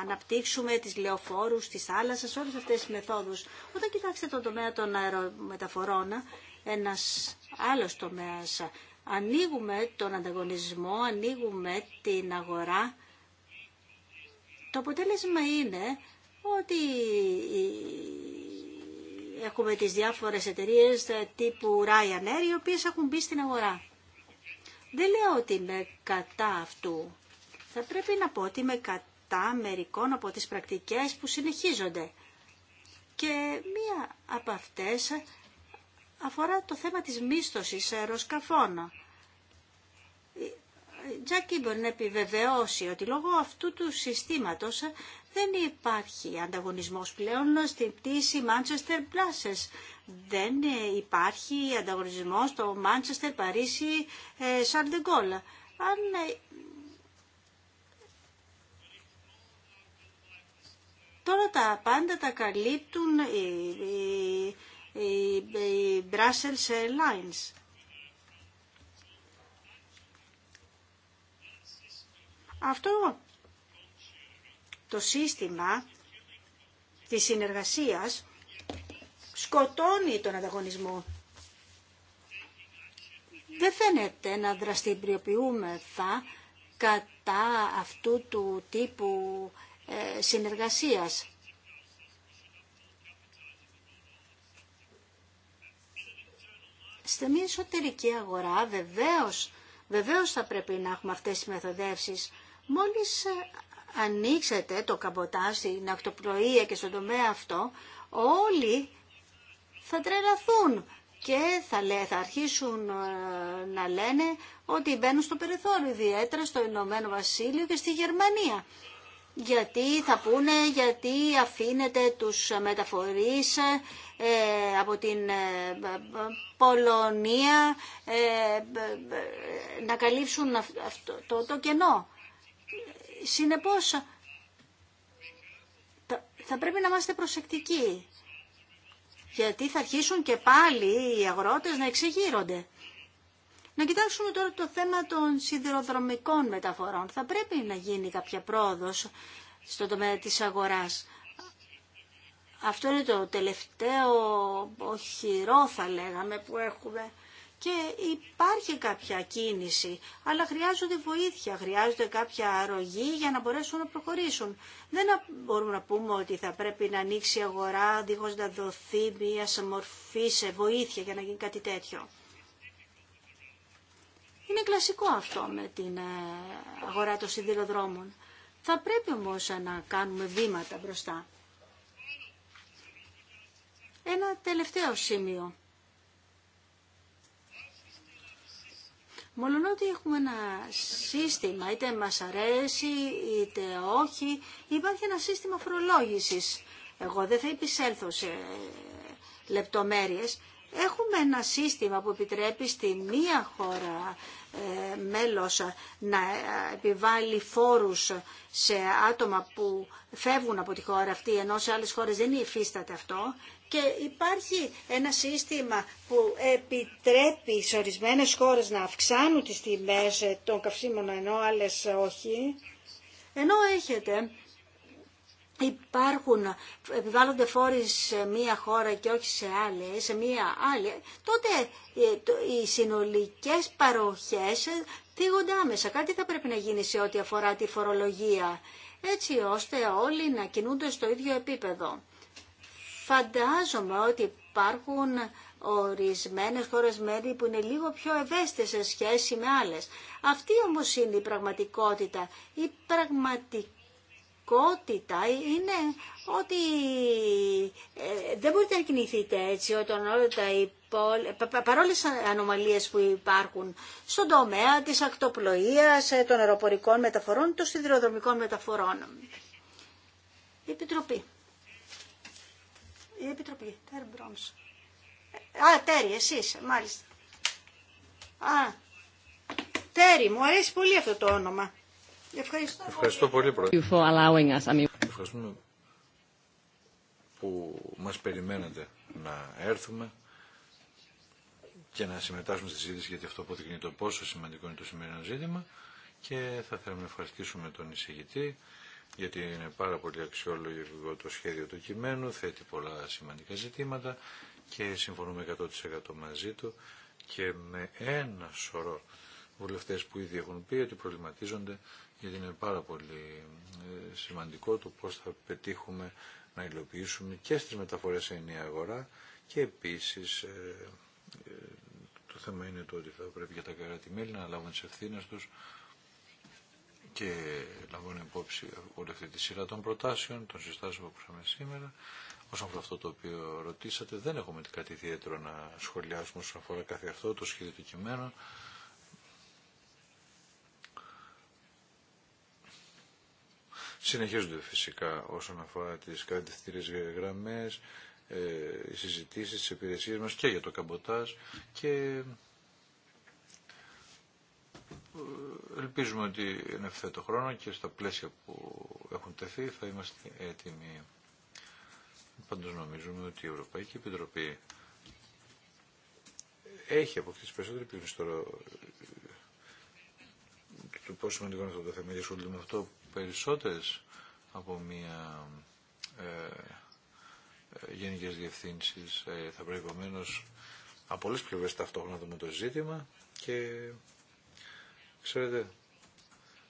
αναπτύξουμε τις λεωφόρους, τις θάλασσες, όλες αυτές τις μεθόδους. Όταν κοιτάξετε τον τομέα των αερομεταφορών, ένας άλλο τομέας, ανοίγουμε τον ανταγωνισμό, ανοίγουμε την αγορά το αποτέλεσμα είναι ότι έχουμε τις διάφορες εταιρείες τύπου Ryanair, οι οποίες έχουν μπει στην αγορά. Δεν λέω ότι είμαι κατά αυτού. Θα πρέπει να πω ότι είμαι κατά μερικών από τις πρακτικές που συνεχίζονται. Και μία από αυτές αφορά το θέμα της μίσθωσης αεροσκαφών. Τζάκι μπορεί να επιβεβαιώσει ότι λόγω αυτού του συστήματος δεν υπάρχει ανταγωνισμός πλέον στην πτήση Manchester Places. Δεν υπάρχει ανταγωνισμός στο Manchester Παρίσι ε, σαρδεγκολα Τώρα τα πάντα τα καλύπτουν οι, οι, οι Brussels Αυτό το σύστημα της συνεργασίας σκοτώνει τον ανταγωνισμό. Δεν φαίνεται να δραστηριοποιούμεθα κατά αυτού του τύπου ε, συνεργασίας. Στη μια εσωτερική αγορά βεβαίως, βεβαίως θα πρέπει να έχουμε αυτές τις μεθοδεύσεις Μόλις ε, ανοίξετε το καμποτάσι στην ακτοπλοεία και στον τομέα αυτό, όλοι θα τρελαθούν και θα, λέ, θα αρχίσουν ε, να λένε ότι μπαίνουν στο περιθώριο, ιδιαίτερα στο Ηνωμένο Βασίλειο και στη Γερμανία. Γιατί θα πούνε, γιατί αφήνετε τους μεταφορείς ε, από την Πολωνία να καλύψουν αυτό το, το κενό. Συνεπώς, θα πρέπει να είμαστε προσεκτικοί. Γιατί θα αρχίσουν και πάλι οι αγρότες να εξεγείρονται. Να κοιτάξουμε τώρα το θέμα των σιδηροδρομικών μεταφορών. Θα πρέπει να γίνει κάποια πρόοδος στο τομέα της αγοράς. Αυτό είναι το τελευταίο οχυρό θα λέγαμε που έχουμε και υπάρχει κάποια κίνηση, αλλά χρειάζονται βοήθεια, χρειάζονται κάποια αρρωγή για να μπορέσουν να προχωρήσουν. Δεν μπορούμε να πούμε ότι θα πρέπει να ανοίξει η αγορά δίχως να δοθεί μια μορφή σε βοήθεια για να γίνει κάτι τέτοιο. Είναι κλασικό αυτό με την ε, αγορά των σιδηροδρόμων. Θα πρέπει όμως να κάνουμε βήματα μπροστά. Ένα τελευταίο σημείο ότι έχουμε ένα σύστημα, είτε μας αρέσει είτε όχι, υπάρχει ένα σύστημα φορολόγηση. Εγώ δεν θα επισέλθω σε λεπτομέρειες. Έχουμε ένα σύστημα που επιτρέπει στη μία χώρα ε, μέλος να επιβάλλει φόρους σε άτομα που φεύγουν από τη χώρα αυτή, ενώ σε άλλες χώρες δεν υφίσταται αυτό και υπάρχει ένα σύστημα που επιτρέπει σε ορισμένες χώρες να αυξάνουν τις τιμές ε, των καυσίμων ενώ άλλες όχι. Ενώ έχετε υπάρχουν, επιβάλλονται φόροι σε μία χώρα και όχι σε άλλη, σε μία άλλη, τότε ε, οι συνολικές παροχές ε, θίγονται άμεσα. Κάτι θα πρέπει να γίνει σε ό,τι αφορά τη φορολογία, έτσι ώστε όλοι να κινούνται στο ίδιο επίπεδο. Φαντάζομαι ότι υπάρχουν ορισμένες χώρες μέρη που είναι λίγο πιο ευαίσθητες σε σχέση με άλλες. Αυτή όμως είναι η πραγματικότητα. Η πραγματικότητα είναι ότι ε, δεν μπορείτε να κινηθείτε έτσι όταν όλα τα ε, παρόλες ανομαλίες που υπάρχουν στον τομέα της ακτοπλοείας, ε, των αεροπορικών μεταφορών, των σιδηροδρομικών μεταφορών. Επιτροπή. Η Επιτροπή. Τέρι Μπρόμς. Ε, α, Τέρι, εσείς, μάλιστα. Α, Τέρι, μου αρέσει πολύ αυτό το όνομα. Ευχαριστώ, Ευχαριστώ πολύ, Πρόεδρε. Ευχαριστούμε που μας περιμένετε να έρθουμε και να συμμετάσχουμε στη συζήτηση γιατί αυτό αποδεικνύει το πόσο σημαντικό είναι το σημερινό ζήτημα και θα θέλουμε να ευχαριστήσουμε τον εισηγητή γιατί είναι πάρα πολύ αξιόλογο το σχέδιο του κειμένου, θέτει πολλά σημαντικά ζητήματα και συμφωνούμε 100% μαζί του και με ένα σωρό βουλευτές που ήδη έχουν πει ότι προβληματίζονται γιατί είναι πάρα πολύ ε, σημαντικό το πώς θα πετύχουμε να υλοποιήσουμε και στις μεταφορές σε ενιαία αγορά και επίσης ε, ε, το θέμα είναι το ότι θα πρέπει για τα καράτη μελη να λάβουν τις ευθύνες τους και λαμβάνω υπόψη όλη αυτή τη σειρά των προτάσεων, των συστάσεων που ακούσαμε σήμερα. Όσον αφορά αυτό το οποίο ρωτήσατε, δεν έχουμε κάτι ιδιαίτερο να σχολιάσουμε όσον αφορά κάθε αυτό το σχέδιο του κειμένου. Συνεχίζονται φυσικά όσον αφορά τις κατευθυντήριες γραμμές, ε, οι συζητήσεις, τις υπηρεσίες μας και για το καμποτάζ και ελπίζουμε ότι είναι το χρόνο και στα πλαίσια που έχουν τεθεί θα είμαστε έτοιμοι. Πάντως νομίζουμε ότι η Ευρωπαϊκή Επιτροπή έχει αποκτήσει περισσότερη πλήρηση τώρα το πόσο σημαντικό είναι αυτό το θέμα. Ασχολούνται με αυτό περισσότερες από μία ε, ε, ε θα πρέπει επομένως από τι πλευρές ταυτόχρονα δούμε το ζήτημα και Ξέρετε,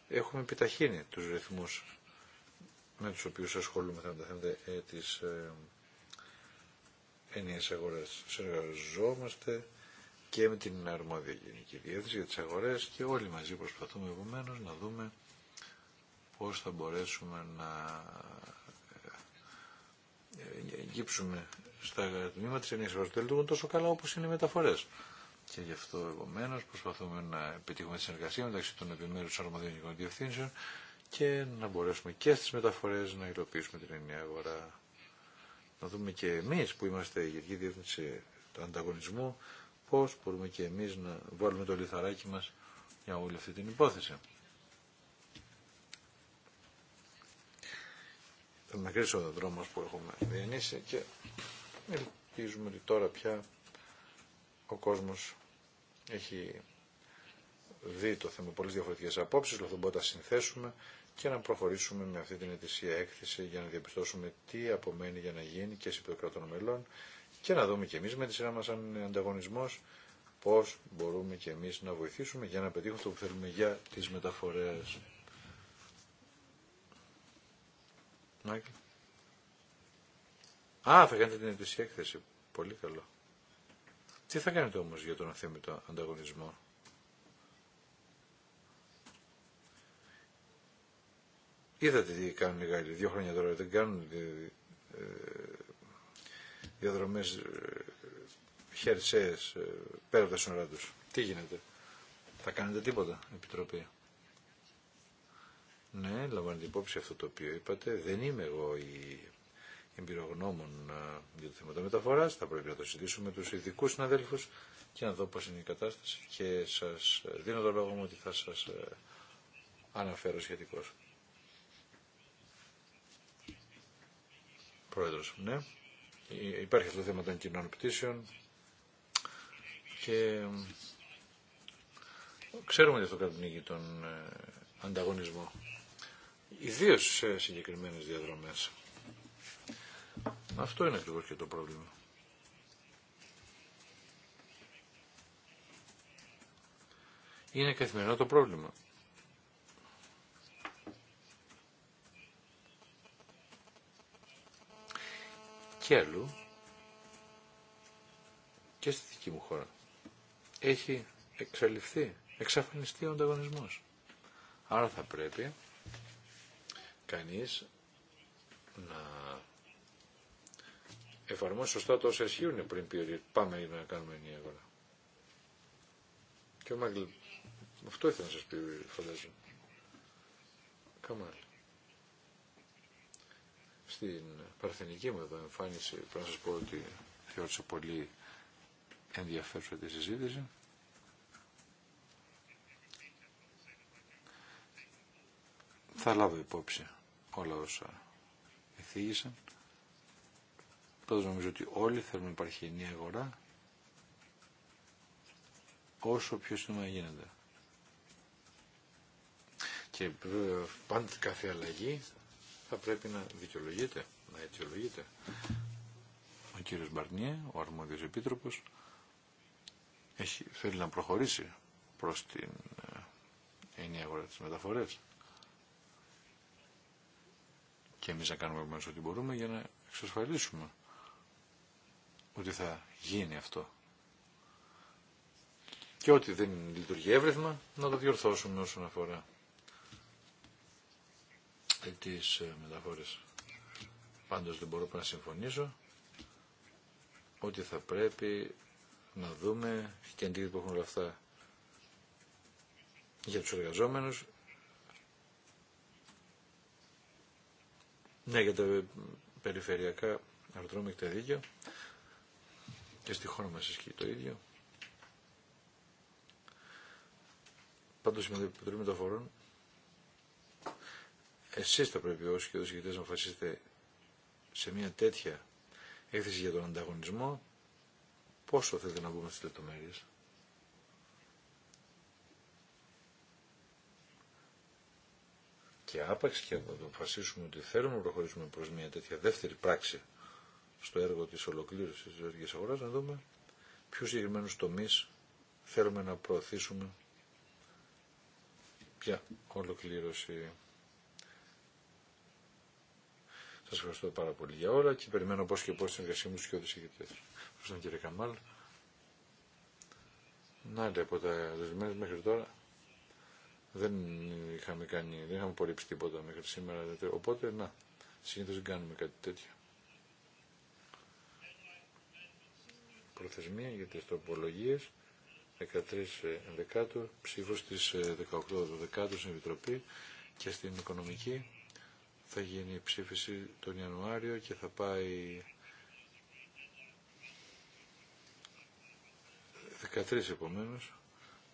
έχουμε επιταχύνει τους ρυθμούς με τους οποίους ασχολούμε με τα θέματα ε, της ε, Συνεργαζόμαστε και με την αρμόδια γενική διεύθυνση για τις αγορές και όλοι μαζί προσπαθούμε επομένω να δούμε πώς θα μπορέσουμε να ε, ε, γύψουμε στα τμήματα της ενιαίας αγοράς. Δεν τόσο καλά όπως είναι οι μεταφορές. Και γι' αυτό επομένω προσπαθούμε να επιτύχουμε τη συνεργασία μεταξύ των επιμέρου των διευθύνσεων και να μπορέσουμε και στι μεταφορέ να υλοποιήσουμε την ενιαία αγορά. Να δούμε και εμεί που είμαστε η Γενική Διεύθυνση του Ανταγωνισμού πώ μπορούμε και εμεί να βάλουμε το λιθαράκι μα για όλη αυτή την υπόθεση. Θα μακρύσω ο δρόμο που έχουμε διανύσει και ελπίζουμε ότι τώρα πια ο κόσμος έχει δει το θέμα πολλές διαφορετικές απόψεις, λοιπόν μπορούμε να συνθέσουμε και να προχωρήσουμε με αυτή την ετησία έκθεση για να διαπιστώσουμε τι απομένει για να γίνει και σε επίπεδο μελών και να δούμε και εμείς με τη σειρά μα, αν είναι ανταγωνισμό πώς μπορούμε και εμείς να βοηθήσουμε για να πετύχουμε αυτό που θέλουμε για τι μεταφορέ. Α, θα κάνετε την ετησία έκθεση. Πολύ καλό. Τι θα κάνετε όμως για τον αθέμητο ανταγωνισμό. Είδατε τι κάνουν οι Γάλλοι. Δύο χρόνια τώρα δεν κάνουν ε, ε, διαδρομές ε, χερσαίες πέρα από τα σύνορά τους. Τι γίνεται. Θα κάνετε τίποτα, Επιτροπή. Ναι, λαμβάνετε υπόψη αυτό το οποίο είπατε. Δεν είμαι εγώ η εμπειρογνώμων ε, για το θέμα των μεταφορά. Θα πρέπει να το συζητήσουμε με του ειδικού συναδέλφου και να δω πώ είναι η κατάσταση. Και σα δίνω το λόγο μου ότι θα σα ε, αναφέρω σχετικώ. Πρόεδρο ναι. Ε, υπάρχει αυτό το θέμα των κοινών πτήσεων και ξέρουμε ότι αυτό καπνίγει τον ανταγωνισμό. Ιδίως σε συγκεκριμένες διαδρομές. Αυτό είναι ακριβώ και το πρόβλημα. Είναι καθημερινό το πρόβλημα. Και αλλού και στη δική μου χώρα έχει εξαλειφθεί, εξαφανιστεί ο ανταγωνισμός. Άρα θα πρέπει κανείς να εφαρμόσει σωστά τα όσα ισχύουν πριν πει πάμε να κάνουμε ενιαία αγορά. Και ο Μάγκλ, αυτό ήθελα να σας πει, φαντάζομαι. Καμάλ. Στην παρθενική μου εδώ εμφάνιση, πρέπει να σας πω ότι θεώρησα πολύ ενδιαφέρουσα τη συζήτηση. Θα λάβω υπόψη όλα όσα εθίγησαν. Πάντως νομίζω ότι όλοι θέλουν να υπάρχει ενία αγορά όσο πιο σύντομα γίνεται. Και πάντα κάθε αλλαγή θα πρέπει να δικαιολογείται, να αιτιολογείται. Ο κύριος Μπαρνιέ, ο αρμόδιος επίτροπος, έχει, θέλει να προχωρήσει προς την ε, ενιαία αγορά της μεταφορές. Και εμείς να κάνουμε μέσα ό,τι μπορούμε για να εξασφαλίσουμε ότι θα γίνει αυτό. Και ό,τι δεν λειτουργεί εύρυθμα, να το διορθώσουμε όσον αφορά τις ε, μεταφορές. Πάντως δεν μπορώ να συμφωνήσω ότι θα πρέπει να δούμε και αντίκτυπο που έχουν όλα αυτά για τους εργαζόμενους. Ναι, για τα περιφερειακά αεροδρόμια και τα δίκαια. Και ε, στη χώρα μας ισχύει το ίδιο. Πάντως με το Επιτροπή Μεταφορών εσείς θα πρέπει όσοι και όσοι να αποφασίσετε σε μια τέτοια έκθεση για τον ανταγωνισμό πόσο θέλετε να μπούμε στις λεπτομέρειες. Και άπαξ και να αποφασίσουμε ότι θέλουμε να προχωρήσουμε προς μια τέτοια δεύτερη πράξη στο έργο της ολοκλήρωσης της ζωικής αγοράς να δούμε ποιους συγκεκριμένου τομεί θέλουμε να προωθήσουμε για ολοκλήρωση. Σας ευχαριστώ πάρα πολύ για όλα και περιμένω πώς και πώς την εργασία μου στους κοιόδους συγκεκριτές. Ευχαριστώ κύριε Καμάλ. Να λέει από τα δεσμένες μέχρι τώρα δεν είχαμε κάνει, δεν είχαμε απορρίψει τίποτα μέχρι σήμερα. Δηλαδή, οπότε να, συνήθως δεν κάνουμε κάτι τέτοιο. προθεσμία για τις τροπολογίες 13 ε, Δεκάτου, ψήφος στις 18 ε, Δεκάτου στην Επιτροπή και στην Οικονομική θα γίνει η ψήφιση τον Ιανουάριο και θα πάει 13 επομένως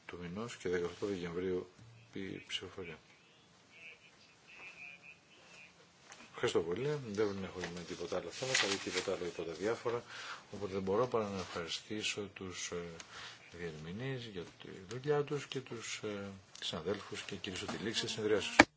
του μηνός και 18 Δεκεμβρίου η ψηφοφορία. Ευχαριστώ πολύ. Δεν έχω με τίποτα άλλο θα δει τίποτα άλλο τίποτα διάφορα. Οπότε δεν μπορώ παρά να ευχαριστήσω του ε, διερμηνεί για τη δουλειά του και του ε, συναδέλφου και κυρίω τη λήξη τη